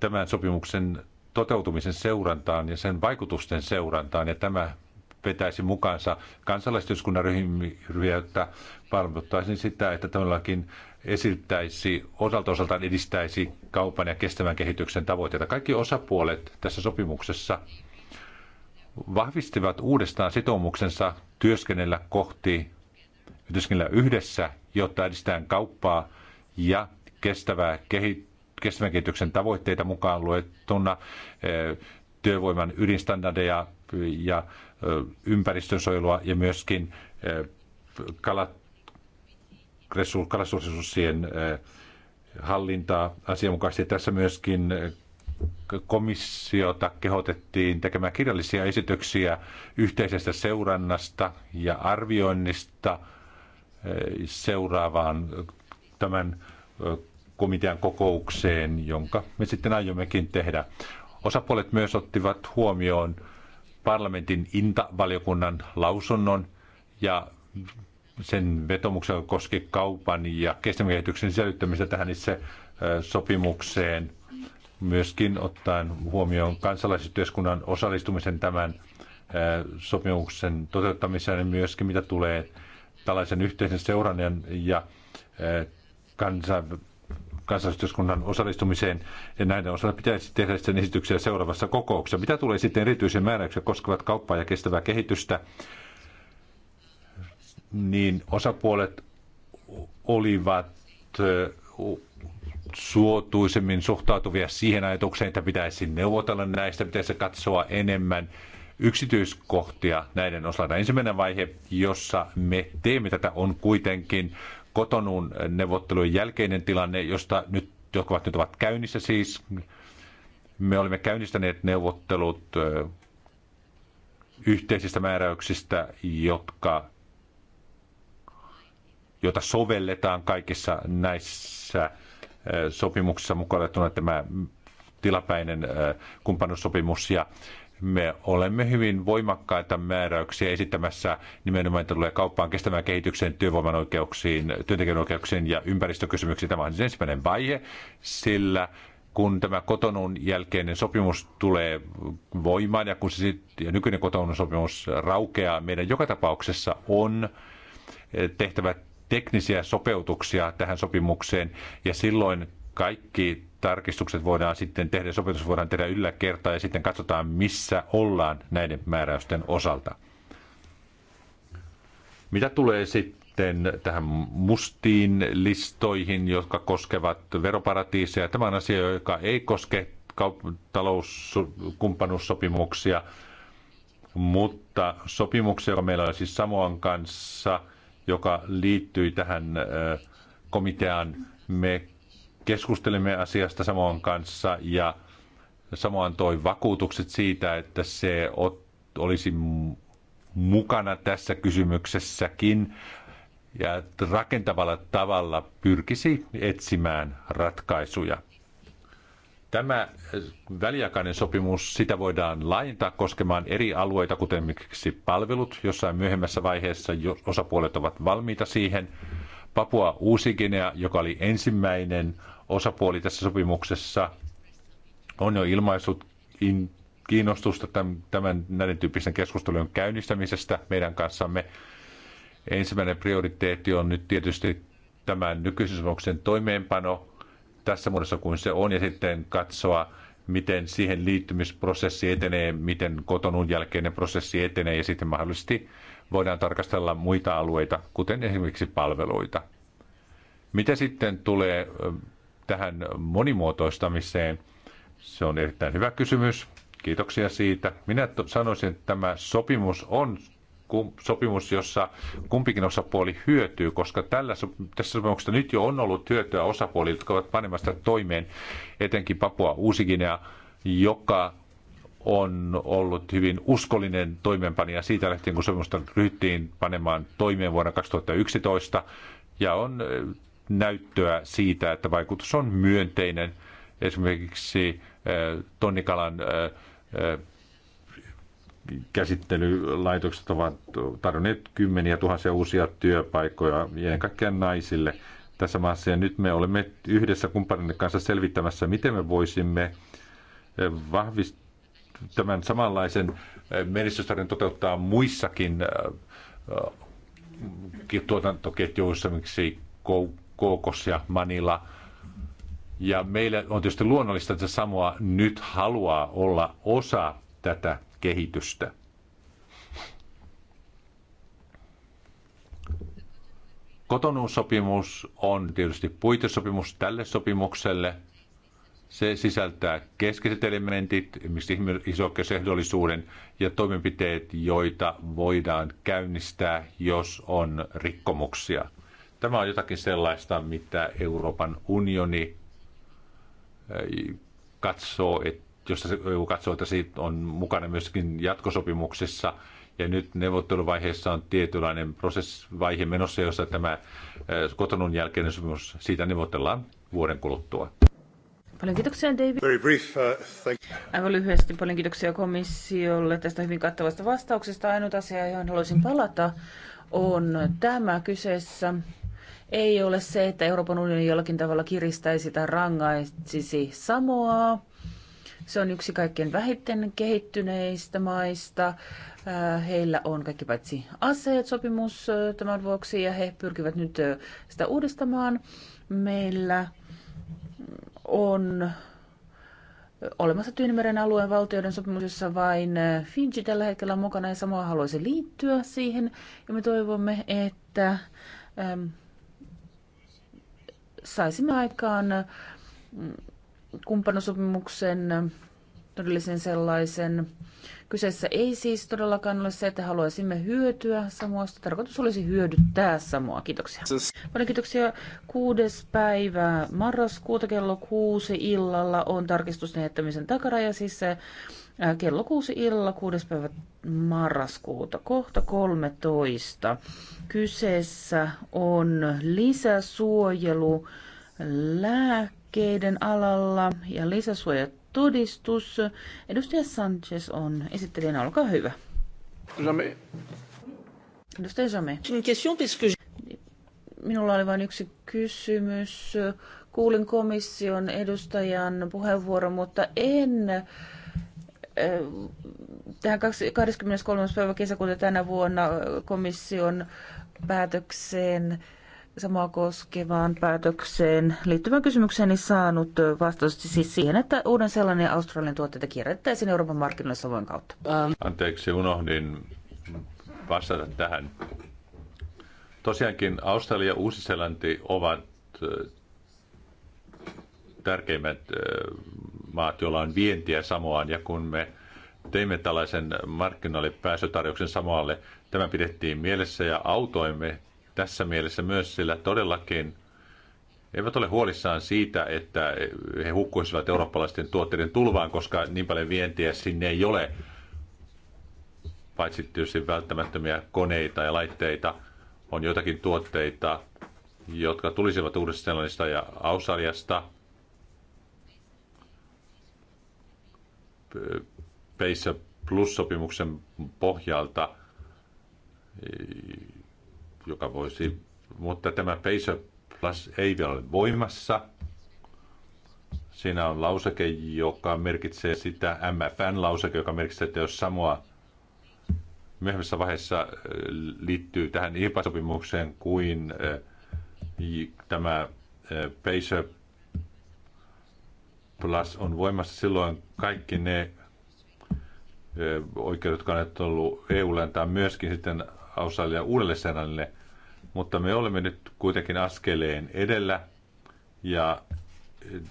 tämän sopimuksen toteutumisen seurantaan ja sen vaikutusten seurantaan. Ja tämä vetäisi mukaansa kansalaisyhteiskunnan ryhmiä, että valvottaisiin sitä, että todellakin esittäisi, osalta osaltaan edistäisi kaupan ja kestävän kehityksen tavoitteita. Kaikki osapuolet tässä sopimuksessa vahvistivat uudestaan sitoumuksensa työskennellä kohti, työskennellä yhdessä, jotta edistetään kauppaa ja kestävää kehi, kestävän kehityksen tavoitteita mukaan luettuna eh, työvoiman ydinstandardeja ja eh, ympäristönsuojelua ja myöskin eh, kalat kalastusresurssien äh, hallintaa asianmukaisesti. Tässä myöskin äh, komissiota kehotettiin tekemään kirjallisia esityksiä yhteisestä seurannasta ja arvioinnista äh, seuraavaan tämän komitean kokoukseen, jonka me sitten aiommekin tehdä. Osapuolet myös ottivat huomioon parlamentin intavaliokunnan lausunnon ja sen vetomuksen koski kaupan ja kestävän kehityksen sisällyttämistä tähän itse sopimukseen, myöskin ottaen huomioon kansalaisyhteiskunnan osallistumisen tämän sopimuksen toteuttamiseen niin myöskin mitä tulee tällaisen yhteisen seurannan ja kansa, kansalaisyhteiskunnan osallistumiseen ja näiden osalta pitäisi tehdä sitten esityksiä seuraavassa kokouksessa. Mitä tulee sitten erityisen määräyksiä koskevat kauppaa ja kestävää kehitystä, niin osapuolet olivat suotuisemmin suhtautuvia siihen ajatukseen, että pitäisi neuvotella näistä, pitäisi katsoa enemmän yksityiskohtia näiden osalta. Ensimmäinen vaihe, jossa me teemme tätä, on kuitenkin kotonun neuvottelujen jälkeinen tilanne, josta nyt, jotka ovat, nyt ovat käynnissä siis. Me olimme käynnistäneet neuvottelut yhteisistä määräyksistä, jotka jota sovelletaan kaikissa näissä äh, sopimuksissa mukaan tämä tilapäinen äh, kumppanuussopimus ja me olemme hyvin voimakkaita määräyksiä esittämässä nimenomaan, että tulee kauppaan kestämään kehitykseen, työvoiman oikeuksiin, työntekijän oikeuksiin ja ympäristökysymyksiin. Tämä on siis ensimmäinen vaihe, sillä kun tämä kotonun jälkeinen sopimus tulee voimaan ja kun se sit, ja nykyinen kotonun sopimus raukeaa, meidän joka tapauksessa on eh, tehtävä teknisiä sopeutuksia tähän sopimukseen ja silloin kaikki tarkistukset voidaan sitten tehdä, sopimus voidaan tehdä yläkertaa ja sitten katsotaan, missä ollaan näiden määräysten osalta. Mitä tulee sitten tähän mustiin listoihin, jotka koskevat veroparatiiseja, tämä on asia, joka ei koske talouskumppanuussopimuksia, mutta sopimuksia, joka meillä on siis Samoan kanssa – joka liittyi tähän komiteaan. Me keskustelimme asiasta Samoan kanssa ja Samoan toi vakuutukset siitä, että se olisi mukana tässä kysymyksessäkin ja rakentavalla tavalla pyrkisi etsimään ratkaisuja. Tämä äh, väliaikainen sopimus, sitä voidaan laajentaa koskemaan eri alueita, kuten miksi palvelut, jossain myöhemmässä vaiheessa osapuolet ovat valmiita siihen. Papua Uusikinea, joka oli ensimmäinen osapuoli tässä sopimuksessa, on jo ilmaissut kiinnostusta tämän, näiden tyyppisen keskustelujen käynnistämisestä meidän kanssamme. Ensimmäinen prioriteetti on nyt tietysti tämän nykyisen sopimuksen toimeenpano, tässä muodossa kuin se on ja sitten katsoa, miten siihen liittymisprosessi etenee, miten kotonun jälkeinen prosessi etenee ja sitten mahdollisesti voidaan tarkastella muita alueita, kuten esimerkiksi palveluita. Mitä sitten tulee tähän monimuotoistamiseen? Se on erittäin hyvä kysymys. Kiitoksia siitä. Minä sanoisin, että tämä sopimus on sopimus, jossa kumpikin osapuoli hyötyy, koska tällä, tässä sopimuksessa nyt jo on ollut hyötyä osapuolille, jotka ovat panemassa toimeen, etenkin Papua Uusikinea, joka on ollut hyvin uskollinen toimeenpanija siitä lähtien, kun sopimusta ryhtiin panemaan toimeen vuonna 2011, ja on näyttöä siitä, että vaikutus on myönteinen. Esimerkiksi tonnikalan käsittelylaitokset ovat tarjonneet kymmeniä tuhansia uusia työpaikkoja ja ennen kaikkea naisille tässä maassa. Ja nyt me olemme yhdessä kumppanin kanssa selvittämässä, miten me voisimme eh, vahvistaa tämän samanlaisen eh, menestystarinan toteuttaa muissakin eh, tuotantoketjuissa, miksi Koukos ja Manila. Ja meillä on tietysti luonnollista, että Samoa nyt haluaa olla osa tätä kehitystä. Kotonuussopimus on tietysti puitesopimus tälle sopimukselle. Se sisältää keskeiset elementit, esimerkiksi ihmisoikeussehdollisuuden ja toimenpiteet, joita voidaan käynnistää, jos on rikkomuksia. Tämä on jotakin sellaista, mitä Euroopan unioni eh, katsoo, että Josta EU katsoo, että siitä on mukana myöskin jatkosopimuksissa. Ja nyt neuvotteluvaiheessa on tietynlainen prosessivaihe menossa, jossa tämä kotonun jälkeinen sopimus, siitä neuvotellaan vuoden kuluttua. Paljon kiitoksia, David. Very brief, uh, thank Aivan lyhyesti paljon kiitoksia komissiolle tästä hyvin kattavasta vastauksesta. Ainut asia, johon haluaisin palata, on tämä kyseessä. Ei ole se, että Euroopan unioni jollakin tavalla kiristäisi tai rangaisisi Samoaa se on yksi kaikkein vähiten kehittyneistä maista. Äh, heillä on kaikki paitsi aseet sopimus äh, tämän vuoksi ja he pyrkivät nyt äh, sitä uudistamaan. Meillä on olemassa Tyynimeren alueen valtioiden sopimus, jossa vain Finji tällä hetkellä on mukana ja samoin haluaisi liittyä siihen. Ja me toivomme, että äm, saisimme aikaan kumppanosopimuksen todellisen sellaisen. Kyseessä ei siis todellakaan ole se, että haluaisimme hyötyä Samoasta. Tarkoitus olisi hyödyttää Samoa. Kiitoksia. Paljon kiitoksia. Kuudes päivä marraskuuta kello kuusi illalla on tarkistusten takaraja. Siis se äh, kello kuusi illalla kuudes päivä marraskuuta kohta 13. Kyseessä on lisäsuojelu lääkkeen lääkkeiden alalla ja lisäsuojatodistus. Edustaja Sanchez on esittelijänä, olkaa hyvä. Jamais. Edustaja Jamais. Minulla oli vain yksi kysymys. Kuulin komission edustajan puheenvuoron, mutta en tähän 23. päivä kesäkuuta tänä vuonna komission päätökseen samaa koskevaan päätökseen liittyvän kysymykseeni saanut vastausti siis siihen, että uuden sellainen Australian tuotteita kierrättäisiin Euroopan markkinoille Savoin kautta. Ähm. Anteeksi, unohdin vastata tähän. Tosiaankin Australia ja Uusi-Seelanti ovat äh, tärkeimmät äh, maat, joilla on vientiä Samoaan, ja kun me teimme tällaisen markkinoille pääsytarjouksen Samoalle, tämä pidettiin mielessä ja autoimme tässä mielessä myös, sillä todellakin eivät ole huolissaan siitä, että he hukkuisivat eurooppalaisten tuotteiden tulvaan, koska niin paljon vientiä sinne ei ole, paitsi tietysti välttämättömiä koneita ja laitteita, on joitakin tuotteita, jotka tulisivat Uudesta-Seelannista ja Australiasta. Peissä Plus-sopimuksen pohjalta joka voisi, mutta tämä Pacer Plus ei vielä ole voimassa. Siinä on lauseke, joka merkitsee sitä MFN-lauseke, joka merkitsee, että jos samoa myöhemmässä vaiheessa äh, liittyy tähän IPA-sopimukseen kuin äh, tämä Pacer äh, Plus on voimassa silloin kaikki ne oikeudet, jotka on ollut EUlle, antaa myöskin sitten Australia uudelle säännölle, mutta me olemme nyt kuitenkin askeleen edellä ja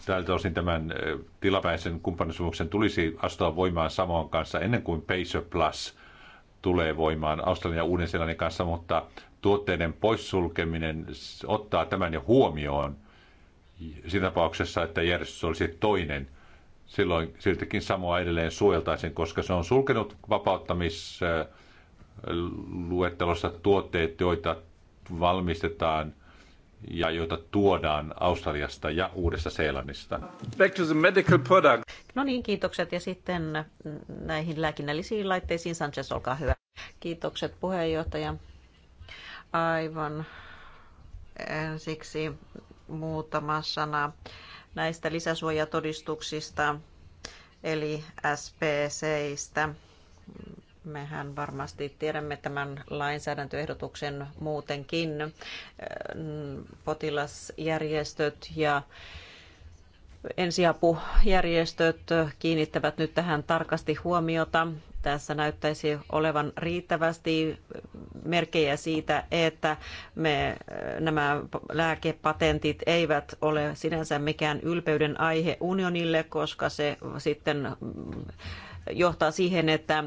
tältä osin tämän tilapäisen kumppanisuuksen tulisi astua voimaan samoin kanssa ennen kuin Pacer Plus tulee voimaan Australian ja Uuden-Seelannin kanssa, mutta tuotteiden poissulkeminen ottaa tämän jo huomioon siinä tapauksessa, että järjestys olisi toinen. Silloin siltikin samoa edelleen suojeltaisiin, koska se on sulkenut vapauttamis luettelossa tuotteet, joita valmistetaan ja joita tuodaan Australiasta ja Uudesta Seelannista. Back to the medical product. No niin, kiitokset. Ja sitten näihin lääkinnällisiin laitteisiin. Sanchez, olkaa hyvä. Kiitokset puheenjohtaja. Aivan ensiksi muutama sana näistä lisäsuojatodistuksista, eli SPCistä Mehän varmasti tiedämme tämän lainsäädäntöehdotuksen muutenkin. Potilasjärjestöt ja ensiapujärjestöt kiinnittävät nyt tähän tarkasti huomiota. Tässä näyttäisi olevan riittävästi merkejä siitä, että me, nämä lääkepatentit eivät ole sinänsä mikään ylpeyden aihe unionille, koska se sitten johtaa siihen, että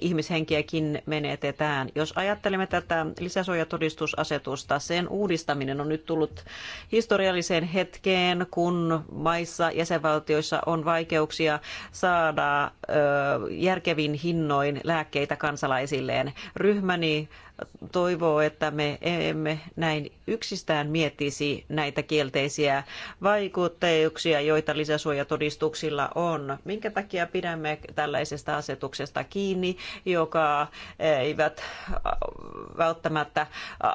ihmishenkiäkin menetetään. Jos ajattelemme tätä lisäsuojatodistusasetusta, sen uudistaminen on nyt tullut historialliseen hetkeen, kun maissa, jäsenvaltioissa on vaikeuksia saada järkevin hinnoin lääkkeitä kansalaisilleen. Ryhmäni toivoo, että me emme näin yksistään miettisi näitä kielteisiä vaikutuksia, joita lisäsuojatodistuksilla on. Minkä takia pidämme tällaisesta asetuksesta kiinni, joka eivät välttämättä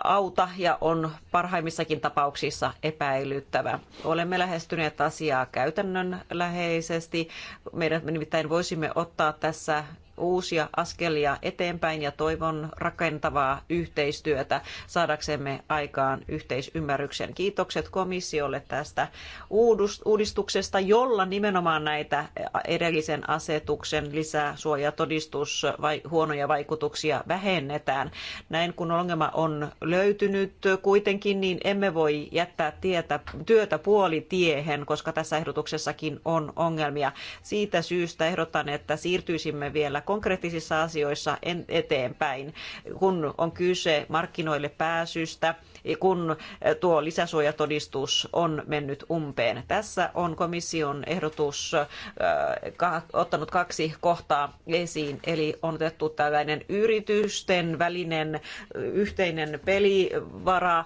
auta ja on parhaimmissakin tapauksissa epäilyttävä. Olemme lähestyneet asiaa käytännönläheisesti. Meidän nimittäin voisimme ottaa tässä uusia askelia eteenpäin ja toivon rakentavaa yhteistyötä saadaksemme aikaan yhteisymmärryksen. Kiitokset komissiolle tästä uudistuksesta, jolla nimenomaan näitä edellisen asetuksen lisäsuojatodistus vai huonoja vaikutuksia vähennetään. Näin kun ongelma on löytynyt kuitenkin, niin emme voi jättää tietä, työtä puolitiehen, koska tässä ehdotuksessakin on ongelmia. Siitä syystä ehdotan, että siirtyisimme vielä konkreettisissa asioissa eteenpäin, kun on kyse markkinoille pääsystä kun tuo lisäsuojatodistus on mennyt umpeen. Tässä on komission ehdotus äh, ottanut kaksi kohtaa esiin, eli on otettu tällainen yritysten välinen äh, yhteinen pelivara,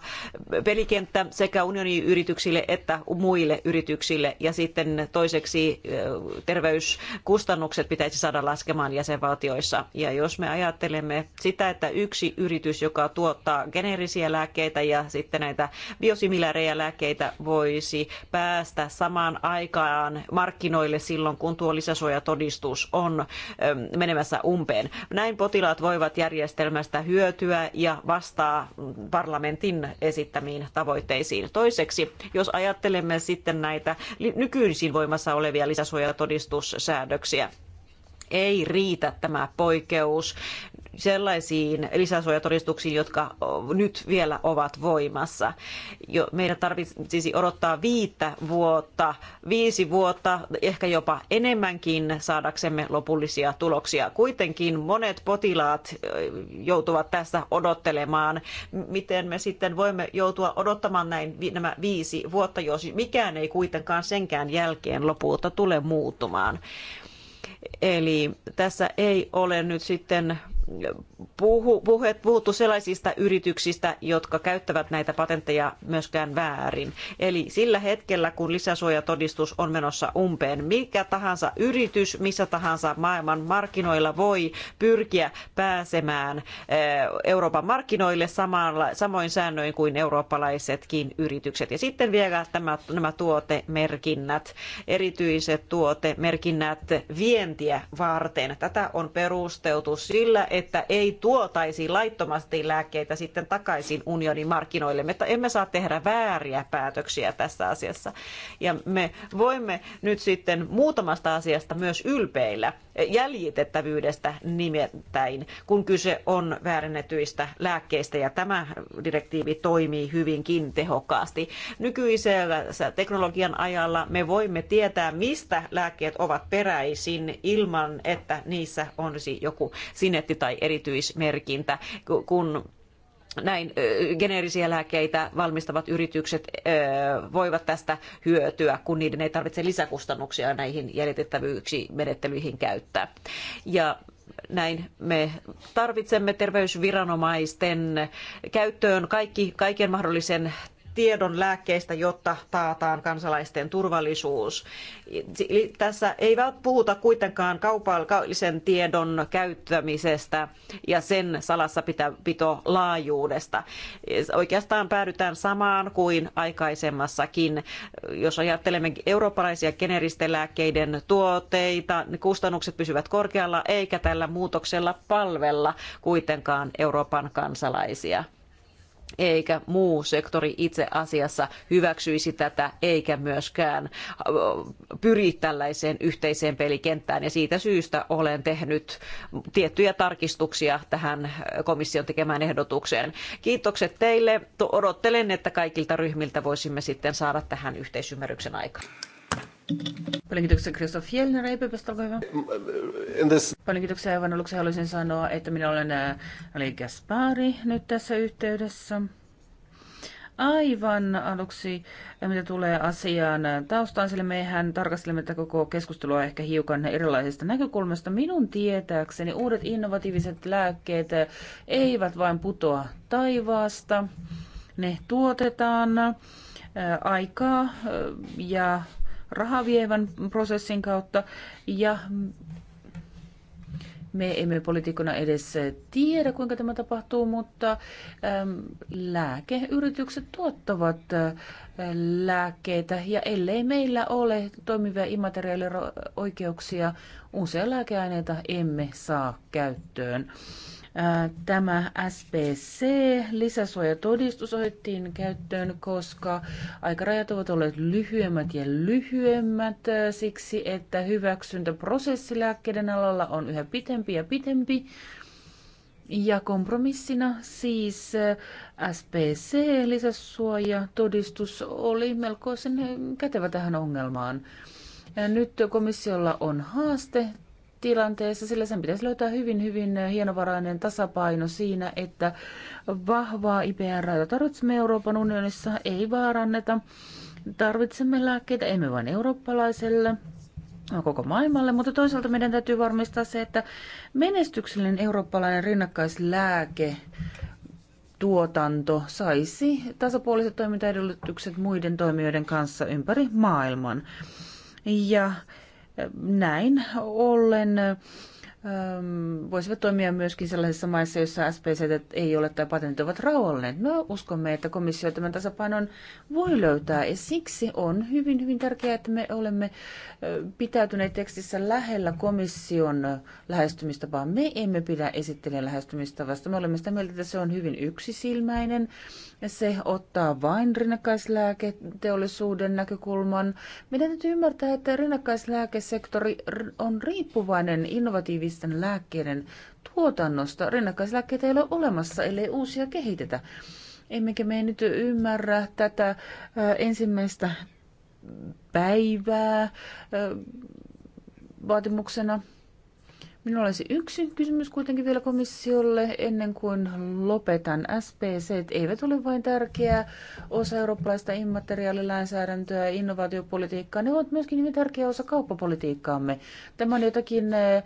pelikenttä sekä unionin yrityksille että muille yrityksille, ja sitten toiseksi äh, terveyskustannukset pitäisi saada laskemaan jäsenvaltioissa. Ja jos me ajattelemme sitä, että yksi yritys, joka tuottaa geneerisiä lääkkeitä ja sitten näitä biosimilärejä lääkkeitä voisi päästä samaan aikaan markkinoille silloin, kun tuo lisäsuojatodistus on ähm, menemässä umpeen. Näin potilaat voivat järjestelmästä hyötyä ja vastaa parlamentin esittämiin tavoitteisiin. Toiseksi, jos ajattelemme sitten näitä nykyisin voimassa olevia lisäsuojatodistussäädöksiä, ei riitä tämä poikkeus sellaisiin lisäsuojatodistuksiin, jotka nyt vielä ovat voimassa. Jo, meidän tarvitsisi odottaa viittä vuotta, viisi vuotta, ehkä jopa enemmänkin saadaksemme lopullisia tuloksia. Kuitenkin monet potilaat joutuvat tässä odottelemaan. Miten me sitten voimme joutua odottamaan näin nämä viisi vuotta, jos mikään ei kuitenkaan senkään jälkeen lopulta tule muuttumaan? Eli tässä ei ole nyt sitten puhu, puhuttu sellaisista yrityksistä, jotka käyttävät näitä patentteja myöskään väärin. Eli sillä hetkellä, kun lisäsuojatodistus on menossa umpeen, mikä tahansa yritys, missä tahansa maailman markkinoilla voi pyrkiä pääsemään eh, Euroopan markkinoille samalla, samoin säännöin kuin eurooppalaisetkin yritykset. Ja sitten vielä tämä, nämä tuotemerkinnät, erityiset tuotemerkinnät vientiä varten. Tätä on perusteltu sillä, että ei tuotaisi laittomasti lääkkeitä sitten takaisin unionin markkinoille. Me emme saa tehdä vääriä päätöksiä tässä asiassa. Ja me voimme nyt sitten muutamasta asiasta myös ylpeillä, jäljitettävyydestä nimittäin, kun kyse on väärennetyistä lääkkeistä, ja tämä direktiivi toimii hyvinkin tehokkaasti. Nykyisellä teknologian ajalla me voimme tietää, mistä lääkkeet ovat peräisin ilman, että niissä on joku sinetti tai erityismerkintä, kun näin geneerisiä lääkkeitä valmistavat yritykset voivat tästä hyötyä, kun niiden ei tarvitse lisäkustannuksia näihin jäljitettävyyksi menettelyihin käyttää. Ja näin me tarvitsemme terveysviranomaisten käyttöön kaikki, kaiken mahdollisen tiedon lääkkeistä, jotta taataan kansalaisten turvallisuus. Tässä ei puhuta kuitenkaan kaupallisen tiedon käyttämisestä ja sen salassapito laajuudesta. Oikeastaan päädytään samaan kuin aikaisemmassakin. Jos ajattelemme eurooppalaisia generisten lääkkeiden tuotteita, niin kustannukset pysyvät korkealla eikä tällä muutoksella palvella kuitenkaan Euroopan kansalaisia eikä muu sektori itse asiassa hyväksyisi tätä eikä myöskään äh, pyri tällaiseen yhteiseen pelikenttään. Ja siitä syystä olen tehnyt tiettyjä tarkistuksia tähän komission tekemään ehdotukseen. Kiitokset teille. Odottelen, että kaikilta ryhmiltä voisimme sitten saada tähän yhteisymmärryksen aikaan. Paljon kiitoksia Christoph Fjellner, e pöpästä olkaa hyvä. This... Paljon kiitoksia aivan aluksi haluaisin sanoa, että minä olen Ali Gaspari nyt tässä yhteydessä. Aivan aluksi, mitä tulee asiaan taustaan, sillä mehän tarkastelemme tätä koko keskustelua ehkä hiukan erilaisesta näkökulmasta. Minun tietääkseni uudet innovatiiviset lääkkeet eivät vain putoa taivaasta. Ne tuotetaan aikaa ja rahavievän prosessin kautta ja me emme poliitikona edes tiedä, kuinka tämä tapahtuu, mutta äm, lääkeyritykset tuottavat äh, lääkkeitä ja ellei meillä ole toimivia immateriaalioikeuksia, usein lääkeaineita emme saa käyttöön. Tämä SPC-lisäsuojatodistus otettiin käyttöön, koska aikarajat ovat olleet lyhyemmät ja lyhyemmät äh, siksi, että hyväksyntäprosessi lääkkeiden alalla on yhä pitempi ja pitempi. Ja kompromissina siis äh, SPC-lisäsuojatodistus oli melkoisen kätevä tähän ongelmaan. Ja Nyt komissiolla on haaste tilanteessa, sillä sen pitäisi löytää hyvin, hyvin hienovarainen tasapaino siinä, että vahvaa IPR, jota tarvitsemme Euroopan unionissa, ei vaaranneta. Tarvitsemme lääkkeitä, emme vain eurooppalaiselle, koko maailmalle, mutta toisaalta meidän täytyy varmistaa se, että menestyksellinen eurooppalainen rinnakkaislääke tuotanto saisi tasapuoliset toimintaedellytykset muiden toimijoiden kanssa ympäri maailman. Ja näin ollen voisivat toimia myöskin sellaisissa maissa, joissa SPC ei ole tai patentit ovat rauhalliset. Me no, uskomme, että komissio tämän tasapainon voi löytää ja siksi on hyvin, hyvin tärkeää, että me olemme pitäytyneet tekstissä lähellä komission lähestymistapaa. Me emme pidä esittelijän lähestymistavasta. Me olemme sitä mieltä, että se on hyvin yksisilmäinen. Se ottaa vain rinnakkaislääketeollisuuden näkökulman. Meidän täytyy ymmärtää, että rinnakkaislääkesektori on riippuvainen innovatiivisesta geneeristen lääkkeiden tuotannosta. Rinnakkaislääkkeitä ei ole olemassa, ellei uusia kehitetä. Emmekä me nyt ymmärrä tätä ensimmäistä päivää vaatimuksena – Minulla olisi yksi kysymys kuitenkin vielä komissiolle ennen kuin lopetan. SPC eivät ole vain tärkeä osa eurooppalaista immateriaalilainsäädäntöä ja innovaatiopolitiikkaa, ne ovat myöskin hyvin tärkeä osa kauppapolitiikkaamme. Tämä on jotakin, eh, eh,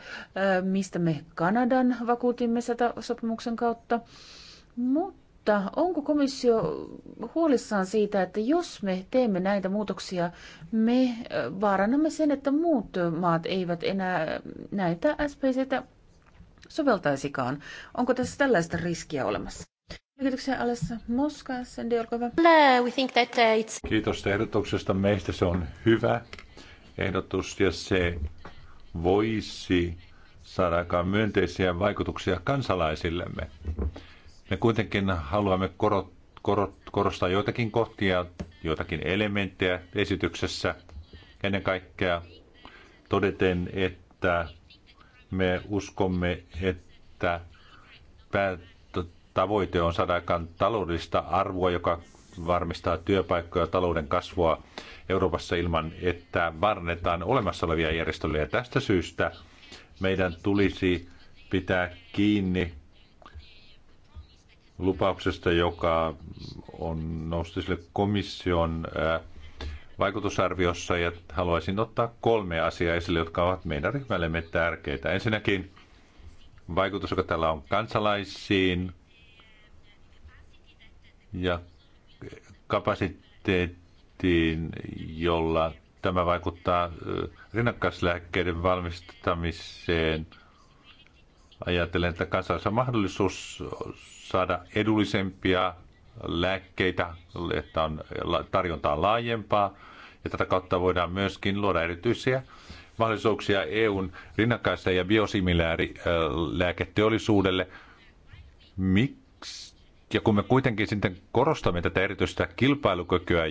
mistä me Kanadan vakuutimme sata sopimuksen kautta. Mutta mutta onko komissio huolissaan siitä, että jos me teemme näitä muutoksia, me vaarannamme sen, että muut maat eivät enää näitä SPCtä soveltaisikaan? Onko tässä tällaista riskiä olemassa? Kiitoksia Alessa Moska, Sandy, olkaa hyvä. We think that uh, it's... Kiitos ehdotuksesta. Meistä se on hyvä ehdotus ja se voisi saada aikaan myönteisiä vaikutuksia kansalaisillemme. Me kuitenkin haluamme korot, korot, korostaa joitakin kohtia, joitakin elementtejä esityksessä. Ennen kaikkea todeten, että me uskomme, että tavoite on saada aikaan taloudellista arvoa, joka varmistaa työpaikkoja ja talouden kasvua Euroopassa ilman, että varnetaan olemassa olevia järjestelyjä. Tästä syystä meidän tulisi pitää kiinni lupauksesta, joka on noussut sille komission äh, vaikutusarviossa ja haluaisin ottaa kolme asiaa esille, jotka ovat meidän ryhmällemme tärkeitä. Ensinnäkin vaikutus, joka tällä on kansalaisiin ja kapasiteettiin, jolla tämä vaikuttaa äh, rinnakkaislääkkeiden valmistamiseen. Ajattelen, että kansalaisilla mahdollisuus saada edullisempia lääkkeitä, että on, tarjontaa laajempaa. Ja tätä kautta voidaan myöskin luoda erityisiä mahdollisuuksia EUn rinnakkaista ja biosimiläärilääketeollisuudelle. Äh, Miksi? Ja kun me kuitenkin sitten korostamme tätä erityistä kilpailukykyä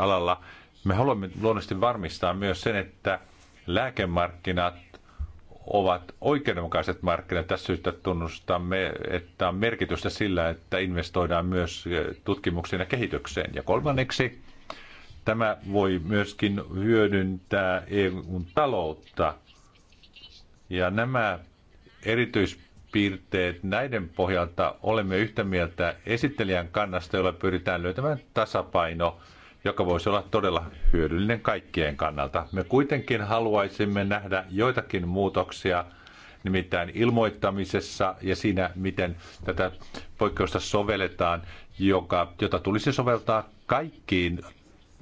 alalla, me haluamme luonnollisesti varmistaa myös sen, että lääkemarkkinat ovat oikeudenmukaiset markkinat. Tässä syystä tunnustamme, että on merkitystä sillä, että investoidaan myös tutkimukseen ja kehitykseen. Ja kolmanneksi, tämä voi myöskin hyödyntää eu taloutta. Ja nämä erityispiirteet näiden pohjalta olemme yhtä mieltä esittelijän kannasta, jolla pyritään löytämään tasapaino – joka voisi olla todella hyödyllinen kaikkien kannalta. Me kuitenkin haluaisimme nähdä joitakin muutoksia, nimittäin ilmoittamisessa ja siinä, miten tätä poikkeusta sovelletaan, joka, jota tulisi soveltaa kaikkiin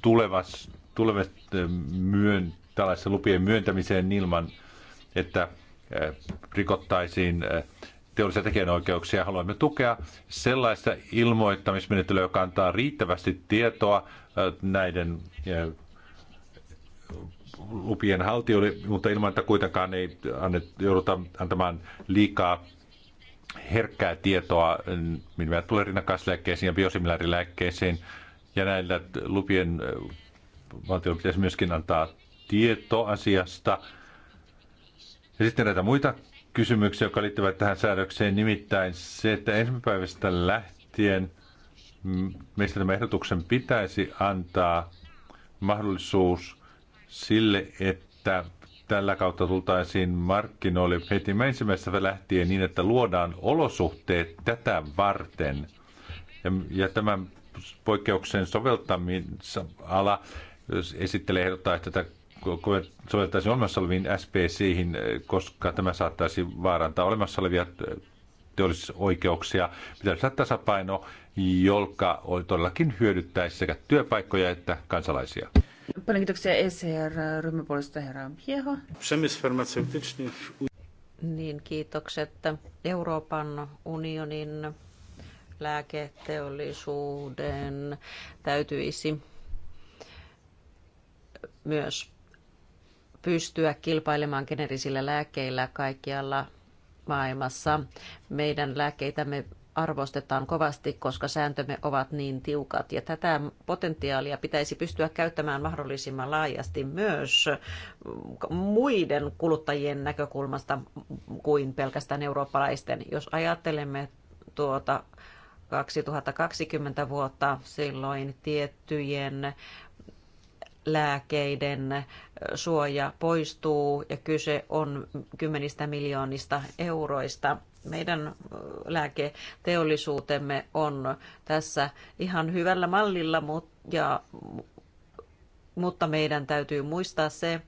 tulevas, tulevat myön, tällaisten lupien myöntämiseen ilman, että eh, rikottaisiin eh, teollisia tekijänoikeuksia. Haluamme tukea sellaista ilmoittamismenettelyä, joka antaa riittävästi tietoa äh, näiden äh, lupien haltijoille, mutta ilman, että kuitenkaan ei annet, jouduta antamaan liikaa herkkää tietoa, mm, mitä tulee rinnakkaislääkkeisiin ja biosimilaarilääkkeisiin. Ja näillä lupien äh, valtiolla pitäisi myöskin antaa tieto asiasta. Ja sitten näitä muita kysymyksiä, jotka liittyvät tähän säädökseen, nimittäin se, että ensimmäisestä päivästä lähtien meistä tämän ehdotuksen pitäisi antaa mahdollisuus sille, että tällä kautta tultaisiin markkinoille heti ensimmäisestä lähtien niin, että luodaan olosuhteet tätä varten. Ja, ja tämän poikkeuksen soveltamisala esittelee ehdottaa, että tätä sovellettaisiin olemassa oleviin spc koska tämä saattaisi vaarantaa olemassa olevia teollisuusoikeuksia. Pitäisi olla tasapaino, joka todellakin hyödyttäisi sekä työpaikkoja että kansalaisia. Paljon kiitoksia ecr ryhmäpuolesta herra Pieho. Niin, kiitokset Euroopan unionin lääketeollisuuden täytyisi myös pystyä kilpailemaan generisillä lääkkeillä kaikkialla maailmassa. Meidän lääkkeitämme arvostetaan kovasti, koska sääntömme ovat niin tiukat. Ja tätä potentiaalia pitäisi pystyä käyttämään mahdollisimman laajasti myös muiden kuluttajien näkökulmasta kuin pelkästään eurooppalaisten. Jos ajattelemme tuota 2020 vuotta, silloin tiettyjen lääkeiden suoja poistuu ja kyse on kymmenistä miljoonista euroista. Meidän lääketeollisuutemme on tässä ihan hyvällä mallilla, mutta, mutta meidän täytyy muistaa se,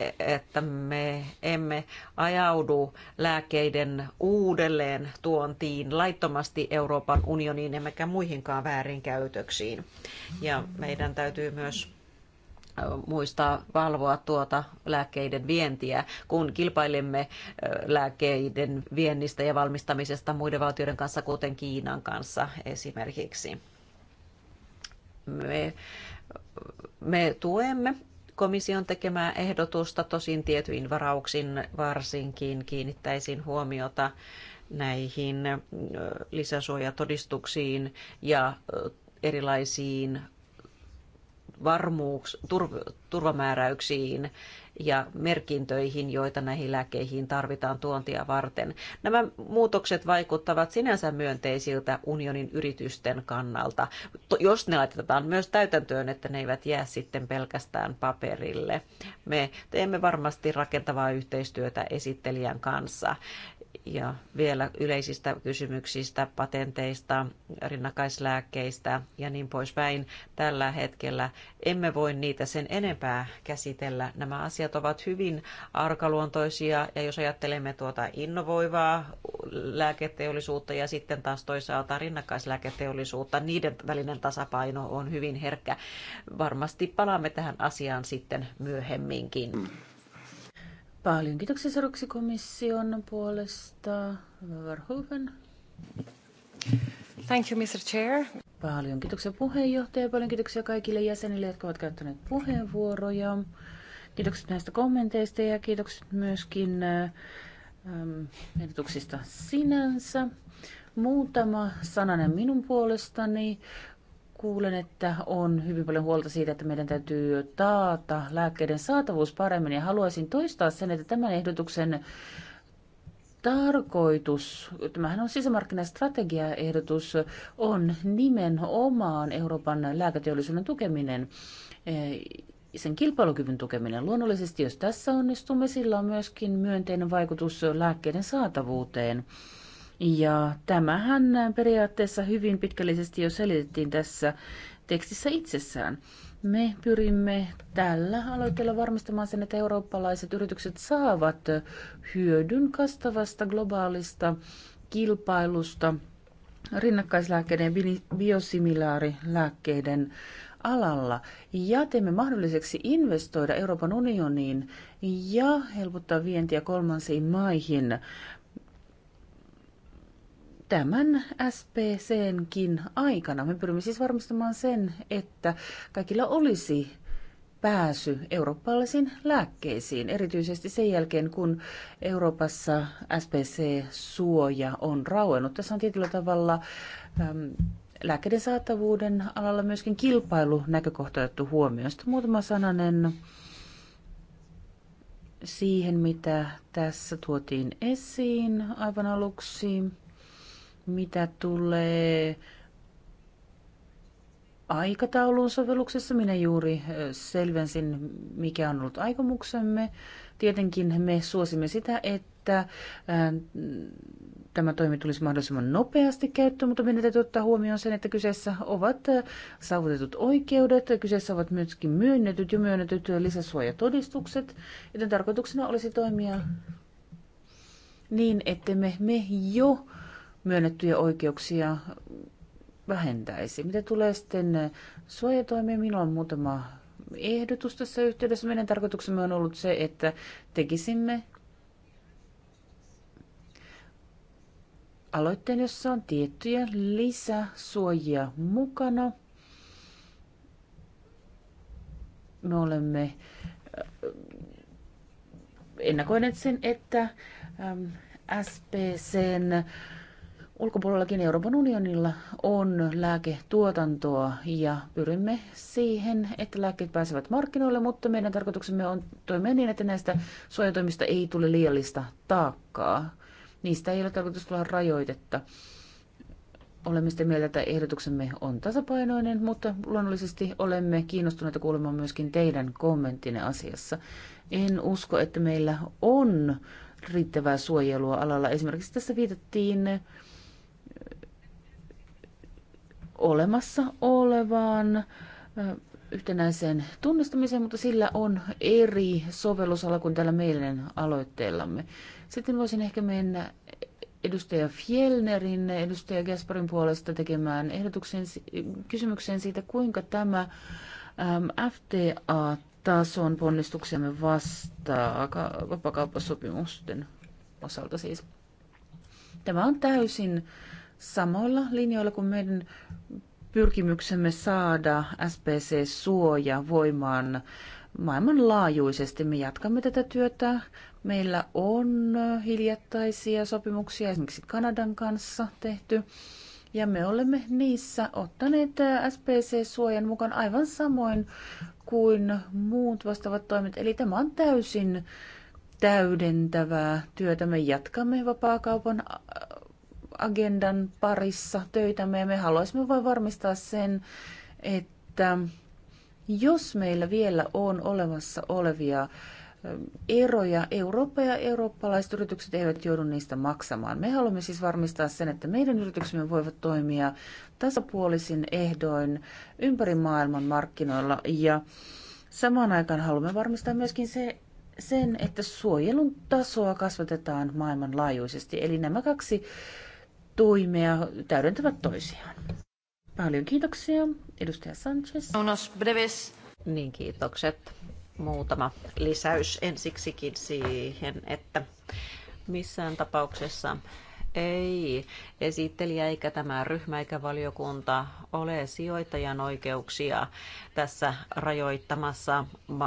e-, että me emme ajaudu lääkeiden uudelleen tuontiin laittomasti Euroopan unioniin emmekä muihinkaan väärinkäytöksiin. Ja meidän täytyy myös muistaa valvoa tuota lääkkeiden vientiä, kun kilpailemme lääkkeiden viennistä ja valmistamisesta muiden valtioiden kanssa, kuten Kiinan kanssa esimerkiksi. Me, me tuemme komission tekemää ehdotusta, tosin tietyin varauksin varsinkin kiinnittäisin huomiota näihin lisäsuojatodistuksiin ja erilaisiin varmuuks, tur, turvamääräyksiin ja merkintöihin, joita näihin lääkeihin tarvitaan tuontia varten. Nämä muutokset vaikuttavat sinänsä myönteisiltä unionin yritysten kannalta, jos ne laitetaan myös täytäntöön, että ne eivät jää sitten pelkästään paperille. Me teemme varmasti rakentavaa yhteistyötä esittelijän kanssa ja vielä yleisistä kysymyksistä, patenteista, rinnakkaislääkkeistä ja niin poispäin. Tällä hetkellä emme voi niitä sen enempää käsitellä. Nämä asiat ovat hyvin arkaluontoisia ja jos ajattelemme tuota innovoivaa lääketeollisuutta ja sitten taas toisaalta rinnakkaislääketeollisuutta, niiden välinen tasapaino on hyvin herkkä. Varmasti palaamme tähän asiaan sitten myöhemminkin. Paljon kiitoksia seuraavaksi komission puolesta. Verhoeven. Thank you, Mr. Chair. Paljon kiitoksia puheenjohtaja, paljon kiitoksia kaikille jäsenille, jotka ovat käyttäneet puheenvuoroja. Kiitokset näistä kommenteista ja kiitokset myöskin ähm, ehdotuksista sinänsä. Muutama sananen minun puolestani kuulen, että on hyvin paljon huolta siitä, että meidän täytyy taata lääkkeiden saatavuus paremmin. Ja haluaisin toistaa sen, että tämän ehdotuksen tarkoitus, tämähän on sisämarkkinastrategiaehdotus, on nimenomaan Euroopan lääketeollisuuden tukeminen eh, sen kilpailukyvyn tukeminen. Luonnollisesti, jos tässä onnistumme, sillä on myöskin myönteinen vaikutus lääkkeiden saatavuuteen. Ja tämähän periaatteessa hyvin pitkällisesti jo selitettiin tässä tekstissä itsessään. Me pyrimme tällä aloitteella varmistamaan sen, että eurooppalaiset yritykset saavat hyödyn kastavasta globaalista kilpailusta rinnakkaislääkkeiden ja biosimilaarilääkkeiden alalla ja teemme mahdolliseksi investoida Euroopan unioniin ja helpottaa vientiä kolmansiin maihin tämän SPCnkin aikana. Me pyrimme siis varmistamaan sen, että kaikilla olisi pääsy eurooppalaisiin lääkkeisiin, erityisesti sen jälkeen, kun Euroopassa SPC-suoja on rauennut. Tässä on tietyllä tavalla äm, lääkkeiden saatavuuden alalla myöskin kilpailunäkökohta otettu huomioon. Sitten muutama sananen siihen, mitä tässä tuotiin esiin aivan aluksi. Mitä tulee aikataulun sovelluksessa, minä juuri selvensin, mikä on ollut aikomuksemme. Tietenkin me suosimme sitä, että tämä toimi tulisi mahdollisimman nopeasti käyttöön, mutta meidän täytyy ottaa huomioon sen, että kyseessä ovat saavutetut oikeudet, kyseessä ovat myöskin myönnetyt ja myönnetyt lisäsuojatodistukset, joten tarkoituksena olisi toimia niin, että me, me jo myönnettyjä oikeuksia vähentäisi. Mitä tulee sitten suojatoimia, minulla on muutama ehdotus tässä yhteydessä. Meidän tarkoituksemme on ollut se, että tekisimme aloitteen, jossa on tiettyjä lisäsuojia mukana. Me olemme äh, ennakoineet sen, että SPCn ulkopuolellakin Euroopan unionilla on lääketuotantoa ja pyrimme siihen, että lääkkeet pääsevät markkinoille, mutta meidän tarkoituksemme on toimia niin, että näistä suojatoimista ei tule liiallista taakkaa. Niistä ei ole tarkoitus tulla rajoitetta. Olemme sitä mieltä, että ehdotuksemme on tasapainoinen, mutta luonnollisesti olemme kiinnostuneita kuulemaan myöskin teidän kommenttinne asiassa. En usko, että meillä on riittävää suojelua alalla. Esimerkiksi tässä viitattiin olemassa olevaan yhtenäiseen tunnistamiseen, mutta sillä on eri sovellusala kuin tällä meidän aloitteellamme. Sitten voisin ehkä mennä edustaja Fjellnerin, edustaja Gasparin puolesta tekemään ehdotuksen kysymykseen siitä, kuinka tämä FTA-tason ponnistuksemme vastaa vapakauppasopimusten osalta siis. Tämä on täysin samoilla linjoilla kuin meidän pyrkimyksemme saada SPC-suoja voimaan maailmanlaajuisesti. Me jatkamme tätä työtä. Meillä on hiljattaisia sopimuksia esimerkiksi Kanadan kanssa tehty. Ja me olemme niissä ottaneet SPC-suojan mukaan aivan samoin kuin muut vastaavat toimet. Eli tämä on täysin täydentävää työtä. Me jatkamme vapaakaupan agendan parissa töitämme ja me haluaisimme vain varmistaa sen, että jos meillä vielä on olemassa olevia eroja, Eurooppa ja eurooppalaiset yritykset eivät joudu niistä maksamaan. Me haluamme siis varmistaa sen, että meidän yrityksemme voivat toimia tasapuolisin ehdoin ympäri maailman markkinoilla ja samaan aikaan haluamme varmistaa myöskin se, sen, että suojelun tasoa kasvatetaan maailmanlaajuisesti. Eli nämä kaksi toimea täydentävät toisiaan. Paljon kiitoksia, edustaja Sanchez. Unos breves. Niin, kiitokset. Muutama lisäys ensiksikin siihen, että missään tapauksessa ei esittelijä eikä tämä ryhmä eikä valiokunta ole sijoittajan oikeuksia tässä rajoittamassa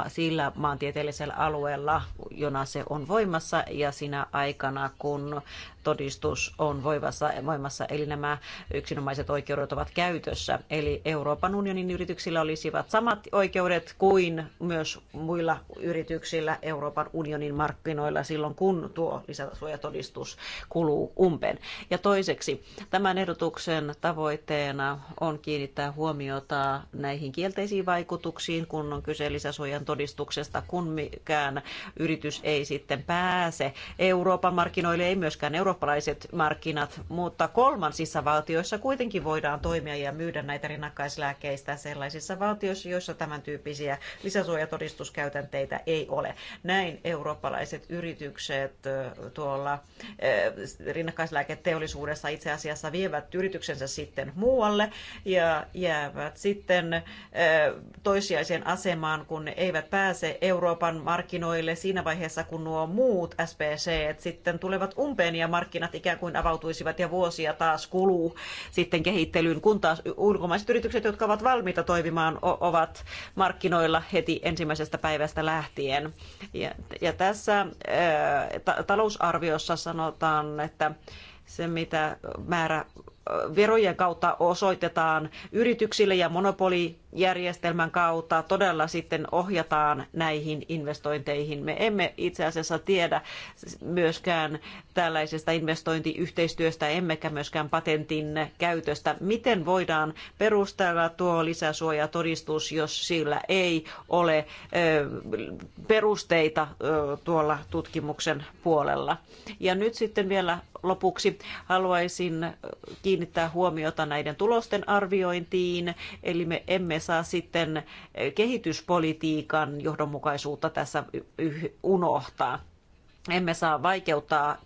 sillä maantieteellisellä alueella, jona se on voimassa ja sinä aikana, kun todistus on voimassa, eli nämä yksinomaiset oikeudet ovat käytössä. Eli Euroopan unionin yrityksillä olisivat samat oikeudet kuin myös muilla yrityksillä Euroopan unionin markkinoilla silloin, kun tuo lisäsuojatodistus kuluu umpeen. Ja toiseksi, tämän ehdotuksen tavoitteena on kiinnittää huomiota näihin kielteisiin vaikutuksiin, kun on kyse lisäsuojan todistuksesta, kun mikään yritys ei sitten pääse Euroopan markkinoille, ei myöskään Euroopan eurooppalaiset markkinat, mutta kolmansissa valtioissa kuitenkin voidaan toimia ja myydä näitä rinnakkaislääkkeistä sellaisissa valtioissa, joissa tämän tyyppisiä lisäsuojatodistuskäytänteitä ei ole. Näin eurooppalaiset yritykset tuolla rinnakkaislääketeollisuudessa itse asiassa vievät yrityksensä sitten muualle ja jäävät sitten toisiaiseen asemaan, kun eivät pääse Euroopan markkinoille siinä vaiheessa, kun nuo muut SPC sitten tulevat umpeen ja markkinoille markkinat ikään kuin avautuisivat ja vuosia taas kuluu sitten kehittelyyn, kun taas ulkomaiset yritykset, jotka ovat valmiita toimimaan, ovat markkinoilla heti ensimmäisestä päivästä lähtien. Ja, ja tässä ää, talousarviossa sanotaan, että se mitä määrä verojen kautta osoitetaan yrityksille ja monopoli järjestelmän kautta todella sitten ohjataan näihin investointeihin. Me emme itse asiassa tiedä myöskään tällaisesta investointiyhteistyöstä, emmekä myöskään patentin käytöstä. Miten voidaan perustella tuo lisäsuojatodistus, jos sillä ei ole perusteita tuolla tutkimuksen puolella? Ja nyt sitten vielä lopuksi haluaisin kiinnittää huomiota näiden tulosten arviointiin, eli me emme saa sitten kehityspolitiikan johdonmukaisuutta tässä unohtaa emme saa vaikeuttaa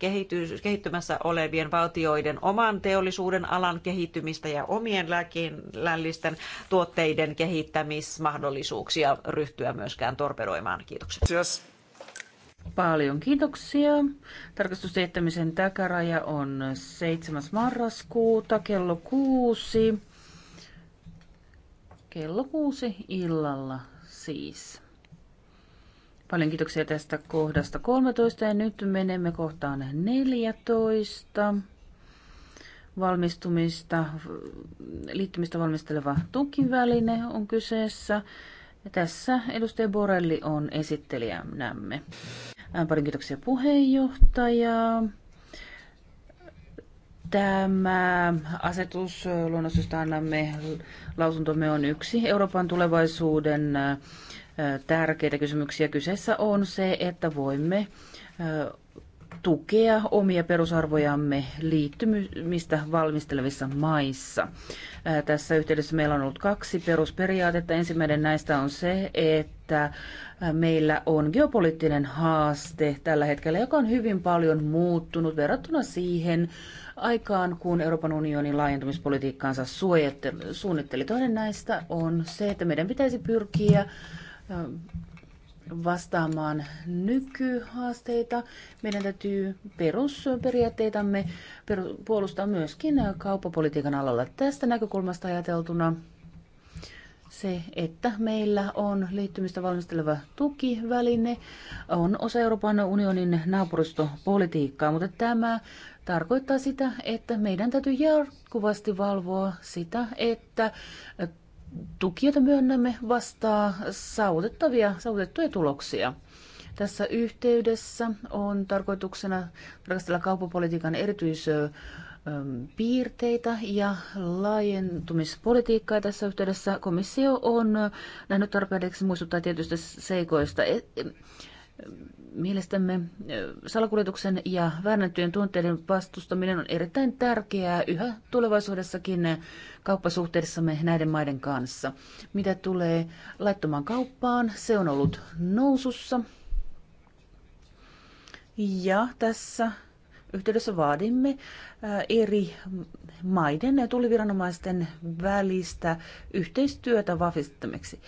kehittymässä olevien valtioiden oman teollisuuden alan kehittymistä ja omien lääkinnällisten tuotteiden kehittämismahdollisuuksia ryhtyä myöskään torpedoimaan. Kiitokset. Yes. Paljon kiitoksia. Tarkastusteettämisen takaraja on 7. marraskuuta kello 6 kello kuusi illalla siis. Paljon kiitoksia tästä kohdasta 13 ja nyt menemme kohtaan 14. Valmistumista, liittymistä valmisteleva tukiväline on kyseessä. Ja tässä edustaja Borelli on esittelijänämme. Äh, paljon kiitoksia puheenjohtajaa. Tämä asetus luonnollisesti annamme lausuntomme, on yksi Euroopan tulevaisuuden tärkeitä kysymyksiä. Kyseessä on se, että voimme tukea omia perusarvojamme liittymistä valmistelevissa maissa. Tässä yhteydessä meillä on ollut kaksi perusperiaatetta. Ensimmäinen näistä on se, että meillä on geopoliittinen haaste tällä hetkellä, joka on hyvin paljon muuttunut verrattuna siihen, aikaan, kun Euroopan unionin laajentumispolitiikkaansa suunnitteli. Toinen näistä on se, että meidän pitäisi pyrkiä vastaamaan nykyhaasteita. Meidän täytyy perusperiaatteitamme puolustaa myöskin kauppapolitiikan alalla. Tästä näkökulmasta ajateltuna se, että meillä on liittymistä valmisteleva tukiväline, on osa Euroopan unionin naapuristopolitiikkaa, mutta tämä tarkoittaa sitä, että meidän täytyy jatkuvasti valvoa sitä, että tuki, jota myönnämme, vastaa saavutettavia, saavutettuja tuloksia. Tässä yhteydessä on tarkoituksena tarkastella kauppapolitiikan erityispiirteitä ja laajentumispolitiikkaa. Tässä yhteydessä komissio on nähnyt tarpeelliseksi muistuttaa tietystä seikoista Mielestämme salakuljetuksen ja väännettyjen tuotteiden vastustaminen on erittäin tärkeää yhä tulevaisuudessakin kauppasuhteissamme näiden maiden kanssa. Mitä tulee laittomaan kauppaan, se on ollut nousussa. Ja tässä yhteydessä vaadimme eri maiden ja tuliviranomaisten välistä yhteistyötä vahvistamiseksi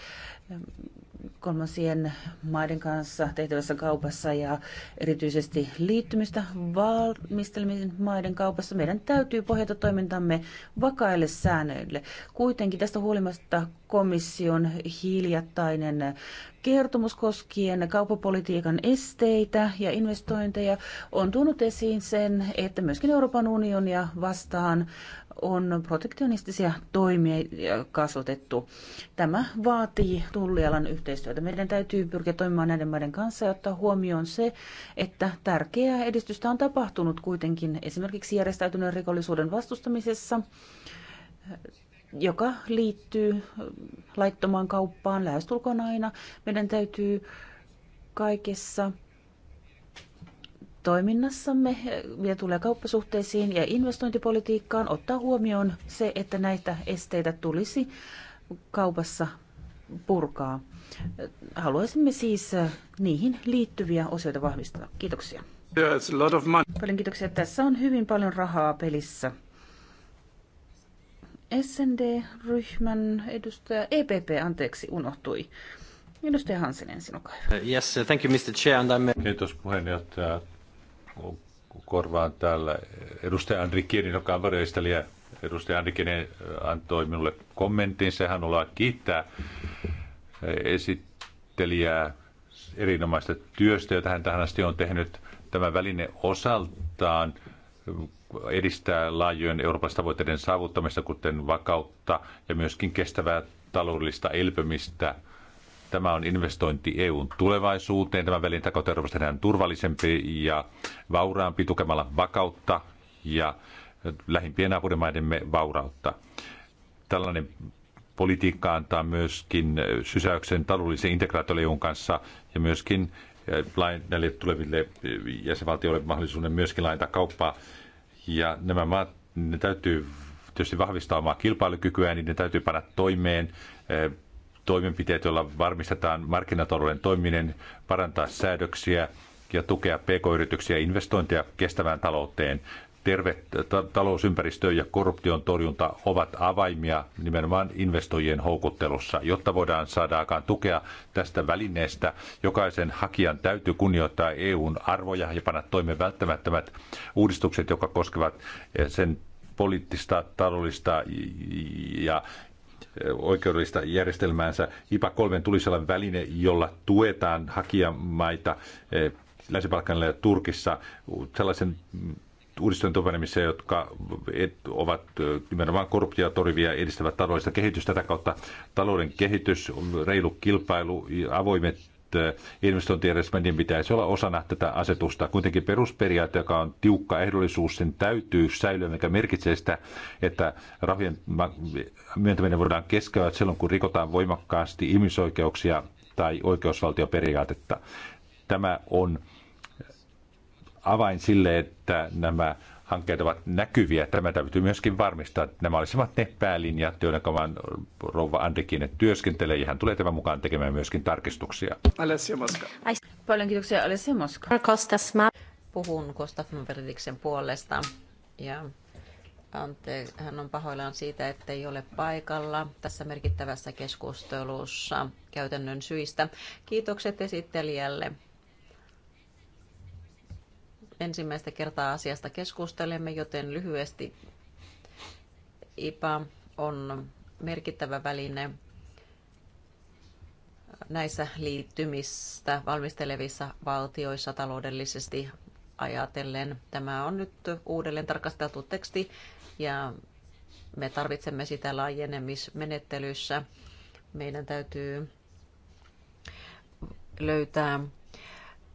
kolmansien maiden kanssa tehtävässä kaupassa ja erityisesti liittymistä valmistelmien maiden kaupassa meidän täytyy pohjata toimintamme vakaille säännöille. Kuitenkin tästä huolimatta komission hiljattainen kertomus koskien kaupapolitiikan esteitä ja investointeja on tuonut esiin sen, että myöskin Euroopan unionia vastaan on protektionistisia toimia kasvatettu. Tämä vaatii tullialan yhteistyötä. Meidän täytyy pyrkiä toimimaan näiden maiden kanssa ja ottaa huomioon se, että tärkeää edistystä on tapahtunut kuitenkin esimerkiksi järjestäytyneen rikollisuuden vastustamisessa, joka liittyy laittomaan kauppaan lähestulkoon aina. Meidän täytyy kaikessa toiminnassamme ja tulee kauppasuhteisiin ja investointipolitiikkaan ottaa huomioon se, että näitä esteitä tulisi kaupassa purkaa. Haluaisimme siis niihin liittyviä osioita vahvistaa. Kiitoksia. Yeah, it's a lot of money. Paljon kiitoksia. Tässä on hyvin paljon rahaa pelissä. SND-ryhmän edustaja, EPP, anteeksi, unohtui. Edustaja Hansinen, sinun Yes, thank you, Mr. Chair. And I'm... Kiitos puheenjohtaja korvaan täällä edustaja Andri Kienin, joka on varjoistelijä. Edustaja Andri Kienin antoi minulle kommentin. Sehän haluaa kiittää esittelijää erinomaista työstä, jota hän tähän asti on tehnyt. Tämä väline osaltaan edistää laajojen Euroopan tavoitteiden saavuttamista, kuten vakautta ja myöskin kestävää taloudellista elpymistä – Tämä on investointi EUn tulevaisuuteen. tämä välin takautta Euroopasta tehdään turvallisempi ja vauraampi tukemalla vakautta ja lähimpien naapurimaidemme vaurautta. Tällainen politiikka antaa myöskin sysäyksen taloudellisen integraatiolle EUn kanssa ja myöskin eh, näille tuleville eh, jäsenvaltioille mahdollisuuden myöskin laajentaa kauppaa. Ja nämä maat, ne täytyy tietysti vahvistaa omaa kilpailukykyään, niin ne täytyy panna toimeen eh, toimenpiteet, joilla varmistetaan markkinatalouden toiminen, parantaa säädöksiä ja tukea pk-yrityksiä investointeja kestävään talouteen. Terve talousympäristö ja korruption torjunta ovat avaimia nimenomaan investoijien houkuttelussa, jotta voidaan saada aikaan tukea tästä välineestä. Jokaisen hakijan täytyy kunnioittaa EUn arvoja ja panna toimeen välttämättömät uudistukset, jotka koskevat sen poliittista, taloudellista ja oikeudellista järjestelmäänsä. IPA 3 tulisi olla väline, jolla tuetaan hakijamaita eh, länsi ja Turkissa sellaisen uudistujen tovenemissa, jotka ovat eh, nimenomaan korruptia torivia edistävät taloudellista kehitystä. Tätä kautta talouden kehitys, reilu kilpailu, avoimet investointijärjestelmä, niin pitäisi olla osana tätä asetusta. Kuitenkin perusperiaate, joka on tiukka ehdollisuus, sen täytyy säilyä, mikä merkitsee sitä, että rahojen myöntäminen voidaan keskeyttää silloin, kun rikotaan voimakkaasti ihmisoikeuksia tai oikeusvaltioperiaatetta. Tämä on avain sille, että nämä hankkeet ovat näkyviä. Tämä täytyy myöskin varmistaa, että nämä olisivat ne päälinjat, joiden kovan rouva Andrikinen työskentelee, ja hän tulee tämän mukaan tekemään myöskin tarkistuksia. Alessia Moska. Paljon kiitoksia Alessia Moska. Kostas, mä puhun Kostas Mavridiksen puolesta, ja Ante, hän on pahoillaan siitä, että ei ole paikalla tässä merkittävässä keskustelussa käytännön syistä. Kiitokset esittelijälle ensimmäistä kertaa asiasta keskustelemme, joten lyhyesti IPA on merkittävä väline näissä liittymistä valmistelevissa valtioissa taloudellisesti ajatellen. Tämä on nyt uudelleen tarkasteltu teksti ja me tarvitsemme sitä laajenemismenettelyssä. Meidän täytyy löytää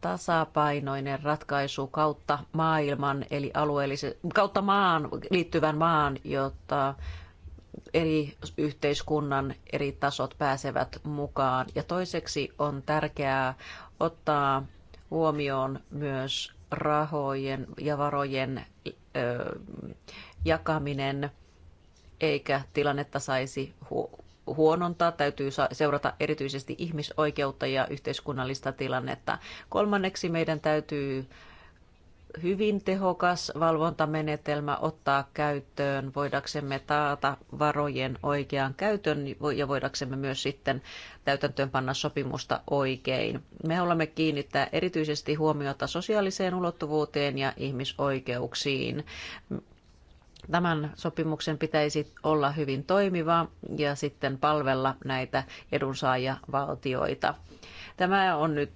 tasapainoinen ratkaisu kautta maailman, eli alueellisen, kautta maan, liittyvän maan, jotta eri yhteiskunnan eri tasot pääsevät mukaan. Ja toiseksi on tärkeää ottaa huomioon myös rahojen ja varojen ö, jakaminen, eikä tilannetta saisi hu- huonontaa, täytyy seurata erityisesti ihmisoikeutta ja yhteiskunnallista tilannetta. Kolmanneksi meidän täytyy hyvin tehokas valvontamenetelmä ottaa käyttöön, voidaksemme taata varojen oikean käytön ja voidaksemme myös sitten täytäntöönpanna sopimusta oikein. Me haluamme kiinnittää erityisesti huomiota sosiaaliseen ulottuvuuteen ja ihmisoikeuksiin. Tämän sopimuksen pitäisi olla hyvin toimiva ja sitten palvella näitä edunsaajavaltioita. Tämä on nyt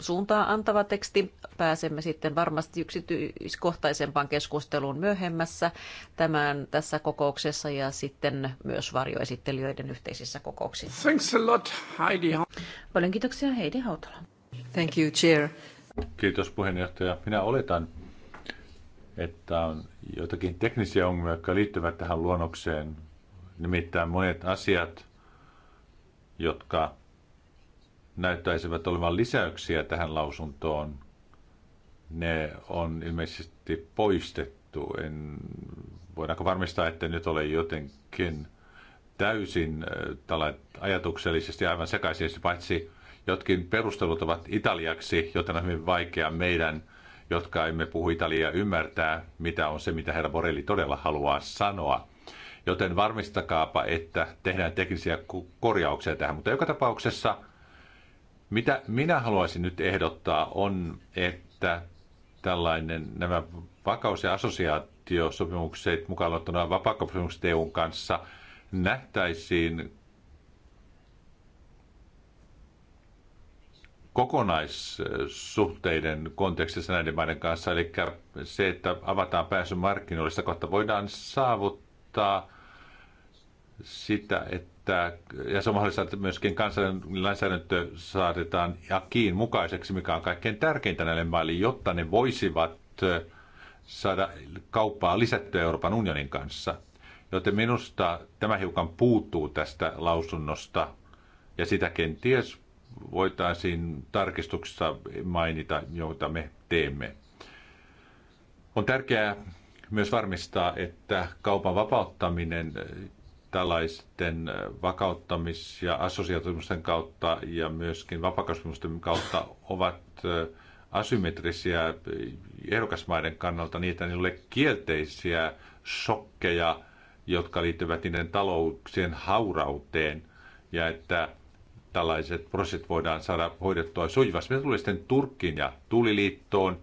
suuntaa antava teksti. Pääsemme sitten varmasti yksityiskohtaisempaan keskusteluun myöhemmässä tämän tässä kokouksessa ja sitten myös varjoesittelijöiden yhteisissä kokouksissa. Thanks a lot, Heidi. Paljon kiitoksia Heidi Hautala. Thank you, Chair. Kiitos puheenjohtaja. Minä oletan, että on jotakin teknisiä ongelmia, jotka liittyvät tähän luonnokseen. Nimittäin monet asiat, jotka näyttäisivät olevan lisäyksiä tähän lausuntoon, ne on ilmeisesti poistettu. En, voidaanko varmistaa, että nyt ole jotenkin täysin äh, tällä, ajatuksellisesti aivan sekaisin, paitsi jotkin perustelut ovat italiaksi, joten on hyvin vaikea meidän jotka emme puhu Italiaa ymmärtää, mitä on se, mitä herra Borelli todella haluaa sanoa. Joten varmistakaapa, että tehdään teknisiä korjauksia tähän. Mutta joka tapauksessa, mitä minä haluaisin nyt ehdottaa, on, että tällainen nämä vakaus- ja assosiaatiosopimukset, mukaan ottuna vapaakauppasopimukset EUn kanssa, nähtäisiin kokonaissuhteiden kontekstissa näiden maiden kanssa, eli se, että avataan pääsy markkinoille, sitä kohta voidaan saavuttaa sitä, että ja se on mahdollista, että myöskin kansallinen lainsäädäntö saatetaan jakiin mukaiseksi, mikä on kaikkein tärkeintä näille maille, jotta ne voisivat eh, saada kauppaa lisättyä Euroopan unionin kanssa. Joten minusta tämä hiukan puuttuu tästä lausunnosta, ja sitä kenties voitaisiin tarkistuksessa mainita, joita me teemme. On tärkeää myös varmistaa, että kaupan vapauttaminen äh, tällaisten äh, vakauttamis- ja assosiaatumisten kautta ja myöskin vapakasvimusten kautta ovat äh, asymmetrisiä ehdokasmaiden kannalta niitä niille ole kielteisiä shokkeja, jotka liittyvät niiden talouksien haurauteen ja että tällaiset prosessit voidaan saada hoidettua sujuvasti. Mitä tulee sitten Turkkiin ja Tuliliittoon.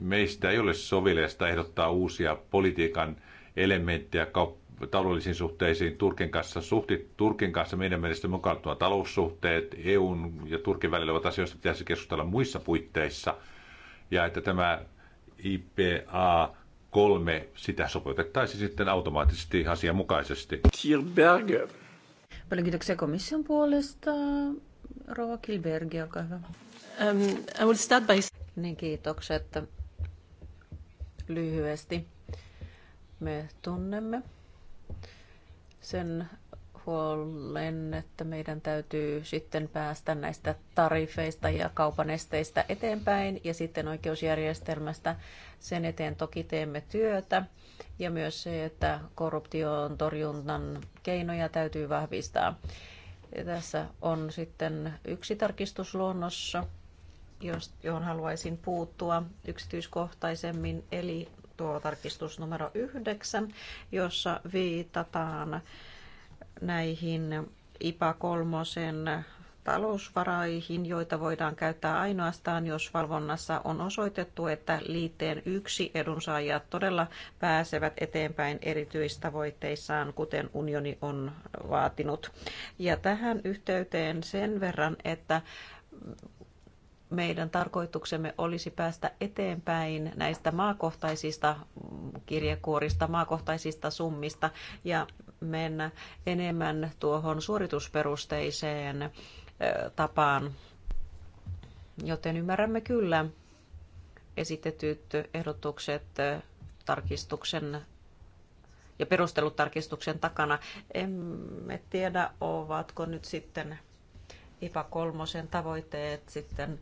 meistä ei ole soveliasta ehdottaa uusia politiikan elementtejä kaup- taloudellisiin suhteisiin Turkin kanssa. Suhti Turkin kanssa meidän mielestä mukaan taloussuhteet EUn ja Turkin välillä ovat asioista pitäisi keskustella muissa puitteissa. Ja että tämä IPA kolme sitä sopeutettaisiin sitten automaattisesti asianmukaisesti. Kirberger. Paljon kiitoksia komission puolesta. Rova Kilbergi, olkaa hyvä. Um, I will start by... Niin, kiitokset. Lyhyesti. Me tunnemme sen puolen, että meidän täytyy sitten päästä näistä tarifeista ja kaupan esteistä eteenpäin ja sitten oikeusjärjestelmästä. Sen eteen toki teemme työtä ja myös se, että korruption torjunnan keinoja täytyy vahvistaa. Ja tässä on sitten yksi tarkistusluonnossa, johon haluaisin puuttua yksityiskohtaisemmin, eli tuo tarkistus numero yhdeksän, jossa viitataan näihin IPA kolmosen talousvaraihin, joita voidaan käyttää ainoastaan, jos valvonnassa on osoitettu, että liitteen yksi edunsaajat todella pääsevät eteenpäin erityistavoitteissaan, kuten unioni on vaatinut. Ja tähän yhteyteen sen verran, että meidän tarkoituksemme olisi päästä eteenpäin näistä maakohtaisista kirjekuorista, maakohtaisista summista ja mennä enemmän tuohon suoritusperusteiseen tapaan. Joten ymmärrämme kyllä esitetyt ehdotukset tarkistuksen ja perustelutarkistuksen takana. Emme tiedä, ovatko nyt sitten IPA kolmosen tavoitteet sitten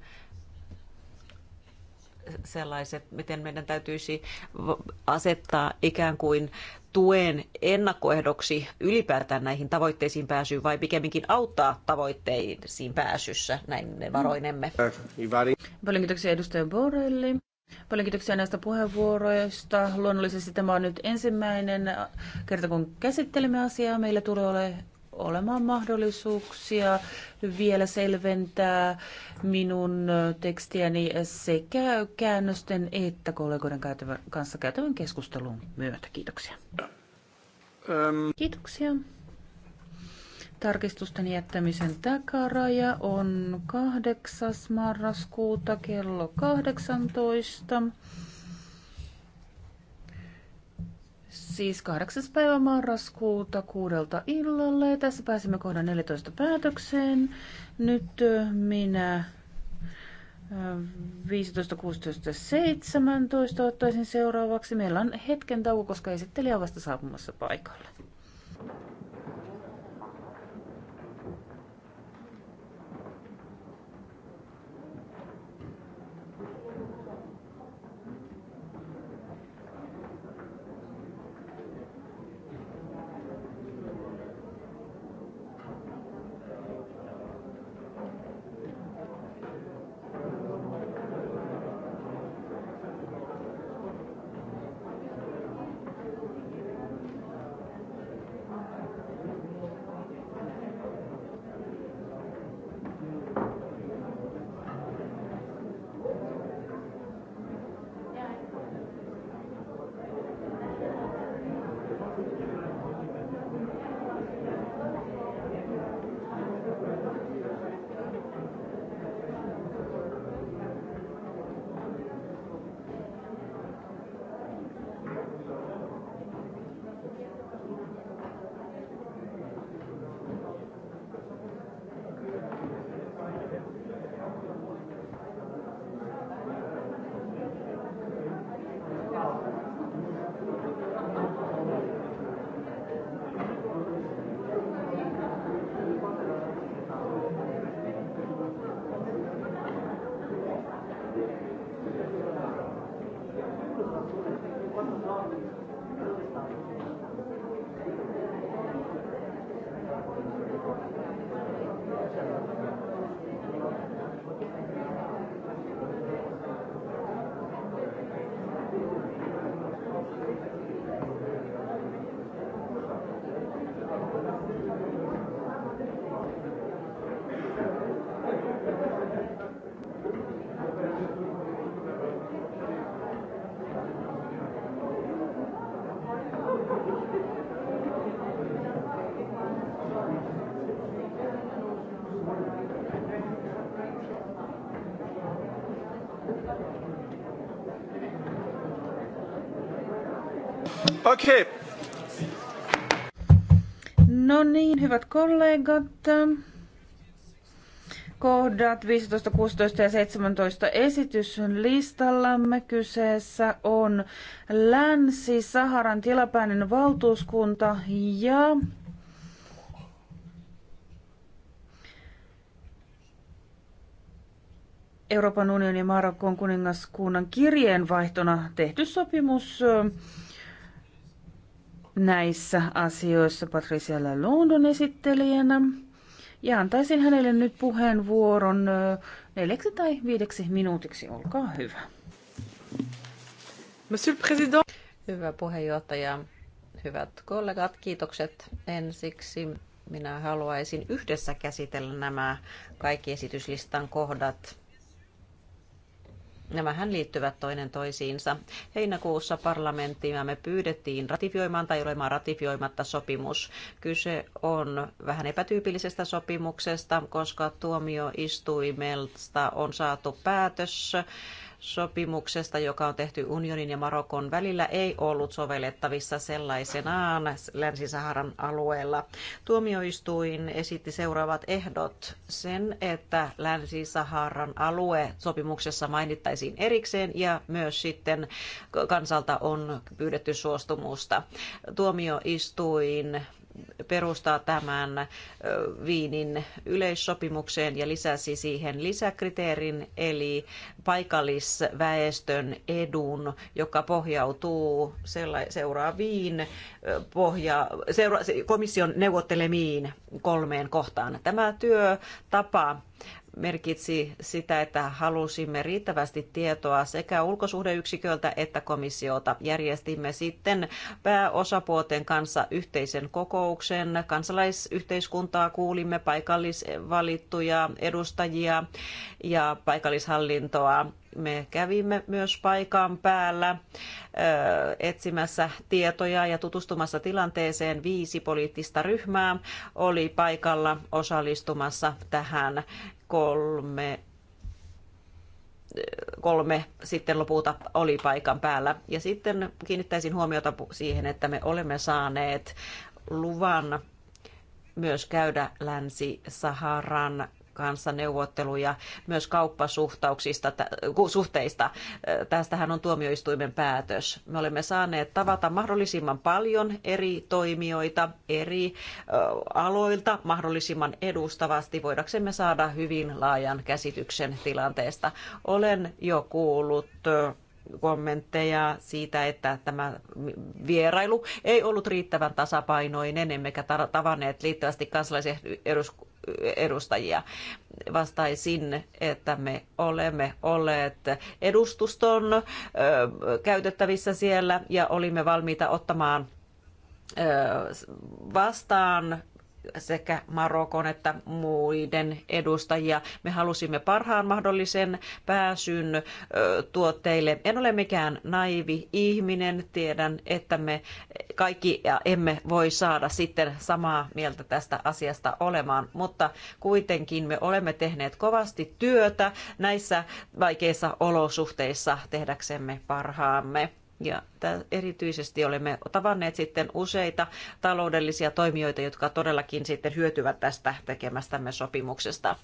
sellaiset, miten meidän täytyisi asettaa ikään kuin tuen ennakkoehdoksi ylipäätään näihin tavoitteisiin pääsyyn vai pikemminkin auttaa tavoitteisiin pääsyssä näin ne varoinemme. Paljon kiitoksia edustaja Borelli. Paljon kiitoksia näistä puheenvuoroista. Luonnollisesti tämä on nyt ensimmäinen kerta, kun käsittelemme asiaa. Meillä tulee ole olemaan mahdollisuuksia vielä selventää minun tekstiäni sekä käännösten että kollegoiden käytävän, kanssa käytävän keskustelun myötä. Kiitoksia. Ähm. Kiitoksia. Tarkistusten jättämisen takaraja on 8. marraskuuta kello 18. Siis 8. päivä marraskuuta kuudelta illalla ja tässä pääsimme kohdan 14 päätökseen. Nyt minä 15, 16 17 ottaisin seuraavaksi. Meillä on hetken tauko, koska esittelijä on vasta saapumassa paikalle. Okei. Okay. No niin, hyvät kollegat. Kohdat 15, 16 ja 17 esitys listallamme. Kyseessä on Länsi-Saharan tilapäinen valtuuskunta ja Euroopan unionin ja Marokkoon kuningaskunnan kirjeenvaihtona tehty sopimus näissä asioissa Patricia London esittelijänä. Ja antaisin hänelle nyt puheenvuoron neljäksi tai viideksi minuutiksi. Olkaa hyvä. Monsieur le Président. Hyvä puheenjohtaja, hyvät kollegat, kiitokset ensiksi. Minä haluaisin yhdessä käsitellä nämä kaikki esityslistan kohdat Nämähän liittyvät toinen toisiinsa. Heinäkuussa parlamenttia me pyydettiin ratifioimaan tai olemaan ratifioimatta sopimus. Kyse on vähän epätyypillisestä sopimuksesta, koska tuomioistuimelta on saatu päätös sopimuksesta, joka on tehty unionin ja Marokon välillä, ei ollut sovellettavissa sellaisenaan Länsi-Saharan alueella. Tuomioistuin esitti seuraavat ehdot sen, että Länsi-Saharan alue sopimuksessa mainittaisiin erikseen ja myös sitten kansalta on pyydetty suostumusta. Tuomioistuin perustaa tämän Viinin yleissopimukseen ja lisäsi siihen lisäkriteerin, eli paikallisväestön edun, joka pohjautuu seuraaviin pohja, seura, komission neuvottelemiin kolmeen kohtaan. Tämä työtapa merkitsi sitä, että halusimme riittävästi tietoa sekä ulkosuhdeyksiköltä että komissiota. Järjestimme sitten pääosapuolten kanssa yhteisen kokouksen. Kansalaisyhteiskuntaa kuulimme, paikallisvalittuja edustajia ja paikallishallintoa me kävimme myös paikan päällä etsimässä tietoja ja tutustumassa tilanteeseen. Viisi poliittista ryhmää oli paikalla osallistumassa tähän kolme kolme sitten lopulta oli paikan päällä. Ja sitten kiinnittäisin huomiota siihen, että me olemme saaneet luvan myös käydä Länsi-Saharan kanssa neuvotteluja myös kauppasuhteista. suhteista. Tästähän on tuomioistuimen päätös. Me olemme saaneet tavata mahdollisimman paljon eri toimijoita eri aloilta mahdollisimman edustavasti, voidaksemme saada hyvin laajan käsityksen tilanteesta. Olen jo kuullut kommentteja siitä, että tämä vierailu ei ollut riittävän tasapainoinen, emmekä tavanneet liittävästi kansalaisen edustajia. Vastaisin, että me olemme olleet edustuston käytettävissä siellä ja olimme valmiita ottamaan vastaan sekä Marokon että muiden edustajia. Me halusimme parhaan mahdollisen pääsyn tuotteille. En ole mikään naivi ihminen, tiedän, että me kaikki emme voi saada sitten samaa mieltä tästä asiasta olemaan, mutta kuitenkin me olemme tehneet kovasti työtä näissä vaikeissa olosuhteissa tehdäksemme parhaamme. Ja erityisesti olemme tavanneet sitten useita taloudellisia toimijoita, jotka todellakin sitten hyötyvät tästä tekemästämme sopimuksesta.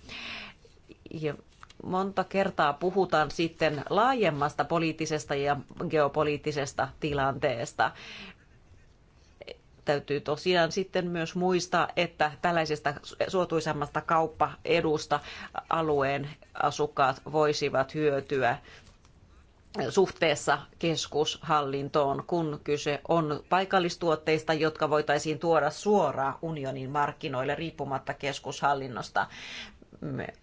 Ja monta kertaa puhutaan sitten laajemmasta poliittisesta ja geopoliittisesta tilanteesta täytyy tosiaan sitten myös muistaa, että tällaisesta suotuisammasta kauppaedusta alueen asukkaat voisivat hyötyä suhteessa keskushallintoon, kun kyse on paikallistuotteista, jotka voitaisiin tuoda suoraan unionin markkinoille riippumatta keskushallinnosta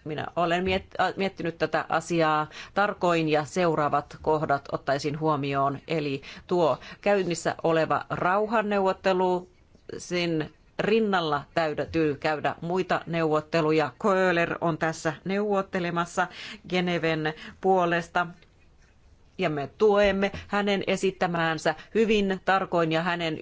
minä olen äh, miettinyt tätä asiaa tarkoin ja seuraavat kohdat ottaisin huomioon. Eli tuo käynnissä oleva rauhanneuvottelu, sen rinnalla täytyy käydä muita neuvotteluja. Köhler on tässä neuvottelemassa Geneven puolesta ja me tuemme hänen esittämäänsä hyvin tarkoin ja hänen,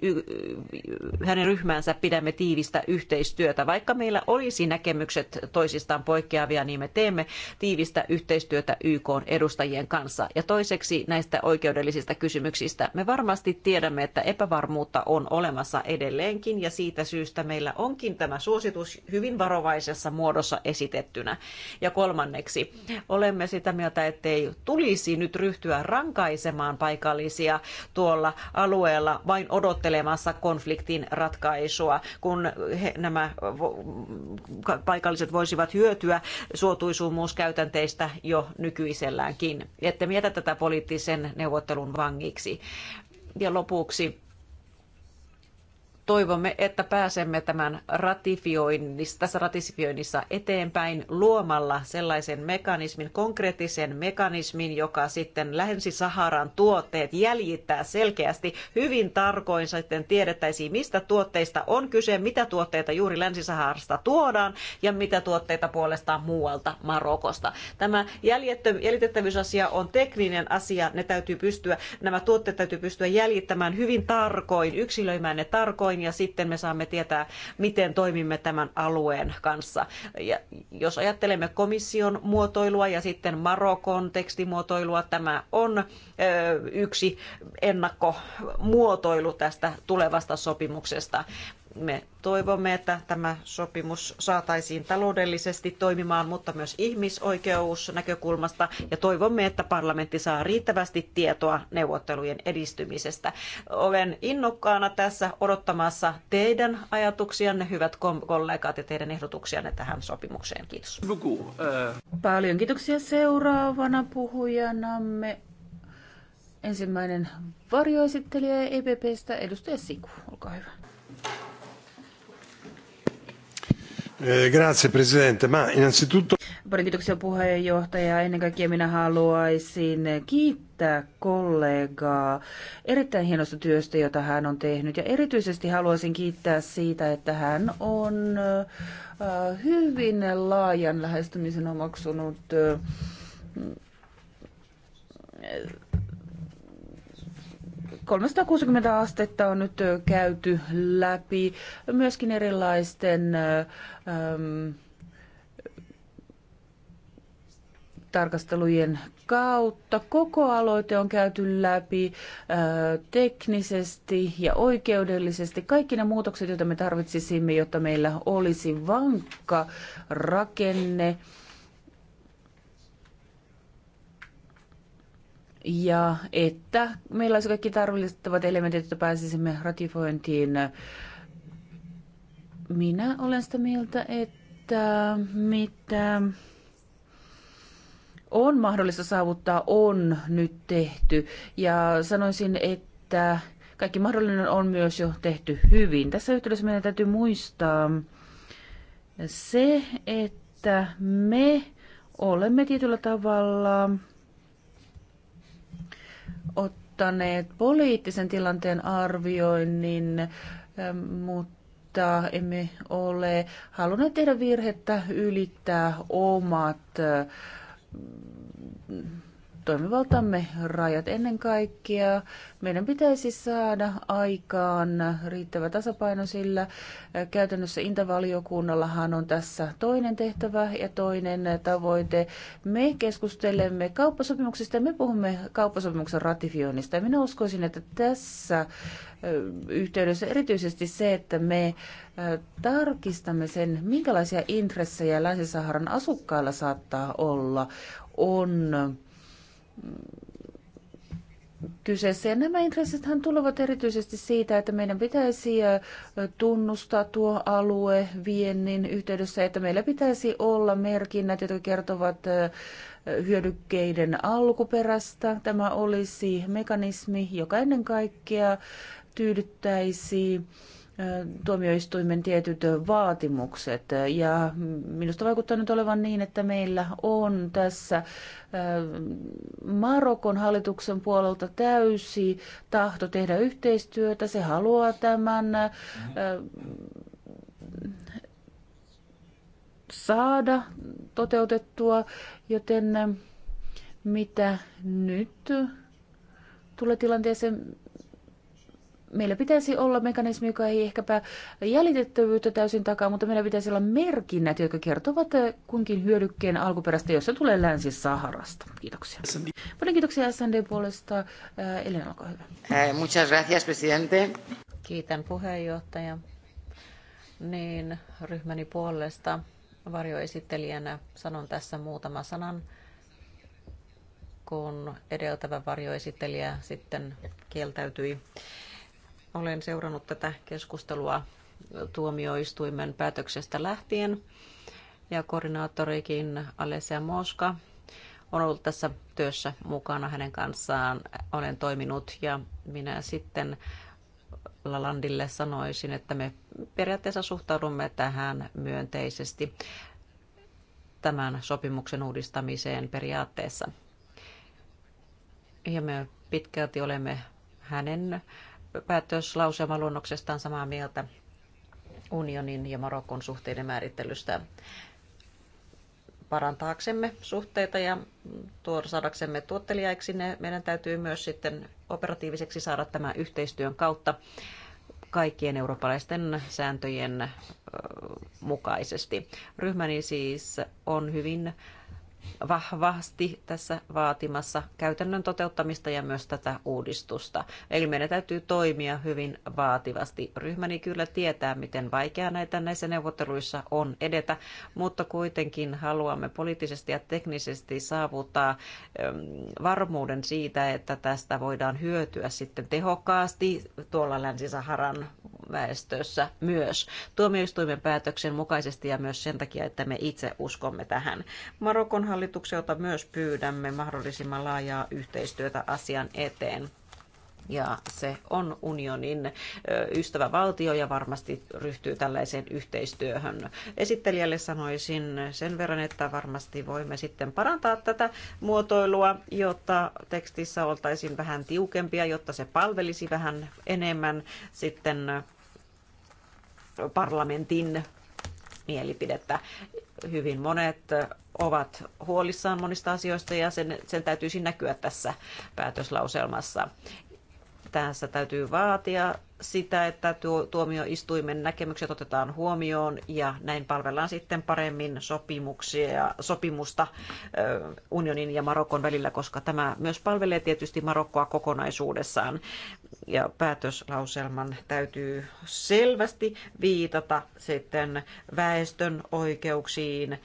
hänen ryhmänsä pidämme tiivistä yhteistyötä. Vaikka meillä olisi näkemykset toisistaan poikkeavia, niin me teemme tiivistä yhteistyötä YK edustajien kanssa. Ja toiseksi näistä oikeudellisista kysymyksistä. Me varmasti tiedämme, että epävarmuutta on olemassa edelleenkin ja siitä syystä meillä onkin tämä suositus hyvin varovaisessa muodossa esitettynä. Ja kolmanneksi, olemme sitä mieltä, ettei tulisi nyt ryhtyä rankaisemaan paikallisia tuolla alueella vain odottelemassa konfliktin ratkaisua, kun he, nämä paikalliset voisivat hyötyä suotuisuumuuskäytänteistä jo nykyiselläänkin. Ette mietä tätä poliittisen neuvottelun vangiksi. Ja lopuksi toivomme, että pääsemme tämän ratifioinnissa, tässä ratifioinnissa eteenpäin luomalla sellaisen mekanismin, konkreettisen mekanismin, joka sitten Länsi-Saharan tuotteet jäljittää selkeästi hyvin tarkoin, sitten tiedettäisiin, mistä tuotteista on kyse, mitä tuotteita juuri Länsi-Saharasta tuodaan ja mitä tuotteita puolestaan muualta Marokosta. Tämä jäljitettävyysasia on tekninen asia, ne täytyy pystyä, nämä tuotteet täytyy pystyä jäljittämään hyvin tarkoin, yksilöimään ne tarkoin, tavoin ja sitten me saamme tietää, miten toimimme tämän alueen kanssa. Ja jos ajattelemme komission muotoilua ja sitten Marokon tekstimuotoilua, tämä on yksi ennakkomuotoilu tästä tulevasta sopimuksesta me toivomme, että tämä sopimus saataisiin taloudellisesti toimimaan, mutta myös ihmisoikeusnäkökulmasta ja toivomme, että parlamentti saa riittävästi tietoa neuvottelujen edistymisestä. Olen innokkaana tässä odottamassa teidän ajatuksianne, hyvät kollegat, ja teidän ehdotuksianne tähän sopimukseen. Kiitos. Äh. Paljon kiitoksia seuraavana puhujanamme ensimmäinen varjoesittelijä EPPstä, edustaja Siku. Olkaa hyvä. Eh, grazie, presidente. Ma innanzitutto... Paljon kiitoksia puheenjohtaja. Ennen kaikkea minä haluaisin kiittää kollegaa erittäin hienosta työstä, jota hän on tehnyt. Ja erityisesti haluaisin kiittää siitä, että hän on äh, hyvin laajan lähestymisen omaksunut äh, 360 astetta on nyt käyty läpi, myöskin erilaisten ähm, tarkastelujen kautta. Koko aloite on käyty läpi äh, teknisesti ja oikeudellisesti. Kaikki ne muutokset, joita me tarvitsisimme, jotta meillä olisi vankka rakenne, ja että meillä olisi kaikki tarvittavat elementit, että pääsisimme ratifointiin. Minä olen sitä mieltä, että mitä on mahdollista saavuttaa, on nyt tehty. Ja sanoisin, että kaikki mahdollinen on myös jo tehty hyvin. Tässä yhteydessä meidän täytyy muistaa se, että me olemme tietyllä tavalla ottaneet poliittisen tilanteen arvioinnin, ähm, mutta emme ole halunneet tehdä virhettä ylittää omat äh, toimivaltamme rajat ennen kaikkea. Meidän pitäisi saada aikaan riittävä tasapaino, sillä käytännössä intervaliokunnallahan on tässä toinen tehtävä ja toinen tavoite. Me keskustelemme kauppasopimuksista ja me puhumme kauppasopimuksen ratifioinnista. Minä uskoisin, että tässä yhteydessä erityisesti se, että me tarkistamme sen, minkälaisia intressejä Länsi-Saharan asukkailla saattaa olla, on kyseessä. Ja nämä intressithän tulevat erityisesti siitä, että meidän pitäisi tunnustaa tuo alue viennin yhteydessä, että meillä pitäisi olla merkinnät, jotka kertovat hyödykkeiden alkuperästä. Tämä olisi mekanismi, joka ennen kaikkea tyydyttäisi tuomioistuimen tietyt vaatimukset. Ja minusta vaikuttaa nyt olevan niin, että meillä on tässä Marokon hallituksen puolelta täysi tahto tehdä yhteistyötä. Se haluaa tämän saada toteutettua, joten mitä nyt tulee tilanteeseen, meillä pitäisi olla mekanismi, joka ei ehkäpä jäljitettävyyttä täysin takaa, mutta meillä pitäisi olla merkinnät, jotka kertovat eh, kunkin hyödykkeen alkuperästä, jossa tulee Länsi-Saharasta. Kiitoksia. Paljon kiitoksia SND puolesta. Eh, Elena, olkaa hyvä. Eh, muchas gracias, presidente. Kiitän puheenjohtaja. Niin, ryhmäni puolesta varjoesittelijänä sanon tässä muutama sanan kun edeltävä varjoesittelijä sitten kieltäytyi olen seurannut tätä keskustelua tuomioistuimen päätöksestä lähtien ja koordinaattorikin Alessia Moska on ollut tässä työssä mukana hänen kanssaan. Olen toiminut ja minä sitten Lalandille sanoisin, että me periaatteessa suhtaudumme tähän myönteisesti tämän sopimuksen uudistamiseen periaatteessa. Ja me pitkälti olemme hänen päätöslauselman on samaa mieltä unionin ja Marokon suhteiden määrittelystä parantaaksemme suhteita ja tuoda saadaksemme tuottelijaiksi ne, meidän täytyy myös sitten operatiiviseksi saada tämä yhteistyön kautta kaikkien eurooppalaisten sääntöjen mukaisesti. Ryhmäni siis on hyvin vahvasti tässä vaatimassa käytännön toteuttamista ja myös tätä uudistusta. Eli meidän täytyy toimia hyvin vaativasti. Ryhmäni kyllä tietää, miten vaikeaa näitä näissä neuvotteluissa on edetä, mutta kuitenkin haluamme poliittisesti ja teknisesti saavuttaa varmuuden siitä, että tästä voidaan hyötyä sitten tehokkaasti tuolla Länsi-Saharan väestössä myös tuomioistuimen päätöksen mukaisesti ja myös sen takia, että me itse uskomme tähän. Marokon hallitukselta myös pyydämme mahdollisimman laajaa yhteistyötä asian eteen ja se on unionin ystävävaltio ja varmasti ryhtyy tällaiseen yhteistyöhön. Esittelijälle sanoisin sen verran, että varmasti voimme sitten parantaa tätä muotoilua, jotta tekstissä oltaisiin vähän tiukempia, jotta se palvelisi vähän enemmän sitten parlamentin mielipidettä hyvin monet ovat huolissaan monista asioista ja sen, sen täytyisi näkyä tässä päätöslauselmassa. Tässä täytyy vaatia sitä, että tuo, tuomioistuimen näkemykset otetaan huomioon ja näin palvellaan sitten paremmin sopimuksia, sopimusta unionin ja Marokon välillä, koska tämä myös palvelee tietysti Marokkoa kokonaisuudessaan. Ja päätöslauselman täytyy selvästi viitata sitten väestön oikeuksiin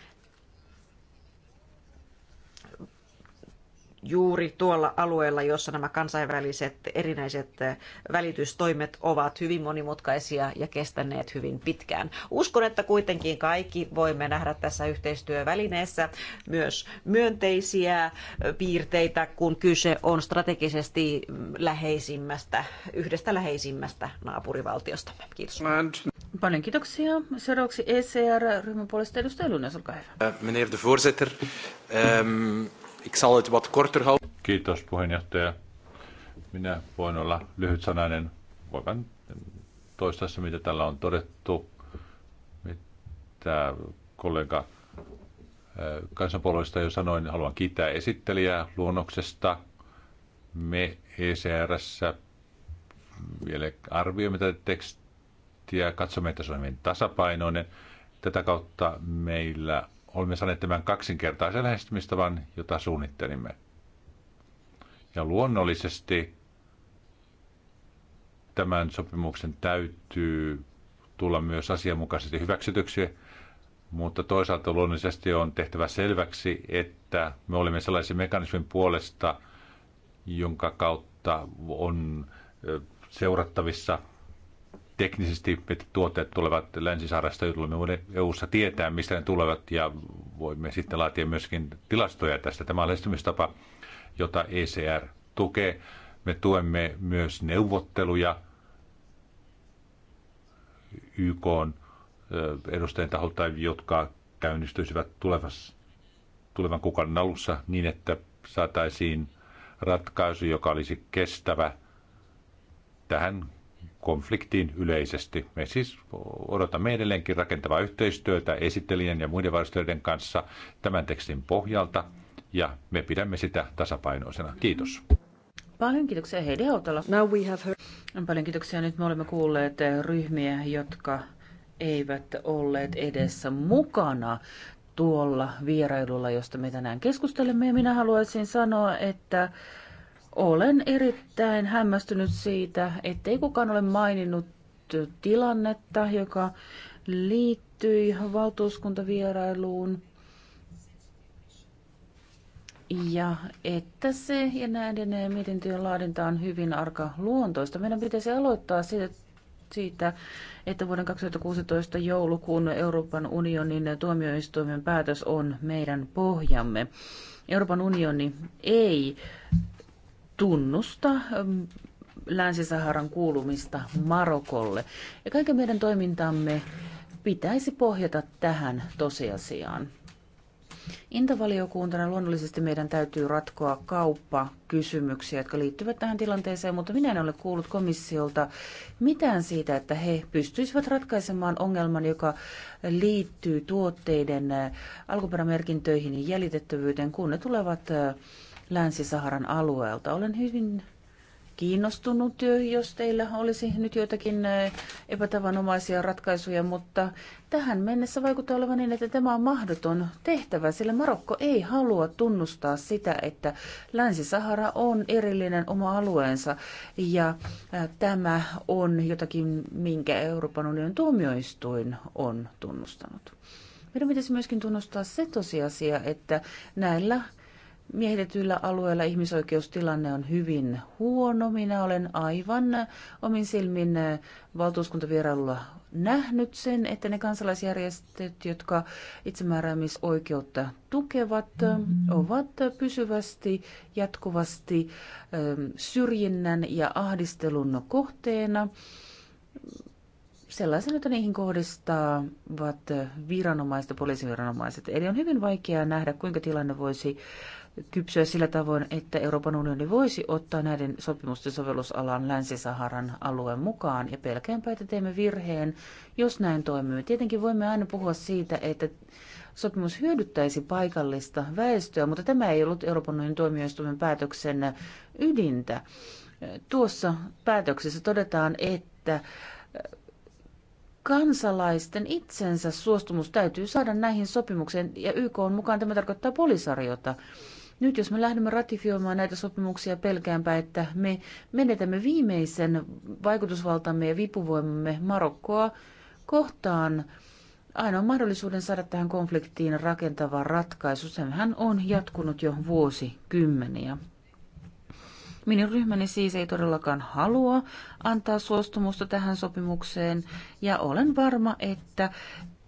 juuri tuolla alueella, jossa nämä kansainväliset erinäiset eh, välitystoimet ovat hyvin monimutkaisia ja kestäneet hyvin pitkään. Uskon, että kuitenkin kaikki voimme nähdä tässä yhteistyövälineessä myös myönteisiä eh, piirteitä, kun kyse on strategisesti läheisimmästä, yhdestä läheisimmästä naapurivaltiostamme. Kiitos. Paljon kiitoksia. Seuraavaksi ECR-ryhmän puolesta edustaja Lunes, olkaa hyvä. Eh, Ik zal het wat korter houden. Kiitos puheenjohtaja. Minä voin olla sanainen. Voin toistaa se, mitä tällä on todettu. Mitä kollega kansanpuolueesta jo sanoin, haluan kiittää esittelijää luonnoksesta. Me ECRssä vielä arvioimme tätä tekstiä, katsomme, että se on hyvin tasapainoinen. Tätä kautta meillä olemme saaneet tämän kaksinkertaisen lähestymistavan, jota suunnittelimme. Ja luonnollisesti tämän sopimuksen täytyy tulla myös asianmukaisesti hyväksytyksi, mutta toisaalta luonnollisesti on tehtävä selväksi, että me olemme sellaisen mekanismin puolesta, jonka kautta on seurattavissa teknisesti että tuotteet tulevat länsisaarasta, jolloin me voimme EU-ssa tietää, mistä ne tulevat, ja voimme sitten laatia myöskin tilastoja tästä. Tämä on lähestymistapa, jota ECR tukee. Me tuemme myös neuvotteluja YK edustajien taholta, jotka käynnistyisivät tulevassa, tulevan kuukauden alussa niin, että saataisiin ratkaisu, joka olisi kestävä tähän konfliktiin yleisesti. Me siis odotamme edelleenkin rakentavaa yhteistyötä esittelijän ja muiden varusteiden kanssa tämän tekstin pohjalta, ja me pidämme sitä tasapainoisena. Kiitos. Paljon kiitoksia Heidi Hautala. Now we have heard... Paljon kiitoksia. Nyt me olemme kuulleet ryhmiä, jotka eivät olleet edessä mukana tuolla vierailulla, josta me tänään keskustelemme. Ja minä haluaisin sanoa, että olen erittäin hämmästynyt siitä, ettei kukaan ole maininnut tilannetta, joka liittyi valtuuskuntavierailuun. Ja että se ja näiden mietintöjen laadinta on hyvin arka luontoista. Meidän pitäisi aloittaa siitä, siitä, että vuoden 2016 joulukuun Euroopan unionin tuomioistuimen päätös on meidän pohjamme. Euroopan unioni ei tunnusta ähm, Länsi-Saharan kuulumista Marokolle. Ja kaiken meidän toimintamme pitäisi pohjata tähän tosiasiaan. Intavaliokuntana luonnollisesti meidän täytyy ratkoa kauppakysymyksiä, jotka liittyvät tähän tilanteeseen, mutta minä en ole kuullut komissiolta mitään siitä, että he pystyisivät ratkaisemaan ongelman, joka liittyy tuotteiden äh, alkuperämerkintöihin ja jäljitettävyyteen, kun ne tulevat äh, Länsi-Saharan alueelta. Olen hyvin kiinnostunut, jos teillä olisi nyt joitakin eh, epätavanomaisia ratkaisuja, mutta tähän mennessä vaikuttaa olevan niin, että tämä on mahdoton tehtävä, sillä Marokko ei halua tunnustaa sitä, että Länsi-Sahara on erillinen oma alueensa ja eh, tämä on jotakin, minkä Euroopan unionin tuomioistuin on tunnustanut. Meidän pitäisi myöskin tunnustaa se tosiasia, että näillä Miehitetyillä alueilla ihmisoikeustilanne on hyvin huono. Minä olen aivan omin silmin eh, valtuuskuntavierailulla nähnyt sen, että ne kansalaisjärjestöt, jotka itsemääräämisoikeutta tukevat, eh, ovat pysyvästi, jatkuvasti eh, syrjinnän ja ahdistelun kohteena sellaisena, että niihin kohdistavat viranomaiset ja poliisiviranomaiset. Eli on hyvin vaikeaa nähdä, kuinka tilanne voisi kypsyä sillä tavoin, että Euroopan unioni voisi ottaa näiden sopimusten sovellusalan Länsi-Saharan alueen mukaan, ja pelkäänpä, että teemme virheen, jos näin toimimme. Tietenkin voimme aina puhua siitä, että sopimus hyödyttäisi paikallista väestöä, mutta tämä ei ollut Euroopan unionin toimijoistuminen päätöksen ydintä. Tuossa päätöksessä todetaan, että kansalaisten itsensä suostumus täytyy saada näihin sopimukseen, ja YK on mukaan tämä tarkoittaa polisariota. Nyt jos me lähdemme ratifioimaan näitä sopimuksia pelkäänpä, että me menetämme viimeisen vaikutusvaltamme ja vipuvoimamme Marokkoa kohtaan, ainoa mahdollisuuden saada tähän konfliktiin rakentava ratkaisu, sehän on jatkunut jo vuosikymmeniä. Minun ryhmäni siis ei todellakaan halua antaa suostumusta tähän sopimukseen ja olen varma, että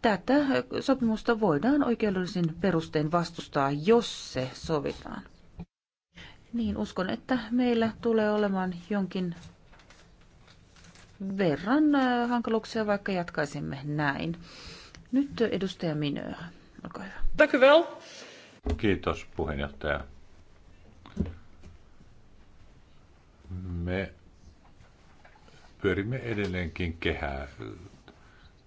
tätä sopimusta voidaan oikeudellisin perustein vastustaa, jos se sovitaan. Niin, uskon, että meillä tulee olemaan jonkin verran äh, hankaluuksia, vaikka jatkaisimme näin. Nyt edustaja Minö, olkaa hyvä. Tack well. Kiitos puheenjohtaja. Me pyörimme edelleenkin kehää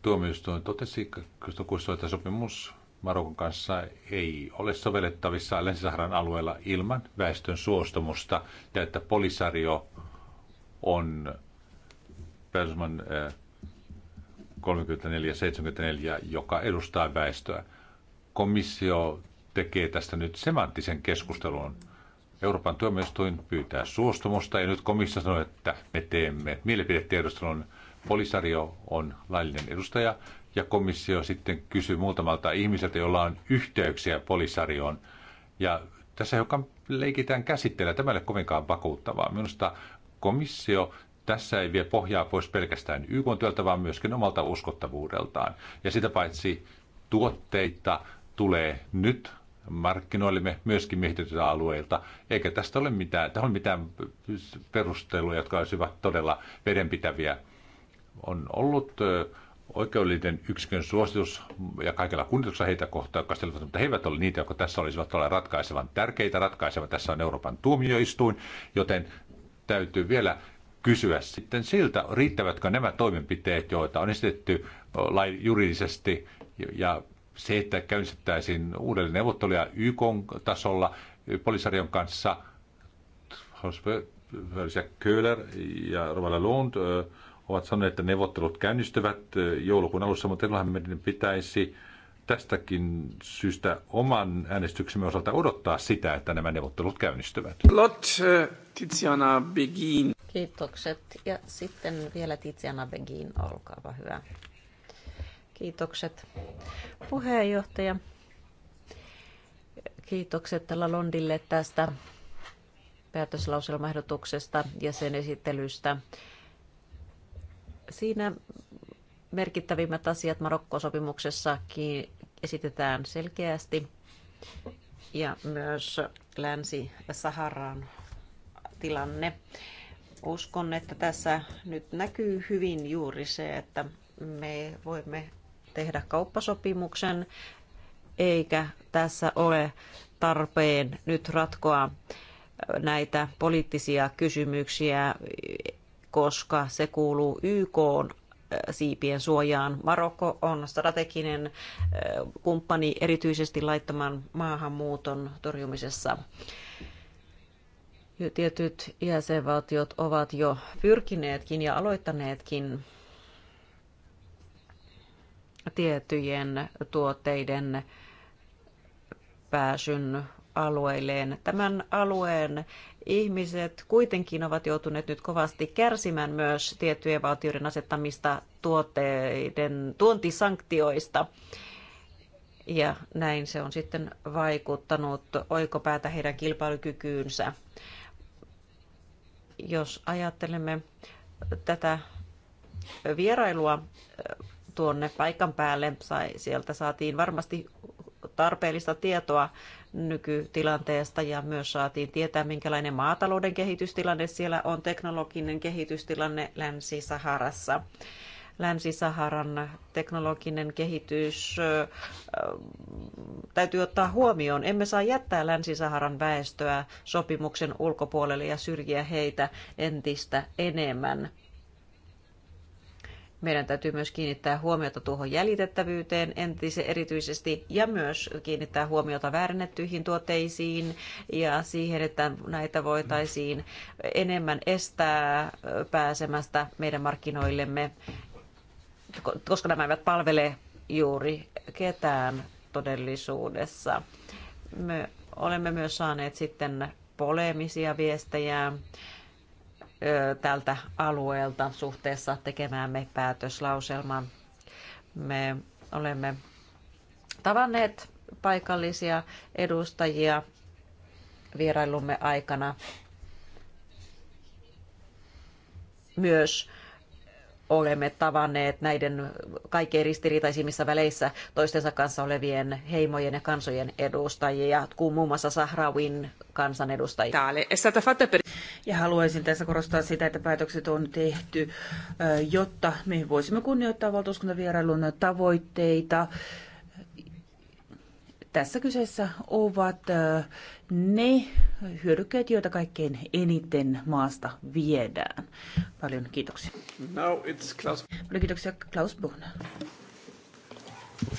Tuomioistuin totesi 2016, että sopimus Marokon kanssa ei ole sovellettavissa Länsi-Saharan alueella ilman väestön suostumusta ja että polisario on 34-74, äh, joka edustaa väestöä. Komissio tekee tästä nyt semanttisen keskustelun. Euroopan tuomioistuin pyytää suostumusta ja nyt komissio sanoo, että me teemme mielipidetiedustelun. Polisario on laillinen edustaja ja komissio sitten kysyy muutamalta ihmiseltä, jolla on yhteyksiä Polisarioon. Ja tässä joka leikitään käsitteellä. Tämä ei ole kovinkaan vakuuttavaa. Minusta komissio tässä ei vie pohjaa pois pelkästään YK työltä, vaan myöskin omalta uskottavuudeltaan. Ja sitä paitsi tuotteita tulee nyt markkinoillemme myöskin miehitetyiltä alueilta, eikä tästä ole mitään, tähän ole mitään perusteluja, jotka olisivat todella vedenpitäviä on ollut oikeudellinen yksikön suositus ja kaikilla kunnioituksella heitä kohtaan, jotka selvät, mutta he eivät ole niitä, jotka tässä olisivat olla ratkaisevan tärkeitä. Ratkaiseva tässä on Euroopan tuomioistuin, joten täytyy vielä kysyä sitten siltä, riittävätkö nämä toimenpiteet, joita on esitetty juridisesti ja se, että käynnistettäisiin uudelleen neuvotteluja YK-tasolla polisarion kanssa, Köhler ja Rovala Lund ovat sanoneet, että neuvottelut käynnistyvät joulukuun alussa, mutta silloinhan meidän pitäisi tästäkin syystä oman äänestyksemme osalta odottaa sitä, että nämä neuvottelut käynnistyvät. Lot, Tiziana Begin. Kiitokset. Ja sitten vielä Tiziana Begin, olkaapa hyvä. Kiitokset. Puheenjohtaja, kiitokset tällä Londille tästä päätöslauselmaehdotuksesta ja sen esittelystä. Siinä merkittävimmät asiat Marokko-sopimuksessakin esitetään selkeästi. Ja myös Länsi-Saharan tilanne. Uskon, että tässä nyt näkyy hyvin juuri se, että me voimme tehdä kauppasopimuksen, eikä tässä ole tarpeen nyt ratkoa näitä poliittisia kysymyksiä koska se kuuluu YK äh, siipien suojaan. Marokko on strateginen äh, kumppani erityisesti laittoman maahanmuuton torjumisessa. tietyt jäsenvaltiot ovat jo pyrkineetkin ja aloittaneetkin tiettyjen tuotteiden pääsyn alueilleen. Tämän alueen ihmiset kuitenkin ovat joutuneet nyt kovasti kärsimään myös tiettyjen valtioiden asettamista tuotteiden tuontisanktioista. Ja näin se on sitten vaikuttanut oikopäätä heidän kilpailukykyynsä. Jos ajattelemme tätä vierailua tuonne paikan päälle, sai, sieltä saatiin varmasti tarpeellista tietoa nykytilanteesta ja myös saatiin tietää, minkälainen maatalouden kehitystilanne siellä on, teknologinen kehitystilanne Länsi-Saharassa. Länsi-Saharan teknologinen kehitys äh, täytyy ottaa huomioon. Emme saa jättää Länsi-Saharan väestöä sopimuksen ulkopuolelle ja syrjiä heitä entistä enemmän. Meidän täytyy myös kiinnittää huomiota tuohon jäljitettävyyteen entisen erityisesti ja myös kiinnittää huomiota väärennettyihin tuotteisiin ja siihen, että näitä voitaisiin enemmän estää pääsemästä meidän markkinoillemme, koska nämä eivät palvele juuri ketään todellisuudessa. Me olemme myös saaneet sitten poleemisia viestejä tältä alueelta suhteessa tekemäämme päätöslauselmaan. Me olemme tavanneet paikallisia edustajia vierailumme aikana myös olemme tavanneet näiden kaikkein ristiriitaisimmissa väleissä toistensa kanssa olevien heimojen ja kansojen edustajia, kun muun muassa Sahrawin kansanedustajia. Ja haluaisin tässä korostaa sitä, että päätökset on tehty, jotta me voisimme kunnioittaa valtuuskuntavierailun tavoitteita. Tässä kyseessä ovat ne hyödykkeet, joita kaikkein eniten maasta viedään. Paljon kiitoksia. Now it's Klaus. Paljon kiitoksia Klaus Brunner.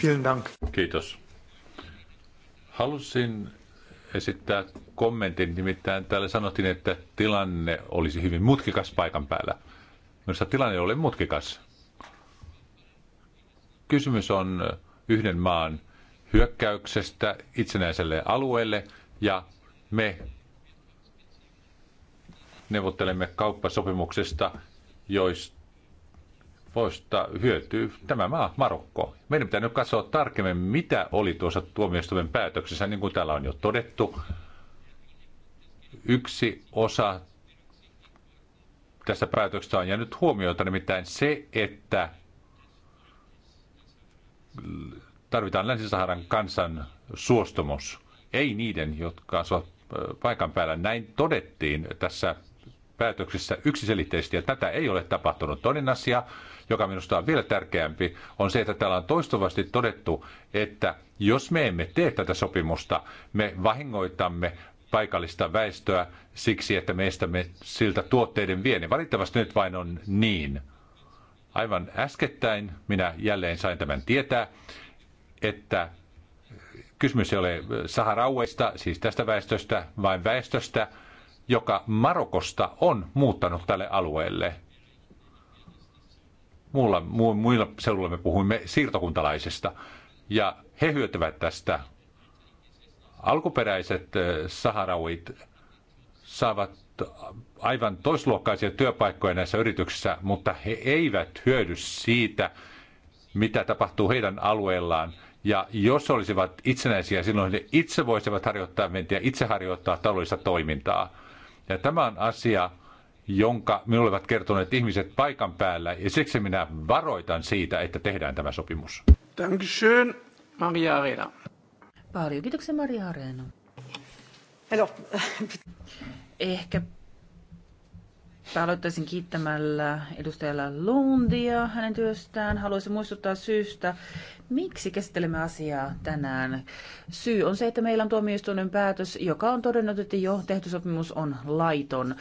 Vielen Dank. Kiitos. Halusin esittää kommentin. Nimittäin täällä sanottiin, että tilanne olisi hyvin mutkikas paikan päällä. Minusta tilanne oli mutkikas. Kysymys on yhden maan hyökkäyksestä itsenäiselle alueelle ja me neuvottelemme kauppasopimuksesta, joista voista hyötyy tämä maa, Marokko. Meidän pitää nyt katsoa tarkemmin, mitä oli tuossa tuomioistuimen päätöksessä, niin kuin täällä on jo todettu. Yksi osa tästä päätöksestä on jäänyt huomiota, nimittäin se, että tarvitaan Länsi-Saharan kansan suostumus, ei niiden, jotka asuvat äh, paikan päällä. Näin todettiin tässä päätöksissä yksiselitteisesti, että tätä ei ole tapahtunut. Toinen asia, joka minusta on vielä tärkeämpi, on se, että täällä on toistuvasti todettu, että jos me emme tee tätä sopimusta, me vahingoitamme paikallista väestöä siksi, että me estämme siltä tuotteiden viennin. Valitettavasti nyt vain on niin. Aivan äskettäin minä jälleen sain tämän tietää, että kysymys ei ole saharaueista, siis tästä väestöstä, vain väestöstä, joka Marokosta on muuttanut tälle alueelle. Muilla, muilla seuduilla me puhuimme siirtokuntalaisista. Ja he hyötyvät tästä. Alkuperäiset saharauit saavat aivan toisluokkaisia työpaikkoja näissä yrityksissä, mutta he eivät hyödy siitä, mitä tapahtuu heidän alueellaan. Ja jos olisivat itsenäisiä, silloin he itse voisivat harjoittaa mentiä, itse harjoittaa taloudellista toimintaa. Ja tämä on asia, jonka minulle ovat kertoneet ihmiset paikan päällä, ja siksi minä varoitan siitä, että tehdään tämä sopimus. Dankeschön, Maria Arena. Paljon kiitoksia, Maria Arena. Hello. Ehkä aloittaisin kiittämällä edustajalla Lundia hänen työstään. Haluaisin muistuttaa syystä, miksi käsittelemme asiaa tänään. Syy on se, että meillä on tuomioistuimen päätös, joka on todennut, että jo tehty sopimus on laiton.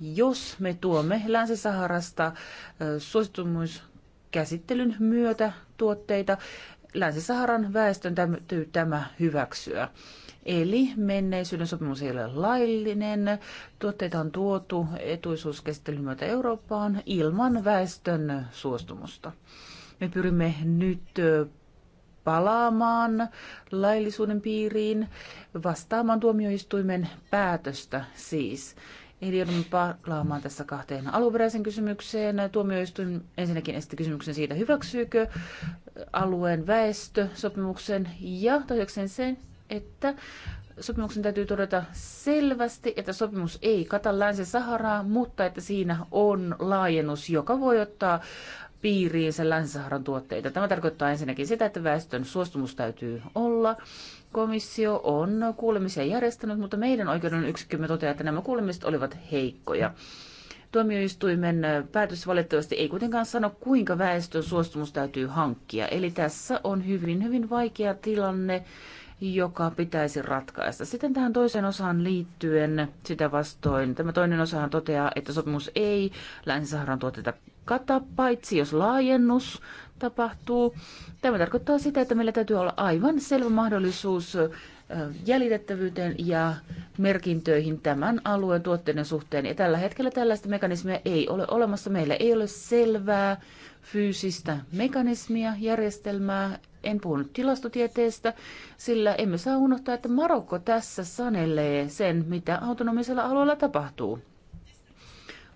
Jos me tuomme Länsi-Saharasta suostumuskäsittelyn myötä tuotteita, Länsi-Saharan väestön täytyy tämä hyväksyä. Eli menneisyyden sopimus ei ole laillinen, tuotteita on tuotu etuisuuskäsittelyn myötä Eurooppaan ilman väestön suostumusta. Me pyrimme nyt palaamaan laillisuuden piiriin vastaamaan tuomioistuimen päätöstä siis. Eli joudumme palaamaan tässä kahteen alkuperäisen kysymykseen. Tuomioistuin ensinnäkin esitti kysymyksen siitä, hyväksyykö alueen väestö sopimuksen ja toiseksi sen, että sopimuksen täytyy todeta selvästi, että sopimus ei kata Länsi-Saharaa, mutta että siinä on laajennus, joka voi ottaa piiriinsä Länsi-Saharan tuotteita. Tämä tarkoittaa ensinnäkin sitä, että väestön suostumus täytyy olla. Komissio on kuulemisia järjestänyt, mutta meidän oikeuden yksikkömme toteaa, että nämä kuulemiset olivat heikkoja. Tuomioistuimen päätös valitettavasti ei kuitenkaan sano, kuinka väestön suostumus täytyy hankkia. Eli tässä on hyvin, hyvin vaikea tilanne joka pitäisi ratkaista. Sitten tähän toiseen osaan liittyen sitä vastoin, tämä toinen osahan toteaa, että sopimus ei Länsi-Saharan tuotteita kata, paitsi jos laajennus tapahtuu. Tämä tarkoittaa sitä, että meillä täytyy olla aivan selvä mahdollisuus jäljitettävyyteen ja merkintöihin tämän alueen tuotteiden suhteen. Ja tällä hetkellä tällaista mekanismia ei ole olemassa. Meillä ei ole selvää fyysistä mekanismia, järjestelmää. En puhunut tilastotieteestä, sillä emme saa unohtaa, että Marokko tässä sanelee sen, mitä autonomisella alueella tapahtuu.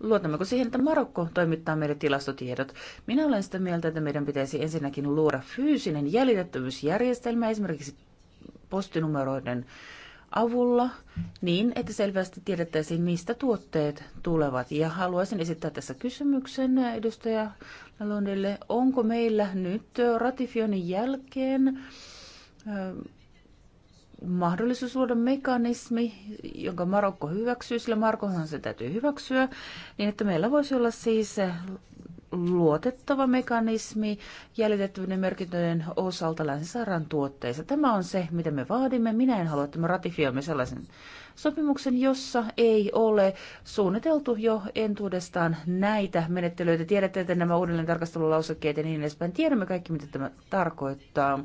Luotammeko siihen, että Marokko toimittaa meille tilastotiedot? Minä olen sitä mieltä, että meidän pitäisi ensinnäkin luoda fyysinen jäljitettävyysjärjestelmä esimerkiksi postinumeroiden avulla niin, että selvästi tiedettäisiin, mistä tuotteet tulevat. Ja haluaisin esittää tässä kysymyksen edustaja Lundille. Onko meillä nyt ratifioinnin jälkeen mahdollisuus luoda mekanismi, jonka Marokko hyväksyy, sillä Marokkohan se täytyy hyväksyä, niin että meillä voisi olla siis luotettava mekanismi jäljitettävyyden merkintöjen osalta länsisairaan tuotteissa. Tämä on se, mitä me vaadimme. Minä en halua, että me ratifioimme sellaisen sopimuksen, jossa ei ole suunniteltu jo entuudestaan näitä menettelyitä. Tiedätte, että nämä uudelleen tarkastelulausekkeet ja niin edespäin. Tiedämme kaikki, mitä tämä tarkoittaa.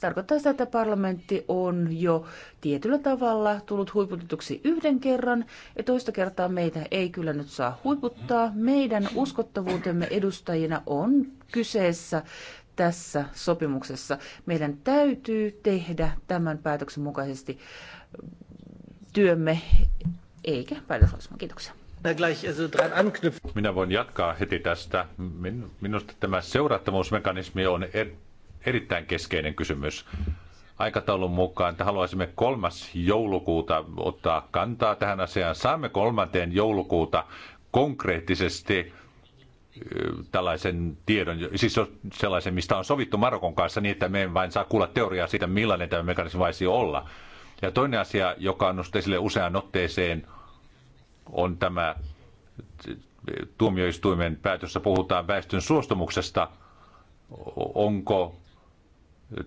Se tarkoittaa sitä, että parlamentti on jo tietyllä tavalla tullut huiputetuksi yhden kerran, ja toista kertaa meitä ei kyllä nyt saa huiputtaa. Meidän uskottavuutemme edustajina on kyseessä tässä sopimuksessa. Meidän täytyy tehdä tämän päätöksen mukaisesti työmme, eikä päätöslausuma. Kiitoksia. Minä voin jatkaa heti tästä. Minusta tämä seurattomuusmekanismi on erittäin keskeinen kysymys. Aikataulun mukaan, että haluaisimme kolmas joulukuuta ottaa kantaa tähän asiaan. Saamme kolmanteen joulukuuta konkreettisesti tällaisen tiedon, siis sellaisen, mistä on sovittu Marokon kanssa niin, että me emme vain saa kuulla teoriaa siitä, millainen tämä mekanismi voisi olla. Ja toinen asia, joka on nostettu esille useaan otteeseen, on tämä tuomioistuimen päätössä puhutaan väestön suostumuksesta. Onko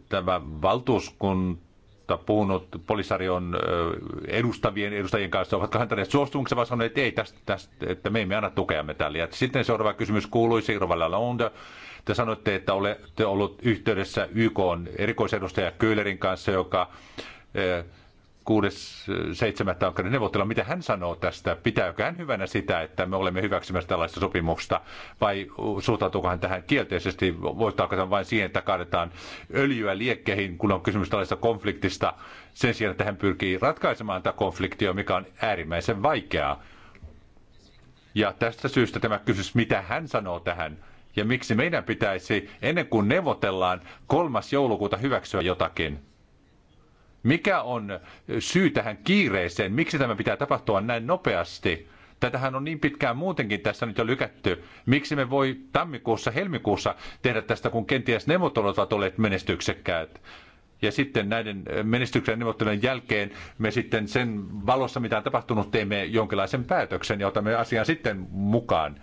tämä valtuuskunta puhunut Polisarion edustavien edustajien kanssa, ovatko tänne suostumuksen, vaan sanoneet, että ei, tästä, tästä, että me emme anna tukeamme tälle. Ja sitten seuraava kysymys kuului Sirvalla Lounda. Te sanoitte, että olette ollut yhteydessä YK erikoisedustaja Köylerin kanssa, joka 6.7. alkanut neuvotella. Mitä hän sanoo tästä? Pitääkö hän hyvänä sitä, että me olemme hyväksymässä tällaista sopimusta? Vai suhtautuuko hän tähän kielteisesti? Voittaako hän vain siihen, että kaadetaan öljyä liekkeihin, kun on kysymys tällaista konfliktista? Sen sijaan, että hän pyrkii ratkaisemaan tätä konfliktia, mikä on äärimmäisen vaikeaa. Ja tästä syystä tämä kysymys, mitä hän sanoo tähän, ja miksi meidän pitäisi, ennen kuin neuvotellaan, kolmas joulukuuta hyväksyä jotakin mikä on syy tähän kiireeseen? Miksi tämä pitää tapahtua näin nopeasti? Tätähän on niin pitkään muutenkin tässä nyt jo lykätty. Miksi me voi tammikuussa, helmikuussa tehdä tästä, kun kenties neuvottelut ovat olleet menestyksekkäät? Ja sitten näiden menestyksen neuvottelujen jälkeen me sitten sen valossa, mitä on tapahtunut, teemme jonkinlaisen päätöksen ja otamme asian sitten mukaan.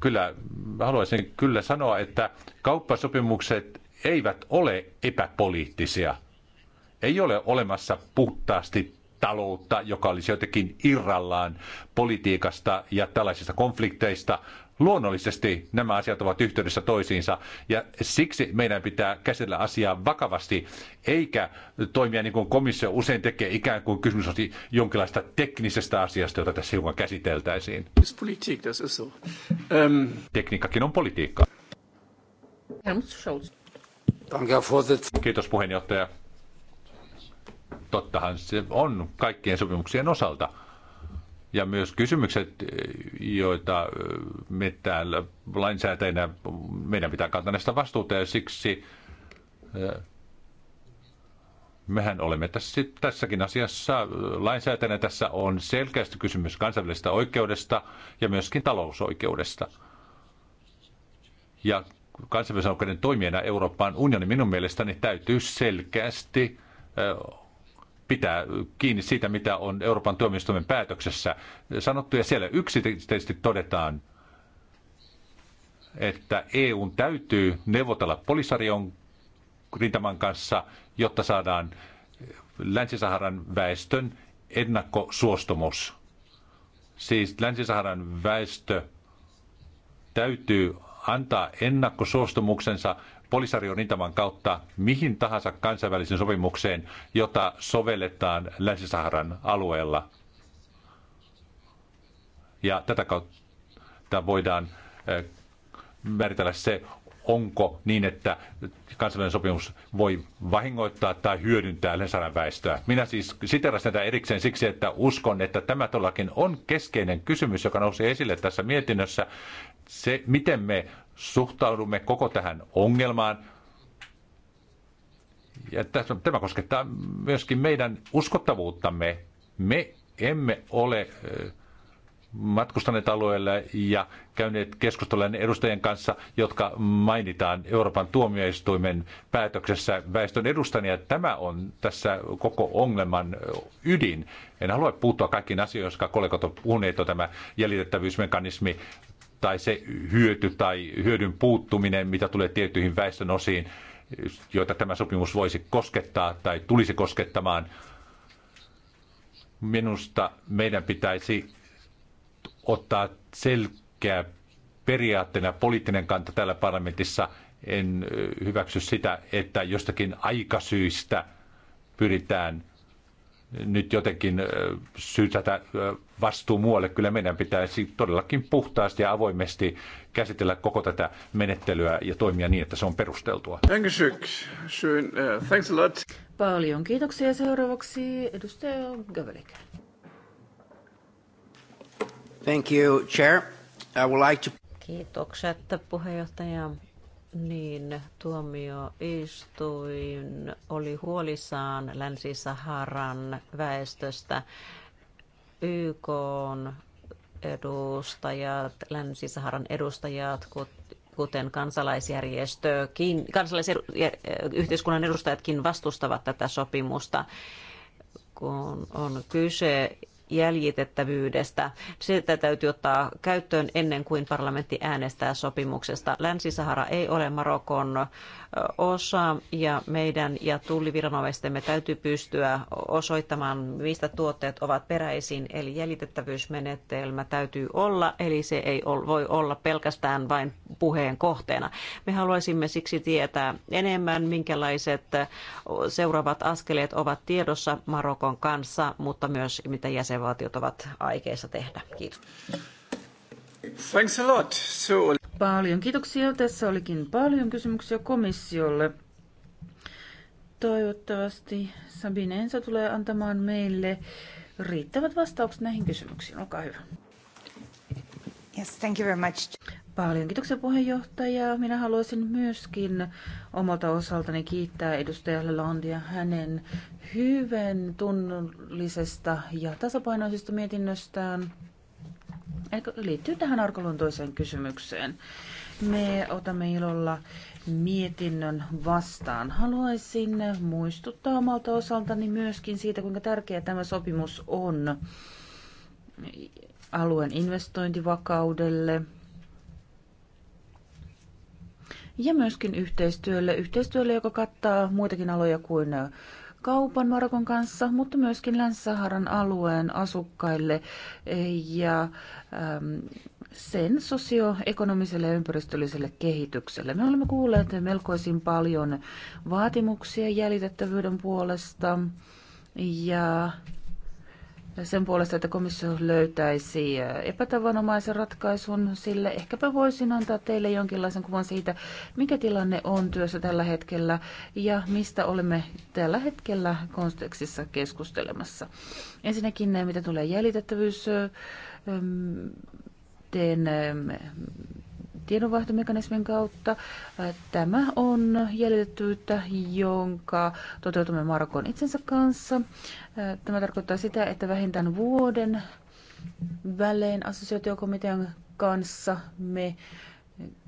Kyllä haluaisin kyllä sanoa, että kauppasopimukset eivät ole epäpoliittisia – ei ole olemassa puhtaasti taloutta, joka olisi jotenkin irrallaan politiikasta ja tällaisista konflikteista. Luonnollisesti nämä asiat ovat yhteydessä toisiinsa ja siksi meidän pitää käsitellä asiaa vakavasti, eikä toimia niin kuin komissio usein tekee, ikään kuin kysymys olisi jonkinlaista teknisestä asiasta, jota tässä hiukan käsiteltäisiin. Ehm. Tekniikkakin on politiikkaa. Kiitos puheenjohtaja tottahan se on kaikkien sopimuksien osalta. Ja myös kysymykset, joita me täällä lainsäätäjinä, meidän pitää kantaa näistä vastuuta ja siksi eh, mehän olemme tässä, tässäkin asiassa eh, lainsäätäjänä. Tässä on selkeästi kysymys kansainvälisestä oikeudesta ja myöskin talousoikeudesta. Ja kansainvälisen oikeuden toimijana Euroopan unioni minun mielestäni täytyy selkeästi eh, pitää kiinni siitä, mitä on Euroopan tuomioistuimen päätöksessä sanottu. Ja siellä yksityisesti todetaan, että EUn täytyy neuvotella polisarion rintaman kanssa, jotta saadaan Länsi-Saharan väestön ennakkosuostumus. Siis Länsi-Saharan väestö täytyy antaa ennakkosuostumuksensa Polisarion rintaman kautta mihin tahansa kansainväliseen sopimukseen, jota sovelletaan Länsi-Saharan alueella. Ja tätä kautta voidaan määritellä se, onko niin, että kansainvälinen sopimus voi vahingoittaa tai hyödyntää Länsi-Saharan väestöä. Minä siis siterasin tätä erikseen siksi, että uskon, että tämä todellakin on keskeinen kysymys, joka nousi esille tässä mietinnössä. Se, miten me suhtaudumme koko tähän ongelmaan. Ja tämä koskettaa myöskin meidän uskottavuuttamme. Me emme ole matkustaneet alueelle ja käyneet keskustelujen edustajien kanssa, jotka mainitaan Euroopan tuomioistuimen päätöksessä väestön edustajia. Tämä on tässä koko ongelman ydin. En halua puuttua kaikkiin asioihin, jotka kollegat ovat puhuneet, on tämä jäljitettävyysmekanismi, tai se hyöty tai hyödyn puuttuminen, mitä tulee tiettyihin väestön osiin, joita tämä sopimus voisi koskettaa tai tulisi koskettamaan, minusta meidän pitäisi ottaa selkeä periaatteena poliittinen kanta täällä parlamentissa. En hyväksy sitä, että jostakin aikasyistä pyritään nyt jotenkin syytätä vastuu muualle. Kyllä meidän pitäisi todellakin puhtaasti ja avoimesti käsitellä koko tätä menettelyä ja toimia niin, että se on perusteltua. Thanks a lot. Paljon kiitoksia. Seuraavaksi edustaja Gavelik. Thank you, Chair. I would like to... Kiitokset puheenjohtaja niin tuomioistuin oli huolissaan Länsi-Saharan väestöstä. YK edustajat, Länsi-Saharan edustajat, kuten kansalaisjärjestökin, kansalaisyhteiskunnan edustajatkin vastustavat tätä sopimusta kun on kyse jäljitettävyydestä. Sitä täytyy ottaa käyttöön ennen kuin parlamentti äänestää sopimuksesta. Länsi-Sahara ei ole Marokon osa ja meidän ja tulliviranomaistemme täytyy pystyä osoittamaan, mistä tuotteet ovat peräisin. Eli jäljitettävyysmenetelmä täytyy olla, eli se ei voi olla pelkästään vain puheen kohteena. Me haluaisimme siksi tietää enemmän, minkälaiset seuraavat askeleet ovat tiedossa Marokon kanssa, mutta myös mitä jäsen jäsenvaltiot ovat aikeissa tehdä. Kiitos. Thanks a lot. So... Paljon kiitoksia. Tässä olikin paljon kysymyksiä komissiolle. Toivottavasti Sabine Ensa tulee antamaan meille riittävät vastaukset näihin kysymyksiin. Olkaa hyvä. Yes, thank you very much. Paljon kiitoksia puheenjohtaja. Minä haluaisin myöskin omalta osaltani kiittää edustaja Lelandia hänen hyvän tunnollisesta ja tasapainoisesta mietinnöstään. Eikö liittyy tähän arkaluontoiseen kysymykseen. Me otamme ilolla mietinnön vastaan. Haluaisin muistuttaa omalta osaltani myöskin siitä, kuinka tärkeä tämä sopimus on alueen investointivakaudelle – ja myöskin yhteistyölle. Yhteistyölle, joka kattaa muitakin aloja kuin kaupan Marokon kanssa, mutta myöskin Länsi-Saharan alueen asukkaille ja äm, sen sosioekonomiselle ja ympäristölliselle kehitykselle. Me olemme kuulleet melkoisin paljon vaatimuksia jäljitettävyyden puolesta ja sen puolesta, että komissio löytäisi äh, epätavanomaisen ratkaisun sille. Ehkäpä voisin antaa teille jonkinlaisen kuvan siitä, mikä tilanne on työssä tällä hetkellä ja mistä olemme tällä hetkellä kontekstissa keskustelemassa. Ensinnäkin, äh, mitä tulee jäljitettävyys, äh, mm, teen ähm, tiedonvaihtomekanismin kautta. Tämä on jäljitettyyttä, jonka toteutamme Markon itsensä kanssa. Tämä tarkoittaa sitä, että vähintään vuoden välein assosiaatiokomitean kanssa me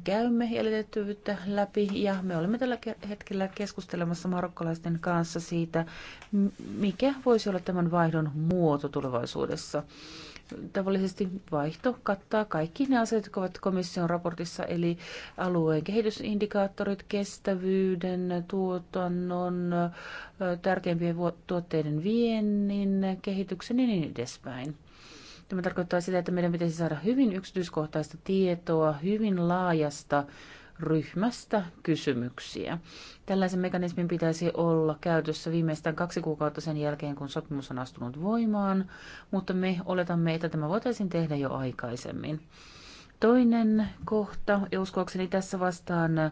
käymme jäljitettyvyyttä läpi ja me olemme tällä hetkellä keskustelemassa marokkalaisten kanssa siitä, mikä voisi olla tämän vaihdon muoto tulevaisuudessa tavallisesti vaihto kattaa kaikki ne asiat, jotka ovat komission raportissa, eli alueen kehitysindikaattorit, kestävyyden, tuotannon, tärkeimpien tuotteiden viennin, kehityksen ja niin edespäin. Tämä tarkoittaa sitä, että meidän pitäisi saada hyvin yksityiskohtaista tietoa, hyvin laajasta ryhmästä kysymyksiä. Tällaisen mekanismin pitäisi olla käytössä viimeistään kaksi kuukautta sen jälkeen, kun sopimus on astunut voimaan, mutta me oletamme, että tämä voitaisiin tehdä jo aikaisemmin. Toinen kohta, ja uskoakseni tässä vastaan äh,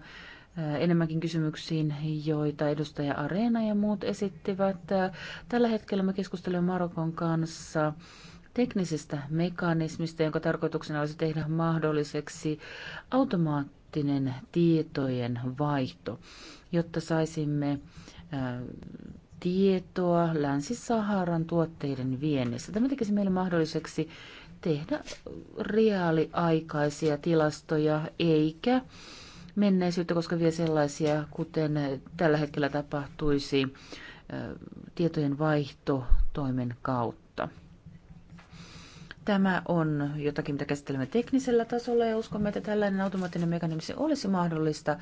enemmänkin kysymyksiin, joita edustaja Areena ja muut esittivät. Tällä hetkellä me keskustelemme Marokon kanssa teknisestä mekanismista, jonka tarkoituksena olisi tehdä mahdolliseksi automaattisesti automaattinen tietojen vaihto, jotta saisimme tietoa Länsi-Saharan tuotteiden viennissä. Tämä tekisi meille mahdolliseksi tehdä reaaliaikaisia tilastoja eikä menneisyyttä koska vie sellaisia, kuten tällä hetkellä tapahtuisi tietojen vaihto toimen kautta. Tämä on jotakin, mitä käsittelemme teknisellä tasolla ja uskomme, että tällainen automaattinen mekanismi olisi mahdollista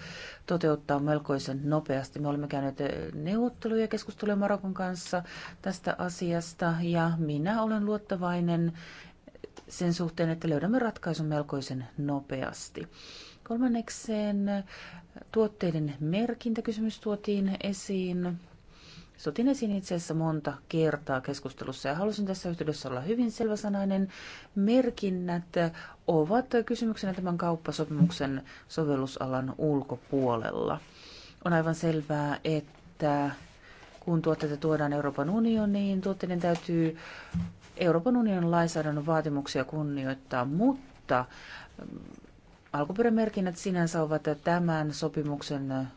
toteuttaa melkoisen nopeasti. Me olemme käyneet neuvotteluja ja keskusteluja Marokon kanssa tästä asiasta ja minä olen luottavainen sen suhteen, että löydämme ratkaisun melkoisen nopeasti. Kolmannekseen tuotteiden merkintäkysymys tuotiin esiin. Sotin esiin itse asiassa monta kertaa keskustelussa ja halusin tässä yhteydessä olla hyvin selväsanainen. Merkinnät ovat kysymyksenä tämän kauppasopimuksen sovellusalan ulkopuolella. On aivan selvää, että kun tuotteita tuodaan Euroopan unioniin, tuotteiden täytyy Euroopan unionin lainsäädännön vaatimuksia kunnioittaa, mutta alkuperämerkinnät sinänsä ovat tämän sopimuksen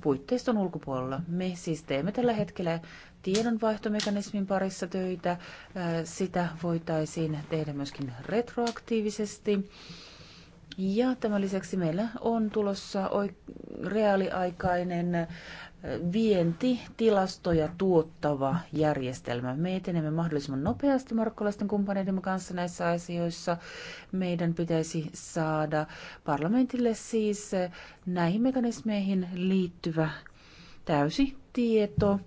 puitteiston ulkopuolella. Me siis teemme tällä hetkellä tiedonvaihtomekanismin parissa töitä. Äh, sitä voitaisiin tehdä myöskin retroaktiivisesti. Ja tämän lisäksi meillä on tulossa reaaliaikainen vientitilastoja tuottava järjestelmä. Me etenemme mahdollisimman nopeasti marokkolaisten kumppaneiden kanssa näissä asioissa. Meidän pitäisi saada parlamentille siis näihin mekanismeihin liittyvä täysi tieto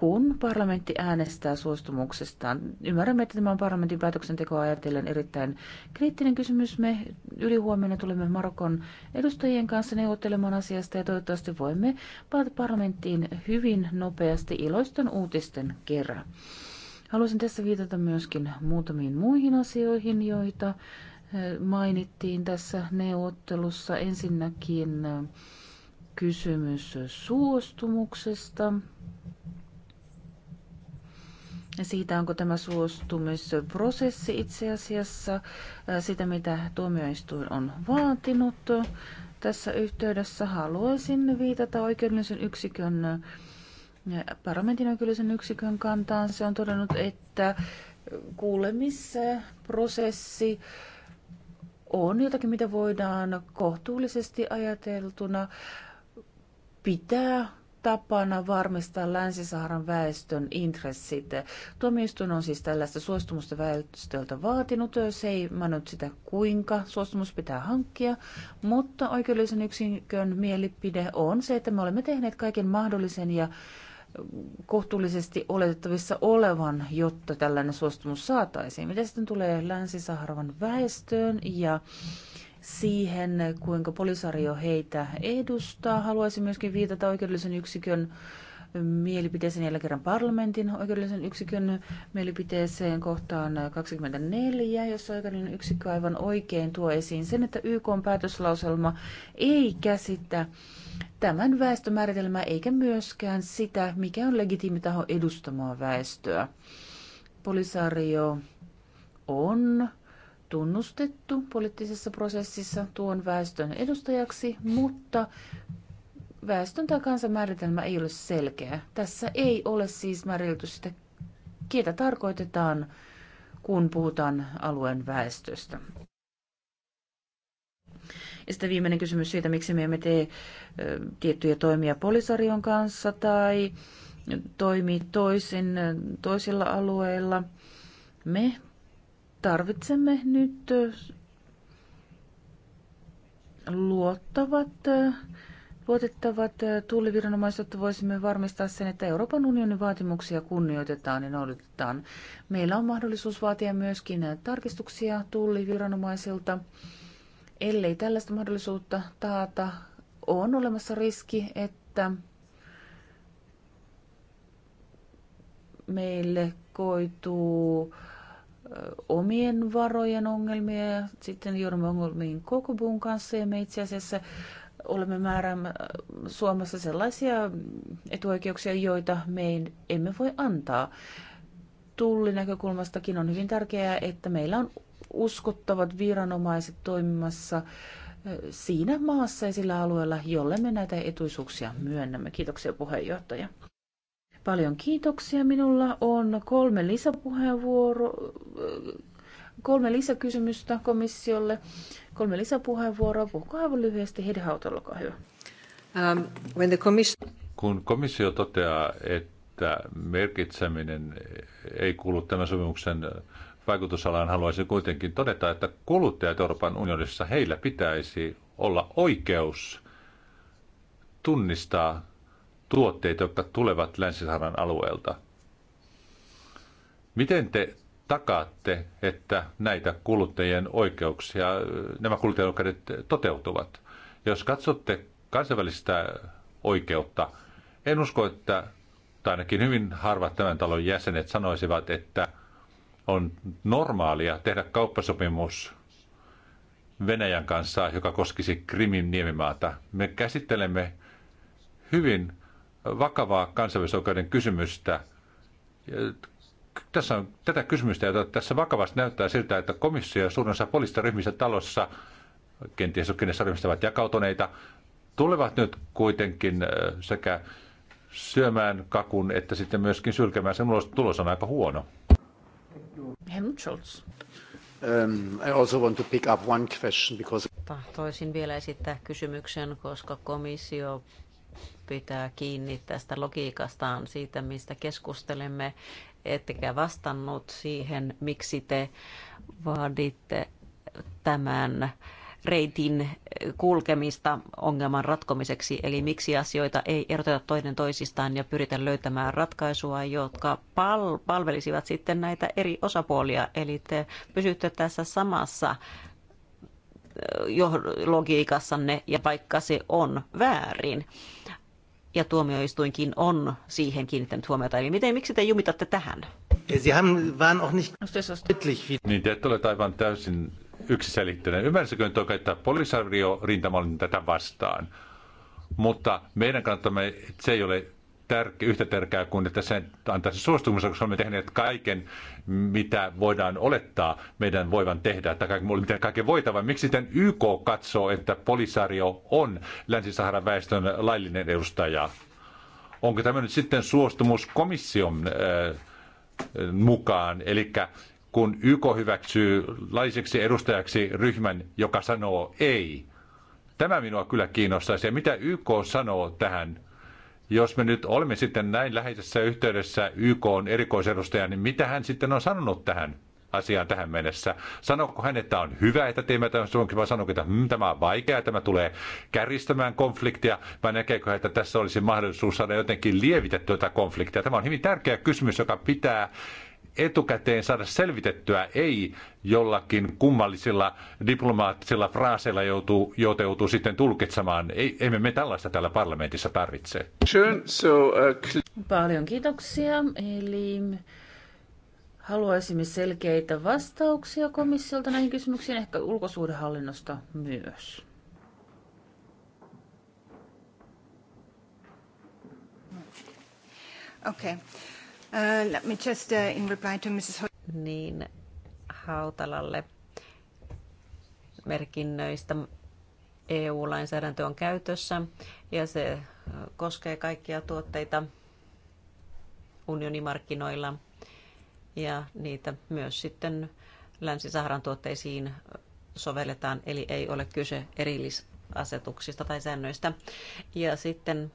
kun parlamentti äänestää suostumuksestaan. Ymmärrämme, että tämä on parlamentin päätöksentekoa ajatellen erittäin kriittinen kysymys. Me ylihuomenna tulemme Marokon edustajien kanssa neuvottelemaan asiasta ja toivottavasti voimme palata parlamenttiin hyvin nopeasti iloisten uutisten kerran. Haluaisin tässä viitata myöskin muutamiin muihin asioihin, joita eh, mainittiin tässä neuvottelussa. Ensinnäkin eh, kysymys suostumuksesta siitä, onko tämä suostumisprosessi itse asiassa sitä, mitä tuomioistuin on vaatinut. Tässä yhteydessä haluaisin viitata oikeudellisen yksikön, parlamentin oikeudellisen yksikön kantaan. Se on todennut, että kuulemisprosessi on jotakin, mitä voidaan kohtuullisesti ajateltuna pitää tapana varmistaa Länsi-Saharan väestön intressit. Tuomioistuin on siis tällaista suostumusta väestöltä vaatinut. Se ei manut sitä, kuinka suostumus pitää hankkia, mutta oikeudellisen yksikön mielipide on se, että me olemme tehneet kaiken mahdollisen ja kohtuullisesti oletettavissa olevan, jotta tällainen suostumus saataisiin. Mitä sitten tulee Länsi-Saharan väestöön ja siihen, kuinka polisario heitä edustaa. Haluaisin myöskin viitata oikeudellisen yksikön mielipiteeseen jälleen kerran parlamentin oikeudellisen yksikön mielipiteeseen kohtaan 24, jossa oikeudellinen yksikkö aivan oikein tuo esiin sen, että YK on päätöslauselma ei käsitä tämän väestömääritelmää eikä myöskään sitä, mikä on legitiimi taho edustamaan väestöä. Polisario on tunnustettu poliittisessa prosessissa tuon väestön edustajaksi, mutta väestön tai kansan määritelmä ei ole selkeä. Tässä ei ole siis määritelty sitä, ketä tarkoitetaan, kun puhutaan alueen väestöstä. Ja sitten viimeinen kysymys siitä, miksi me emme tee tiettyjä toimia polisarion kanssa tai toimi toisin toisilla alueilla. Me tarvitsemme nyt äh, luottavat, äh, luotettavat äh, tuuliviranomaiset, että voisimme varmistaa sen, että Euroopan unionin vaatimuksia kunnioitetaan ja noudatetaan. Meillä on mahdollisuus vaatia myöskin tarkistuksia tuuliviranomaisilta, Ellei tällaista mahdollisuutta taata, on olemassa riski, että meille koituu äh, omien varojen ongelmia ja sitten joudumme ongelmiin koko puun kanssa ja me itse asiassa olemme määräämme Suomessa sellaisia etuoikeuksia, joita me emme voi antaa. Tullinäkökulmastakin on hyvin tärkeää, että meillä on uskottavat viranomaiset toimimassa siinä maassa ja sillä alueella, jolle me näitä etuisuuksia myönnämme. Kiitoksia puheenjohtaja. Paljon kiitoksia. Minulla on kolme lisäpuheenvuoro, kolme lisäkysymystä komissiolle. Kolme lisäpuheenvuoroa. Puhukaa aivan lyhyesti. Heidi Hauta, olkaa hyvä. Um, when the commission... Kun komissio toteaa, että merkitseminen ei kuulu tämän sopimuksen vaikutusalaan, haluaisin kuitenkin todeta, että kuluttajat Euroopan unionissa, heillä pitäisi olla oikeus tunnistaa tuotteita, jotka tulevat Länsi-Saharan alueelta. Miten te takaatte, että näitä kuluttajien oikeuksia, nämä kuluttajien oikeudet toteutuvat? Jos katsotte kansainvälistä oikeutta, en usko, että, tai ainakin hyvin harvat tämän talon jäsenet sanoisivat, että on normaalia tehdä kauppasopimus Venäjän kanssa, joka koskisi Krimin niemimaata. Me käsittelemme hyvin vakavaa kansainvälisoikeuden kysymystä. Tässä on tätä kysymystä, jota tässä vakavasti näyttää siltä, että komissio ja suurin osa poliittisista ryhmistä talossa, kenties kenessä ryhmistä ovat jakautuneita, tulevat nyt kuitenkin sekä syömään kakun että sitten myöskin sylkemään. Sen tulos on aika huono. Helmut Scholz. Um, I also want to pick up one question because... Tahtoisin vielä esittää kysymyksen, koska komissio pitää kiinni tästä logiikastaan siitä, mistä keskustelemme, ettekä vastannut siihen, miksi te vaaditte tämän reitin kulkemista ongelman ratkomiseksi, eli miksi asioita ei eroteta toinen toisistaan ja pyritä löytämään ratkaisua, jotka pal- palvelisivat sitten näitä eri osapuolia. Eli te pysytte tässä samassa eh, logiikassanne ja vaikka se on väärin ja tuomioistuinkin on siihen kiinnittänyt huomiota. Eli miten, miksi te jumitatte tähän? Sie haben, waren auch nicht niin, te ette aivan täysin yksiselitteinen. Ymmärsikö nyt oikein, että polisario rintamallin tätä vastaan? Mutta meidän kannattamme, että se ei ole tärke, yhtä tärkeää kuin että se antaisi suostumus, koska olemme tehneet kaiken, mitä voidaan olettaa meidän voivan tehdä, että kaiken, mitä kaiken voitava. Miksi sitten YK katsoo, että Polisario on Länsi-Saharan väestön laillinen edustaja? Onko tämä nyt sitten suostumus komission äh, mukaan? Eli kun YK hyväksyy laiseksi edustajaksi ryhmän, joka sanoo ei. Tämä minua kyllä kiinnostaisi. Ja mitä YK sanoo tähän jos me nyt olemme sitten näin läheisessä yhteydessä YK on erikoisedustaja, niin mitä hän sitten on sanonut tähän asiaan tähän mennessä. Sanoiko hän, että on hyvä, että teemme tämän vai sanoiko, että hm, tämä on vaikeaa, tämä tulee kärjistämään konfliktia, vai näkeekö että tässä olisi mahdollisuus saada jotenkin lievitettyä tätä konfliktia? Tämä on hyvin tärkeä kysymys, joka pitää etukäteen saada selvitettyä, ei jollakin kummallisilla diplomaattisilla fraaseilla joutuu, joita joutuu sitten tulkitsemaan. Ei, emme me tällaista täällä parlamentissa tarvitse. Uh, Paljon kiitoksia. Eli haluaisimme selkeitä vastauksia komissiolta näihin kysymyksiin, ehkä ulkosuhdehallinnosta myös. Okay. Uh, let me just uh, in reply to Mrs. Niin Hautalalle merkinnöistä EU-lainsäädäntö on käytössä ja se äh, koskee kaikkia tuotteita unionimarkkinoilla ja niitä myös sitten Länsi-Saharan tuotteisiin äh, sovelletaan, eli ei ole kyse erillisasetuksista tai säännöistä. Ja sitten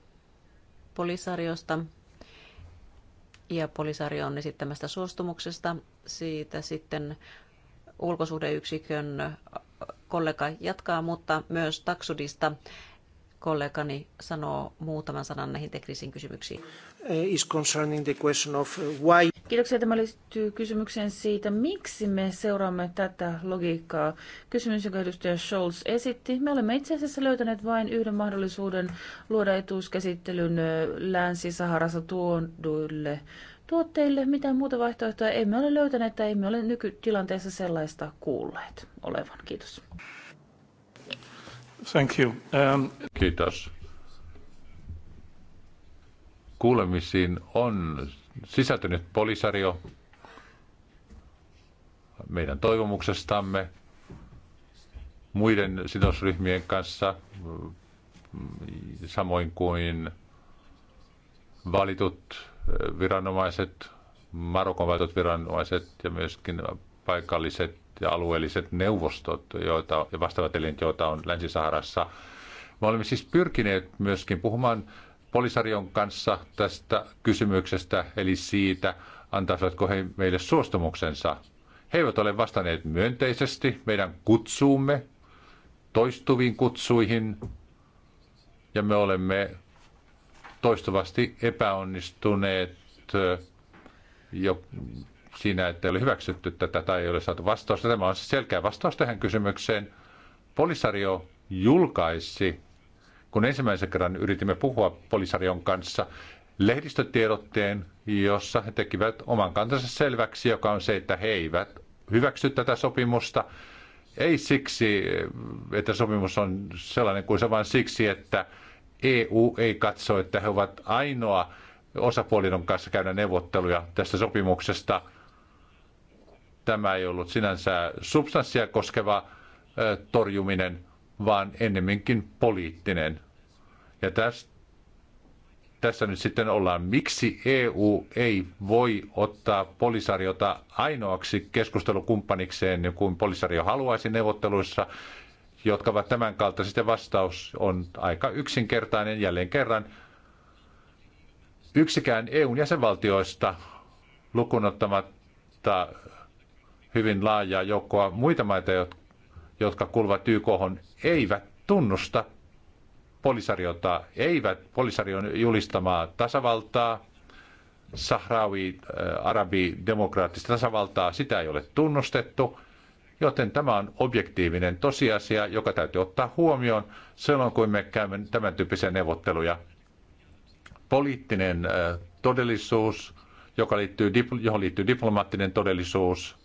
polisariosta ja Polisario esittämästä suostumuksesta. Siitä sitten ulkosuhdeyksikön kollega jatkaa, mutta myös taksudista kollegani sanoo muutaman sanan näihin teknisiin kysymyksiin. Uh, is concerning the question of uh, why. Kiitoksia. Tämä liittyy kysymykseen siitä, miksi me seuraamme tätä logiikkaa. Kysymys, jonka edustaja Scholz esitti. Me olemme itse asiassa löytäneet vain yhden mahdollisuuden luoda etuuskäsittelyn uh, Länsi-Saharassa tuoduille tuotteille. Mitään muuta vaihtoehtoa emme ole löytäneet tai emme ole nykytilanteessa sellaista kuulleet olevan. Kiitos. Thank you. Um... Kiitos kuulemisiin on sisältynyt polisario meidän toivomuksestamme muiden sidosryhmien kanssa, samoin kuin valitut eh, viranomaiset, Marokon valitut viranomaiset ja myöskin paikalliset ja alueelliset neuvostot joita, ja vastaavat elinit, joita on Länsi-Saharassa. Me olemme siis pyrkineet myöskin puhumaan Polisarion kanssa tästä kysymyksestä, eli siitä, antaisivatko he meille suostumuksensa. He eivät ole vastanneet myönteisesti meidän kutsuumme, toistuviin kutsuihin, ja me olemme toistuvasti epäonnistuneet jo siinä, että ei ole hyväksytty tätä tai ei ole saatu vastausta. Tämä on siis selkeä vastaus tähän kysymykseen. Polisario julkaisi kun ensimmäisen kerran yritimme puhua Polisarion kanssa, lehdistötiedotteen, jossa he tekivät oman kantansa selväksi, joka on se, että he eivät hyväksy tätä sopimusta. Ei siksi, että sopimus on sellainen kuin se, vaan siksi, että EU ei katso, että he ovat ainoa osapuolien kanssa käydä neuvotteluja tästä sopimuksesta. Tämä ei ollut sinänsä substanssia koskeva torjuminen, vaan ennemminkin poliittinen. Ja tästä, tässä nyt sitten ollaan, miksi EU ei voi ottaa polisariota ainoaksi keskustelukumppanikseen, niin kuin polisario haluaisi neuvotteluissa, jotka ovat tämän kaltaiset. vastaus on aika yksinkertainen jälleen kerran. Yksikään EUn jäsenvaltioista lukunottamatta hyvin laajaa joukkoa muita maita, jotka jotka kuuluvat YK, eivät tunnusta polisariota, eivät polisarion julistamaa tasavaltaa, Sahrawi, äh, arabi, demokraattista tasavaltaa, sitä ei ole tunnustettu, joten tämä on objektiivinen tosiasia, joka täytyy ottaa huomioon silloin, kun me käymme tämän tyyppisiä neuvotteluja. Poliittinen äh, todellisuus, joka liittyy, johon liittyy diplomaattinen todellisuus,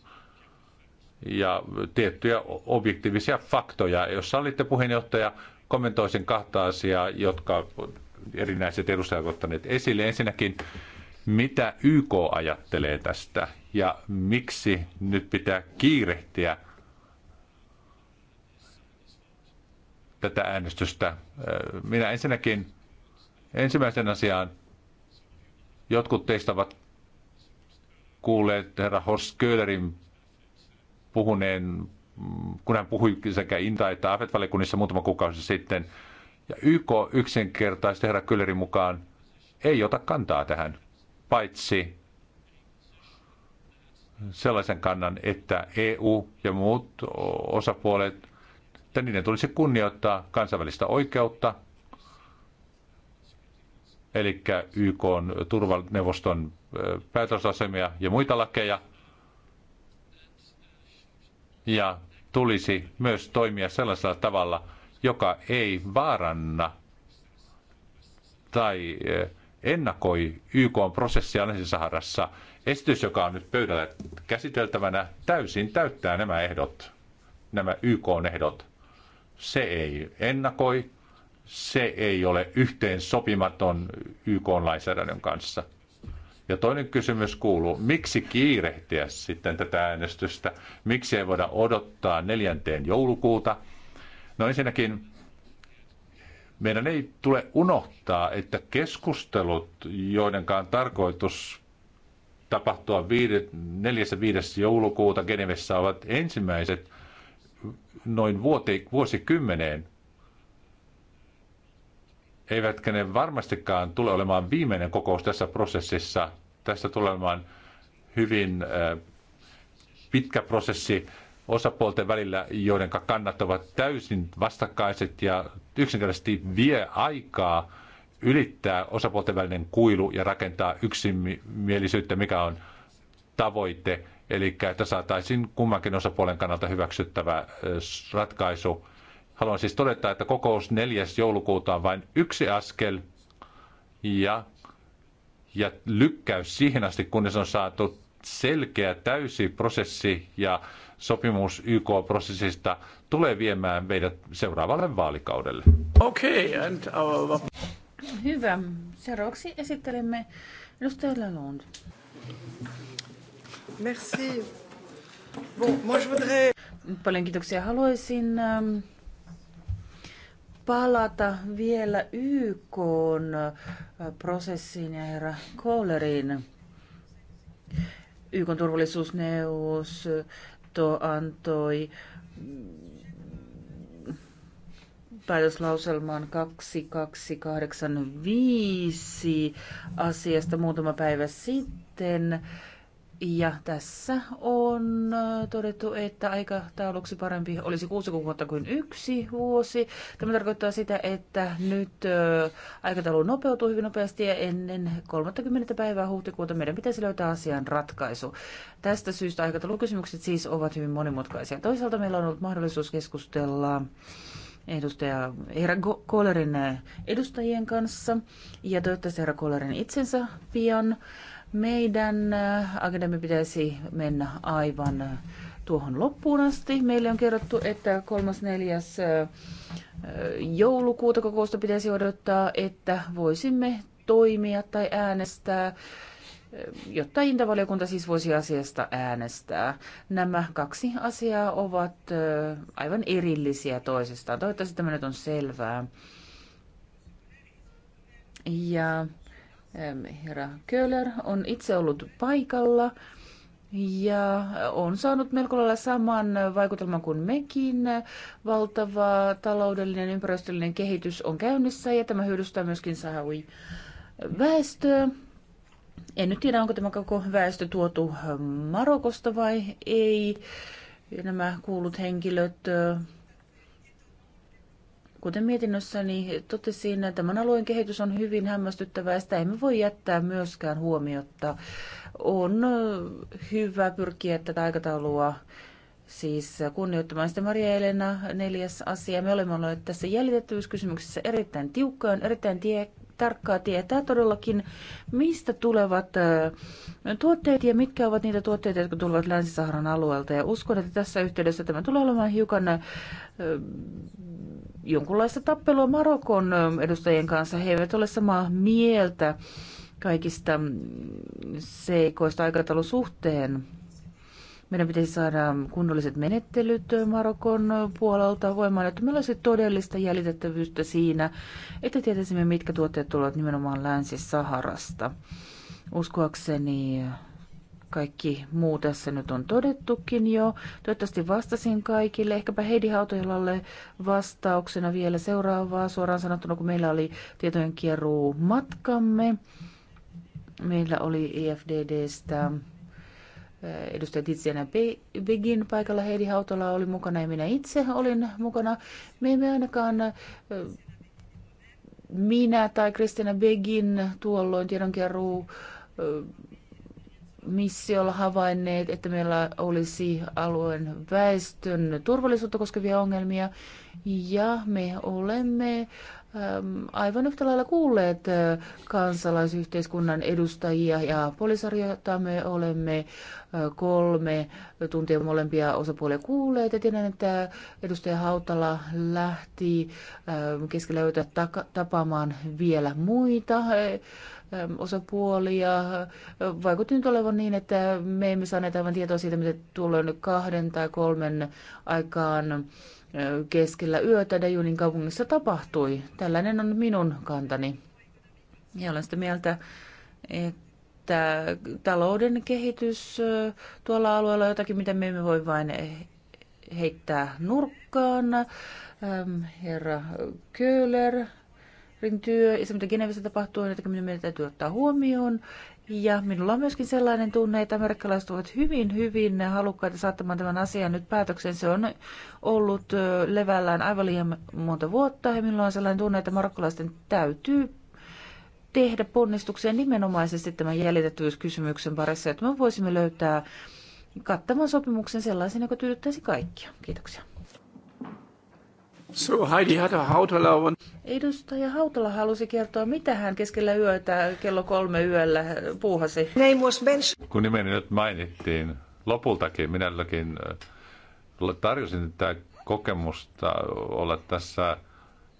ja tiettyjä objektiivisia faktoja. Jos sallitte puheenjohtaja, kommentoisin kahta asiaa, jotka erinäiset edustajat ovat ottaneet esille. Ensinnäkin, mitä YK ajattelee tästä ja miksi nyt pitää kiirehtiä tätä äänestystä. Minä ensinnäkin ensimmäisen asiaan, jotkut teistä ovat kuulleet herra Horst Köhlerin puhuneen, mm, kun hän puhui sekä Inta- että AFET-valikunnissa muutama kuukausi sitten. Ja YK yksinkertaisesti herra Kyllerin mukaan ei ota kantaa tähän, paitsi sellaisen kannan, että EU ja muut osapuolet, että niiden tulisi kunnioittaa kansainvälistä oikeutta, eli YK turvaneuvoston päätösasemia ja muita lakeja, ja tulisi myös toimia sellaisella tavalla, joka ei vaaranna tai e, ennakoi YK-prosessia Länsi-Saharassa. Esitys, joka on nyt pöydällä käsiteltävänä, täysin täyttää nämä ehdot, nämä YK-ehdot. Se ei ennakoi, se ei ole yhteen sopimaton YK-lainsäädännön kanssa – ja toinen kysymys kuuluu, miksi kiirehtiä sitten tätä äänestystä? Miksi ei voida odottaa neljänteen joulukuuta? No ensinnäkin meidän ei tule unohtaa, että keskustelut, joidenkaan tarkoitus tapahtua 4.5. joulukuuta Genevessä ovat ensimmäiset noin vuote, vuosikymmeneen. Eivätkä ne varmastikaan tule olemaan viimeinen kokous tässä prosessissa, tästä tulemaan hyvin äh, pitkä prosessi osapuolten välillä, joiden kannat ovat täysin vastakkaiset ja yksinkertaisesti vie aikaa ylittää osapuolten välinen kuilu ja rakentaa yksimielisyyttä, mikä on tavoite. Eli että saataisiin kummankin osapuolen kannalta hyväksyttävä äh, ratkaisu. Haluan siis todeta, että kokous 4. joulukuuta on vain yksi askel ja ja lykkäys siihen asti, kunnes on saatu selkeä täysi prosessi ja sopimus YK-prosessista tulee viemään meidät seuraavalle vaalikaudelle. Okay, and our... Hyvä. Seuraavaksi esittelemme edustaja Lalonde. Merci. Bon, moi je voudrais... Paljon kiitoksia. Haluaisin ähm, palata vielä YK prosessiin ja herra Kohleriin. YK turvallisuusneuvosto antoi päätöslauselmaan 2285 asiasta muutama päivä sitten. Ja tässä on todettu, että aikatauluksi parempi olisi kuusi kuukautta kuin yksi vuosi. Tämä tarkoittaa sitä, että nyt aikataulu nopeutuu hyvin nopeasti ja ennen 30. päivää huhtikuuta meidän pitäisi löytää asian ratkaisu. Tästä syystä aikataulukysymykset siis ovat hyvin monimutkaisia. Toisaalta meillä on ollut mahdollisuus keskustella edustaja herra Kohlerin edustajien kanssa ja toivottavasti herra Kohlerin itsensä pian. Meidän äh, agenda pitäisi mennä aivan äh, tuohon loppuun asti. Meille on kerrottu, että 3.4. Äh, joulukuuta kokousta pitäisi odottaa, että voisimme toimia tai äänestää, jotta intavaliokunta siis voisi asiasta äänestää. Nämä kaksi asiaa ovat aivan erillisiä toisistaan. Toivottavasti tämä nyt on selvää. Ja herra Köhler on itse ollut paikalla ja on saanut melko lailla saman vaikutelman kuin mekin. Valtava taloudellinen ja ympäristöllinen kehitys on käynnissä ja tämä hyödystää myöskin Sahawi väestöä. En nyt tiedä, onko tämä koko väestö tuotu Marokosta vai ei. Nämä kuulut henkilöt Kuten mietinnössäni totesin, tämän alueen kehitys on hyvin hämmästyttävää ja sitä emme voi jättää myöskään huomiota. On hyvä pyrkiä tätä aikataulua siis kunnioittamaan sitä Maria Elena neljäs asia. Me olemme olleet tässä jäljitettävyyskysymyksessä erittäin tiukkaan, erittäin tie, tarkkaa tietää todellakin, mistä tulevat äh, tuotteet ja mitkä ovat niitä tuotteita, jotka tulevat Länsi-Saharan alueelta. Ja uskon, että tässä yhteydessä tämä tulee olemaan hiukan äh, jonkunlaista tappelua Marokon edustajien kanssa. He eivät ole samaa mieltä kaikista mm, seikoista aikataulusuhteen. Meidän pitäisi saada kunnolliset menettelyt Marokon puolelta voimaan, että meillä olisi todellista jäljitettävyyttä siinä, että tietäisimme, mitkä tuotteet tulevat nimenomaan Länsi-Saharasta. Uskoakseni kaikki muu tässä nyt on todettukin jo. Toivottavasti vastasin kaikille. Ehkäpä Heidi Hautojalalle vastauksena vielä seuraavaa suoraan sanottuna, kun meillä oli tietojen kierruu matkamme. Meillä oli EFDDstä eh, edustaja Titsiänä Begin paikalla, Heidi Hautola oli mukana ja minä itse olin mukana. Me emme ainakaan eh, minä tai Kristina Begin tuolloin tiedonkieruu eh, missiolla havainneet, että meillä olisi alueen väestön turvallisuutta koskevia ongelmia, ja me olemme ähm, aivan yhtä lailla kuulleet äh, kansalaisyhteiskunnan edustajia ja polisarjoita. Me olemme äh, kolme tuntia molempia osapuolia kuulleet ja tiedän, että edustaja Hautala lähti ähm, keskellä yötä tapaamaan vielä muita äh, osapuolia. Vaikutti nyt olevan niin, että me emme saaneet aivan tietoa siitä, mitä tuolloin kahden tai kolmen aikaan keskellä yötä Dajunin kaupungissa tapahtui. Tällainen on minun kantani. Ja olen sitä mieltä, että talouden kehitys tuolla alueella on jotakin, mitä me emme voi vain heittää nurkkaan. Herra Köhler työ ja se, mitä Genevessä tapahtuu, on jotakin, meidän täytyy ottaa huomioon. Ja minulla on myöskin sellainen tunne, että amerikkalaiset ovat hyvin, hyvin halukkaita saattamaan tämän asian nyt päätökseen. Se on ollut levällään aivan liian monta vuotta ja minulla on sellainen tunne, että marokkalaisten täytyy tehdä ponnistuksia nimenomaisesti tämän jäljitettävyyskysymyksen parissa, että me voisimme löytää kattavan sopimuksen sellaisen, joka tyydyttäisi kaikkia. Kiitoksia. So Heidi Hautala on... Edustaja Hautala halusi kertoa, mitä hän keskellä yötä kello kolme yöllä puuhasi. Kun nimeni nyt mainittiin, lopultakin minälläkin äh, tarjosin tätä kokemusta olla tässä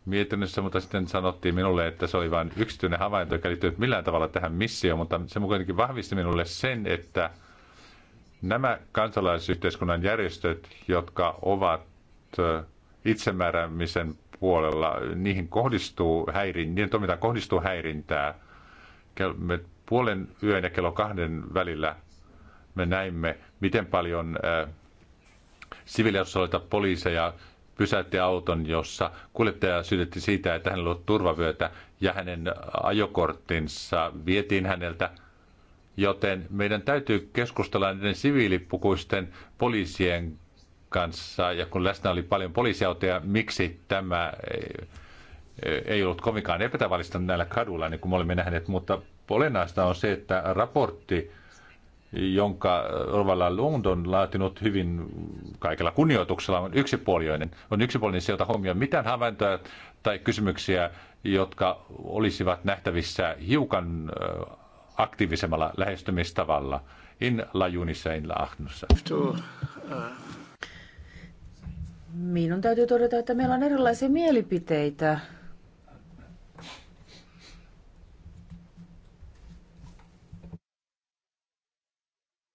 mietinnössä, mutta sitten sanottiin minulle, että se oli vain yksityinen havainto, joka liittyy millään tavalla tähän missioon, mutta se kuitenkin vahvisti minulle sen, että nämä kansalaisyhteiskunnan järjestöt, jotka ovat äh, itsemääräämisen puolella, niihin kohdistuu häirin, niiden toimintaan kohdistuu häirintää. Me puolen yön ja kello kahden välillä me näimme, miten paljon äh, poliiseja pysäytti auton, jossa kuljettaja syytettiin siitä, että hänellä oli turvavyötä ja hänen ajokorttinsa vietiin häneltä. Joten meidän täytyy keskustella näiden siviilipukuisten poliisien kanssa ja kun läsnä oli paljon poliisiautoja, miksi tämä eh, eh, ei ollut kovinkaan epätavallista näillä kaduilla, niin kuin me olemme nähneet, mutta olennaista on se, että raportti, jonka eh, Rovalla London on laatinut hyvin kaikella kunnioituksella, on yksipuolinen. On yksipuolinen sieltä huomioon mitään havaintoja tai kysymyksiä, jotka olisivat nähtävissä hiukan aktiivisemmalla lähestymistavalla. In la junissa, in la ahnussa. Minun täytyy todeta, että meillä on erilaisia mielipiteitä.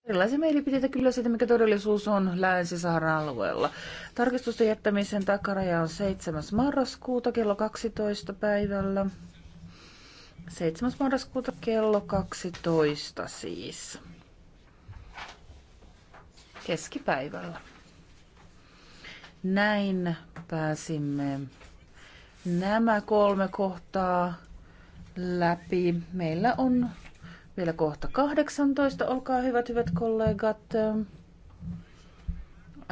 Erilaisia mielipiteitä kyllä siitä, mikä todellisuus on länsi alueella. Tarkistusten jättämisen takaraja on 7. marraskuuta kello 12 päivällä. 7. marraskuuta kello 12 siis. Keskipäivällä. Näin pääsimme nämä kolme kohtaa läpi. Meillä on vielä kohta 18. Olkaa hyvät, hyvät kollegat.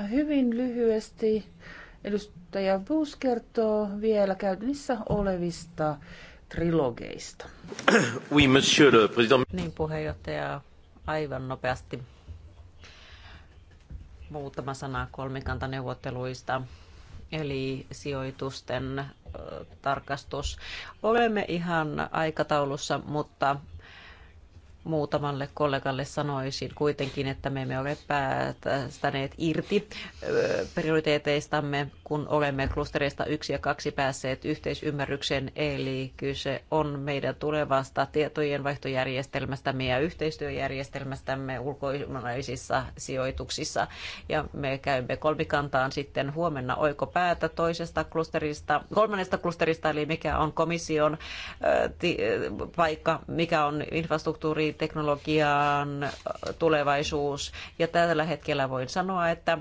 Hyvin lyhyesti edustaja Bus kertoo vielä käytännössä olevista trilogeista. Oui, monsieur le président. Niin, puheenjohtaja, aivan nopeasti muutama sana kolmikantaneuvotteluista eli sijoitusten tarkastus. Olemme ihan aikataulussa, mutta muutamalle kollegalle sanoisin kuitenkin, että me emme ole päästäneet irti prioriteeteistamme, kun olemme klustereista yksi ja kaksi päässeet yhteisymmärrykseen, eli kyse on meidän tulevasta tietojen vaihtojärjestelmästämme ja yhteistyöjärjestelmästämme ulkoisissa sijoituksissa. Ja me käymme kolmikantaan sitten huomenna oikopäätä toisesta klusterista, kolmannesta klusterista, eli mikä on komission paikka, mikä on infrastruktuuri teknologian tulevaisuus. Ja tällä hetkellä voin sanoa, että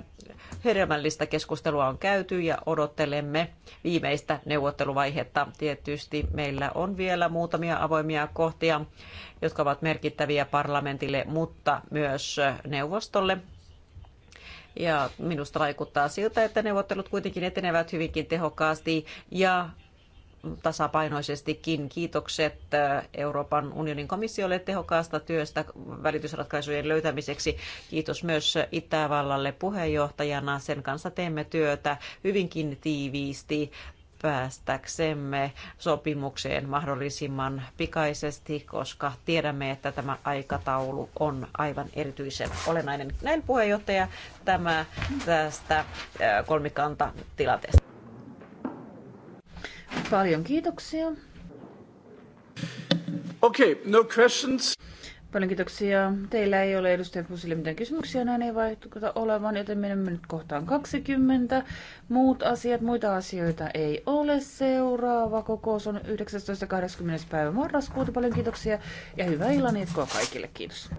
hedelmällistä keskustelua on käyty ja odottelemme viimeistä neuvotteluvaihetta. Tietysti meillä on vielä muutamia avoimia kohtia, jotka ovat merkittäviä parlamentille, mutta myös neuvostolle. Ja minusta vaikuttaa siltä, että neuvottelut kuitenkin etenevät hyvinkin tehokkaasti ja tasapainoisestikin. Kiitokset äh, Euroopan unionin komissiolle tehokkaasta työstä välitysratkaisujen löytämiseksi. Kiitos myös Itävallalle puheenjohtajana. Sen kanssa teemme työtä hyvinkin tiiviisti päästäksemme sopimukseen mahdollisimman pikaisesti, koska tiedämme, että tämä aikataulu on aivan erityisen olennainen. Näin puheenjohtaja tämä tästä äh, kolmikanta tilanteesta. Paljon kiitoksia. Okei, okay, no questions. Paljon kiitoksia. Teillä ei ole edustaja Fusille mitään kysymyksiä, näin ei vaikuta olevan, joten menemme nyt kohtaan 20. Muut asiat, muita asioita ei ole. Seuraava kokous on 19.20. päivä marraskuuta. Paljon kiitoksia ja hyvää illan kaikille. Kiitos.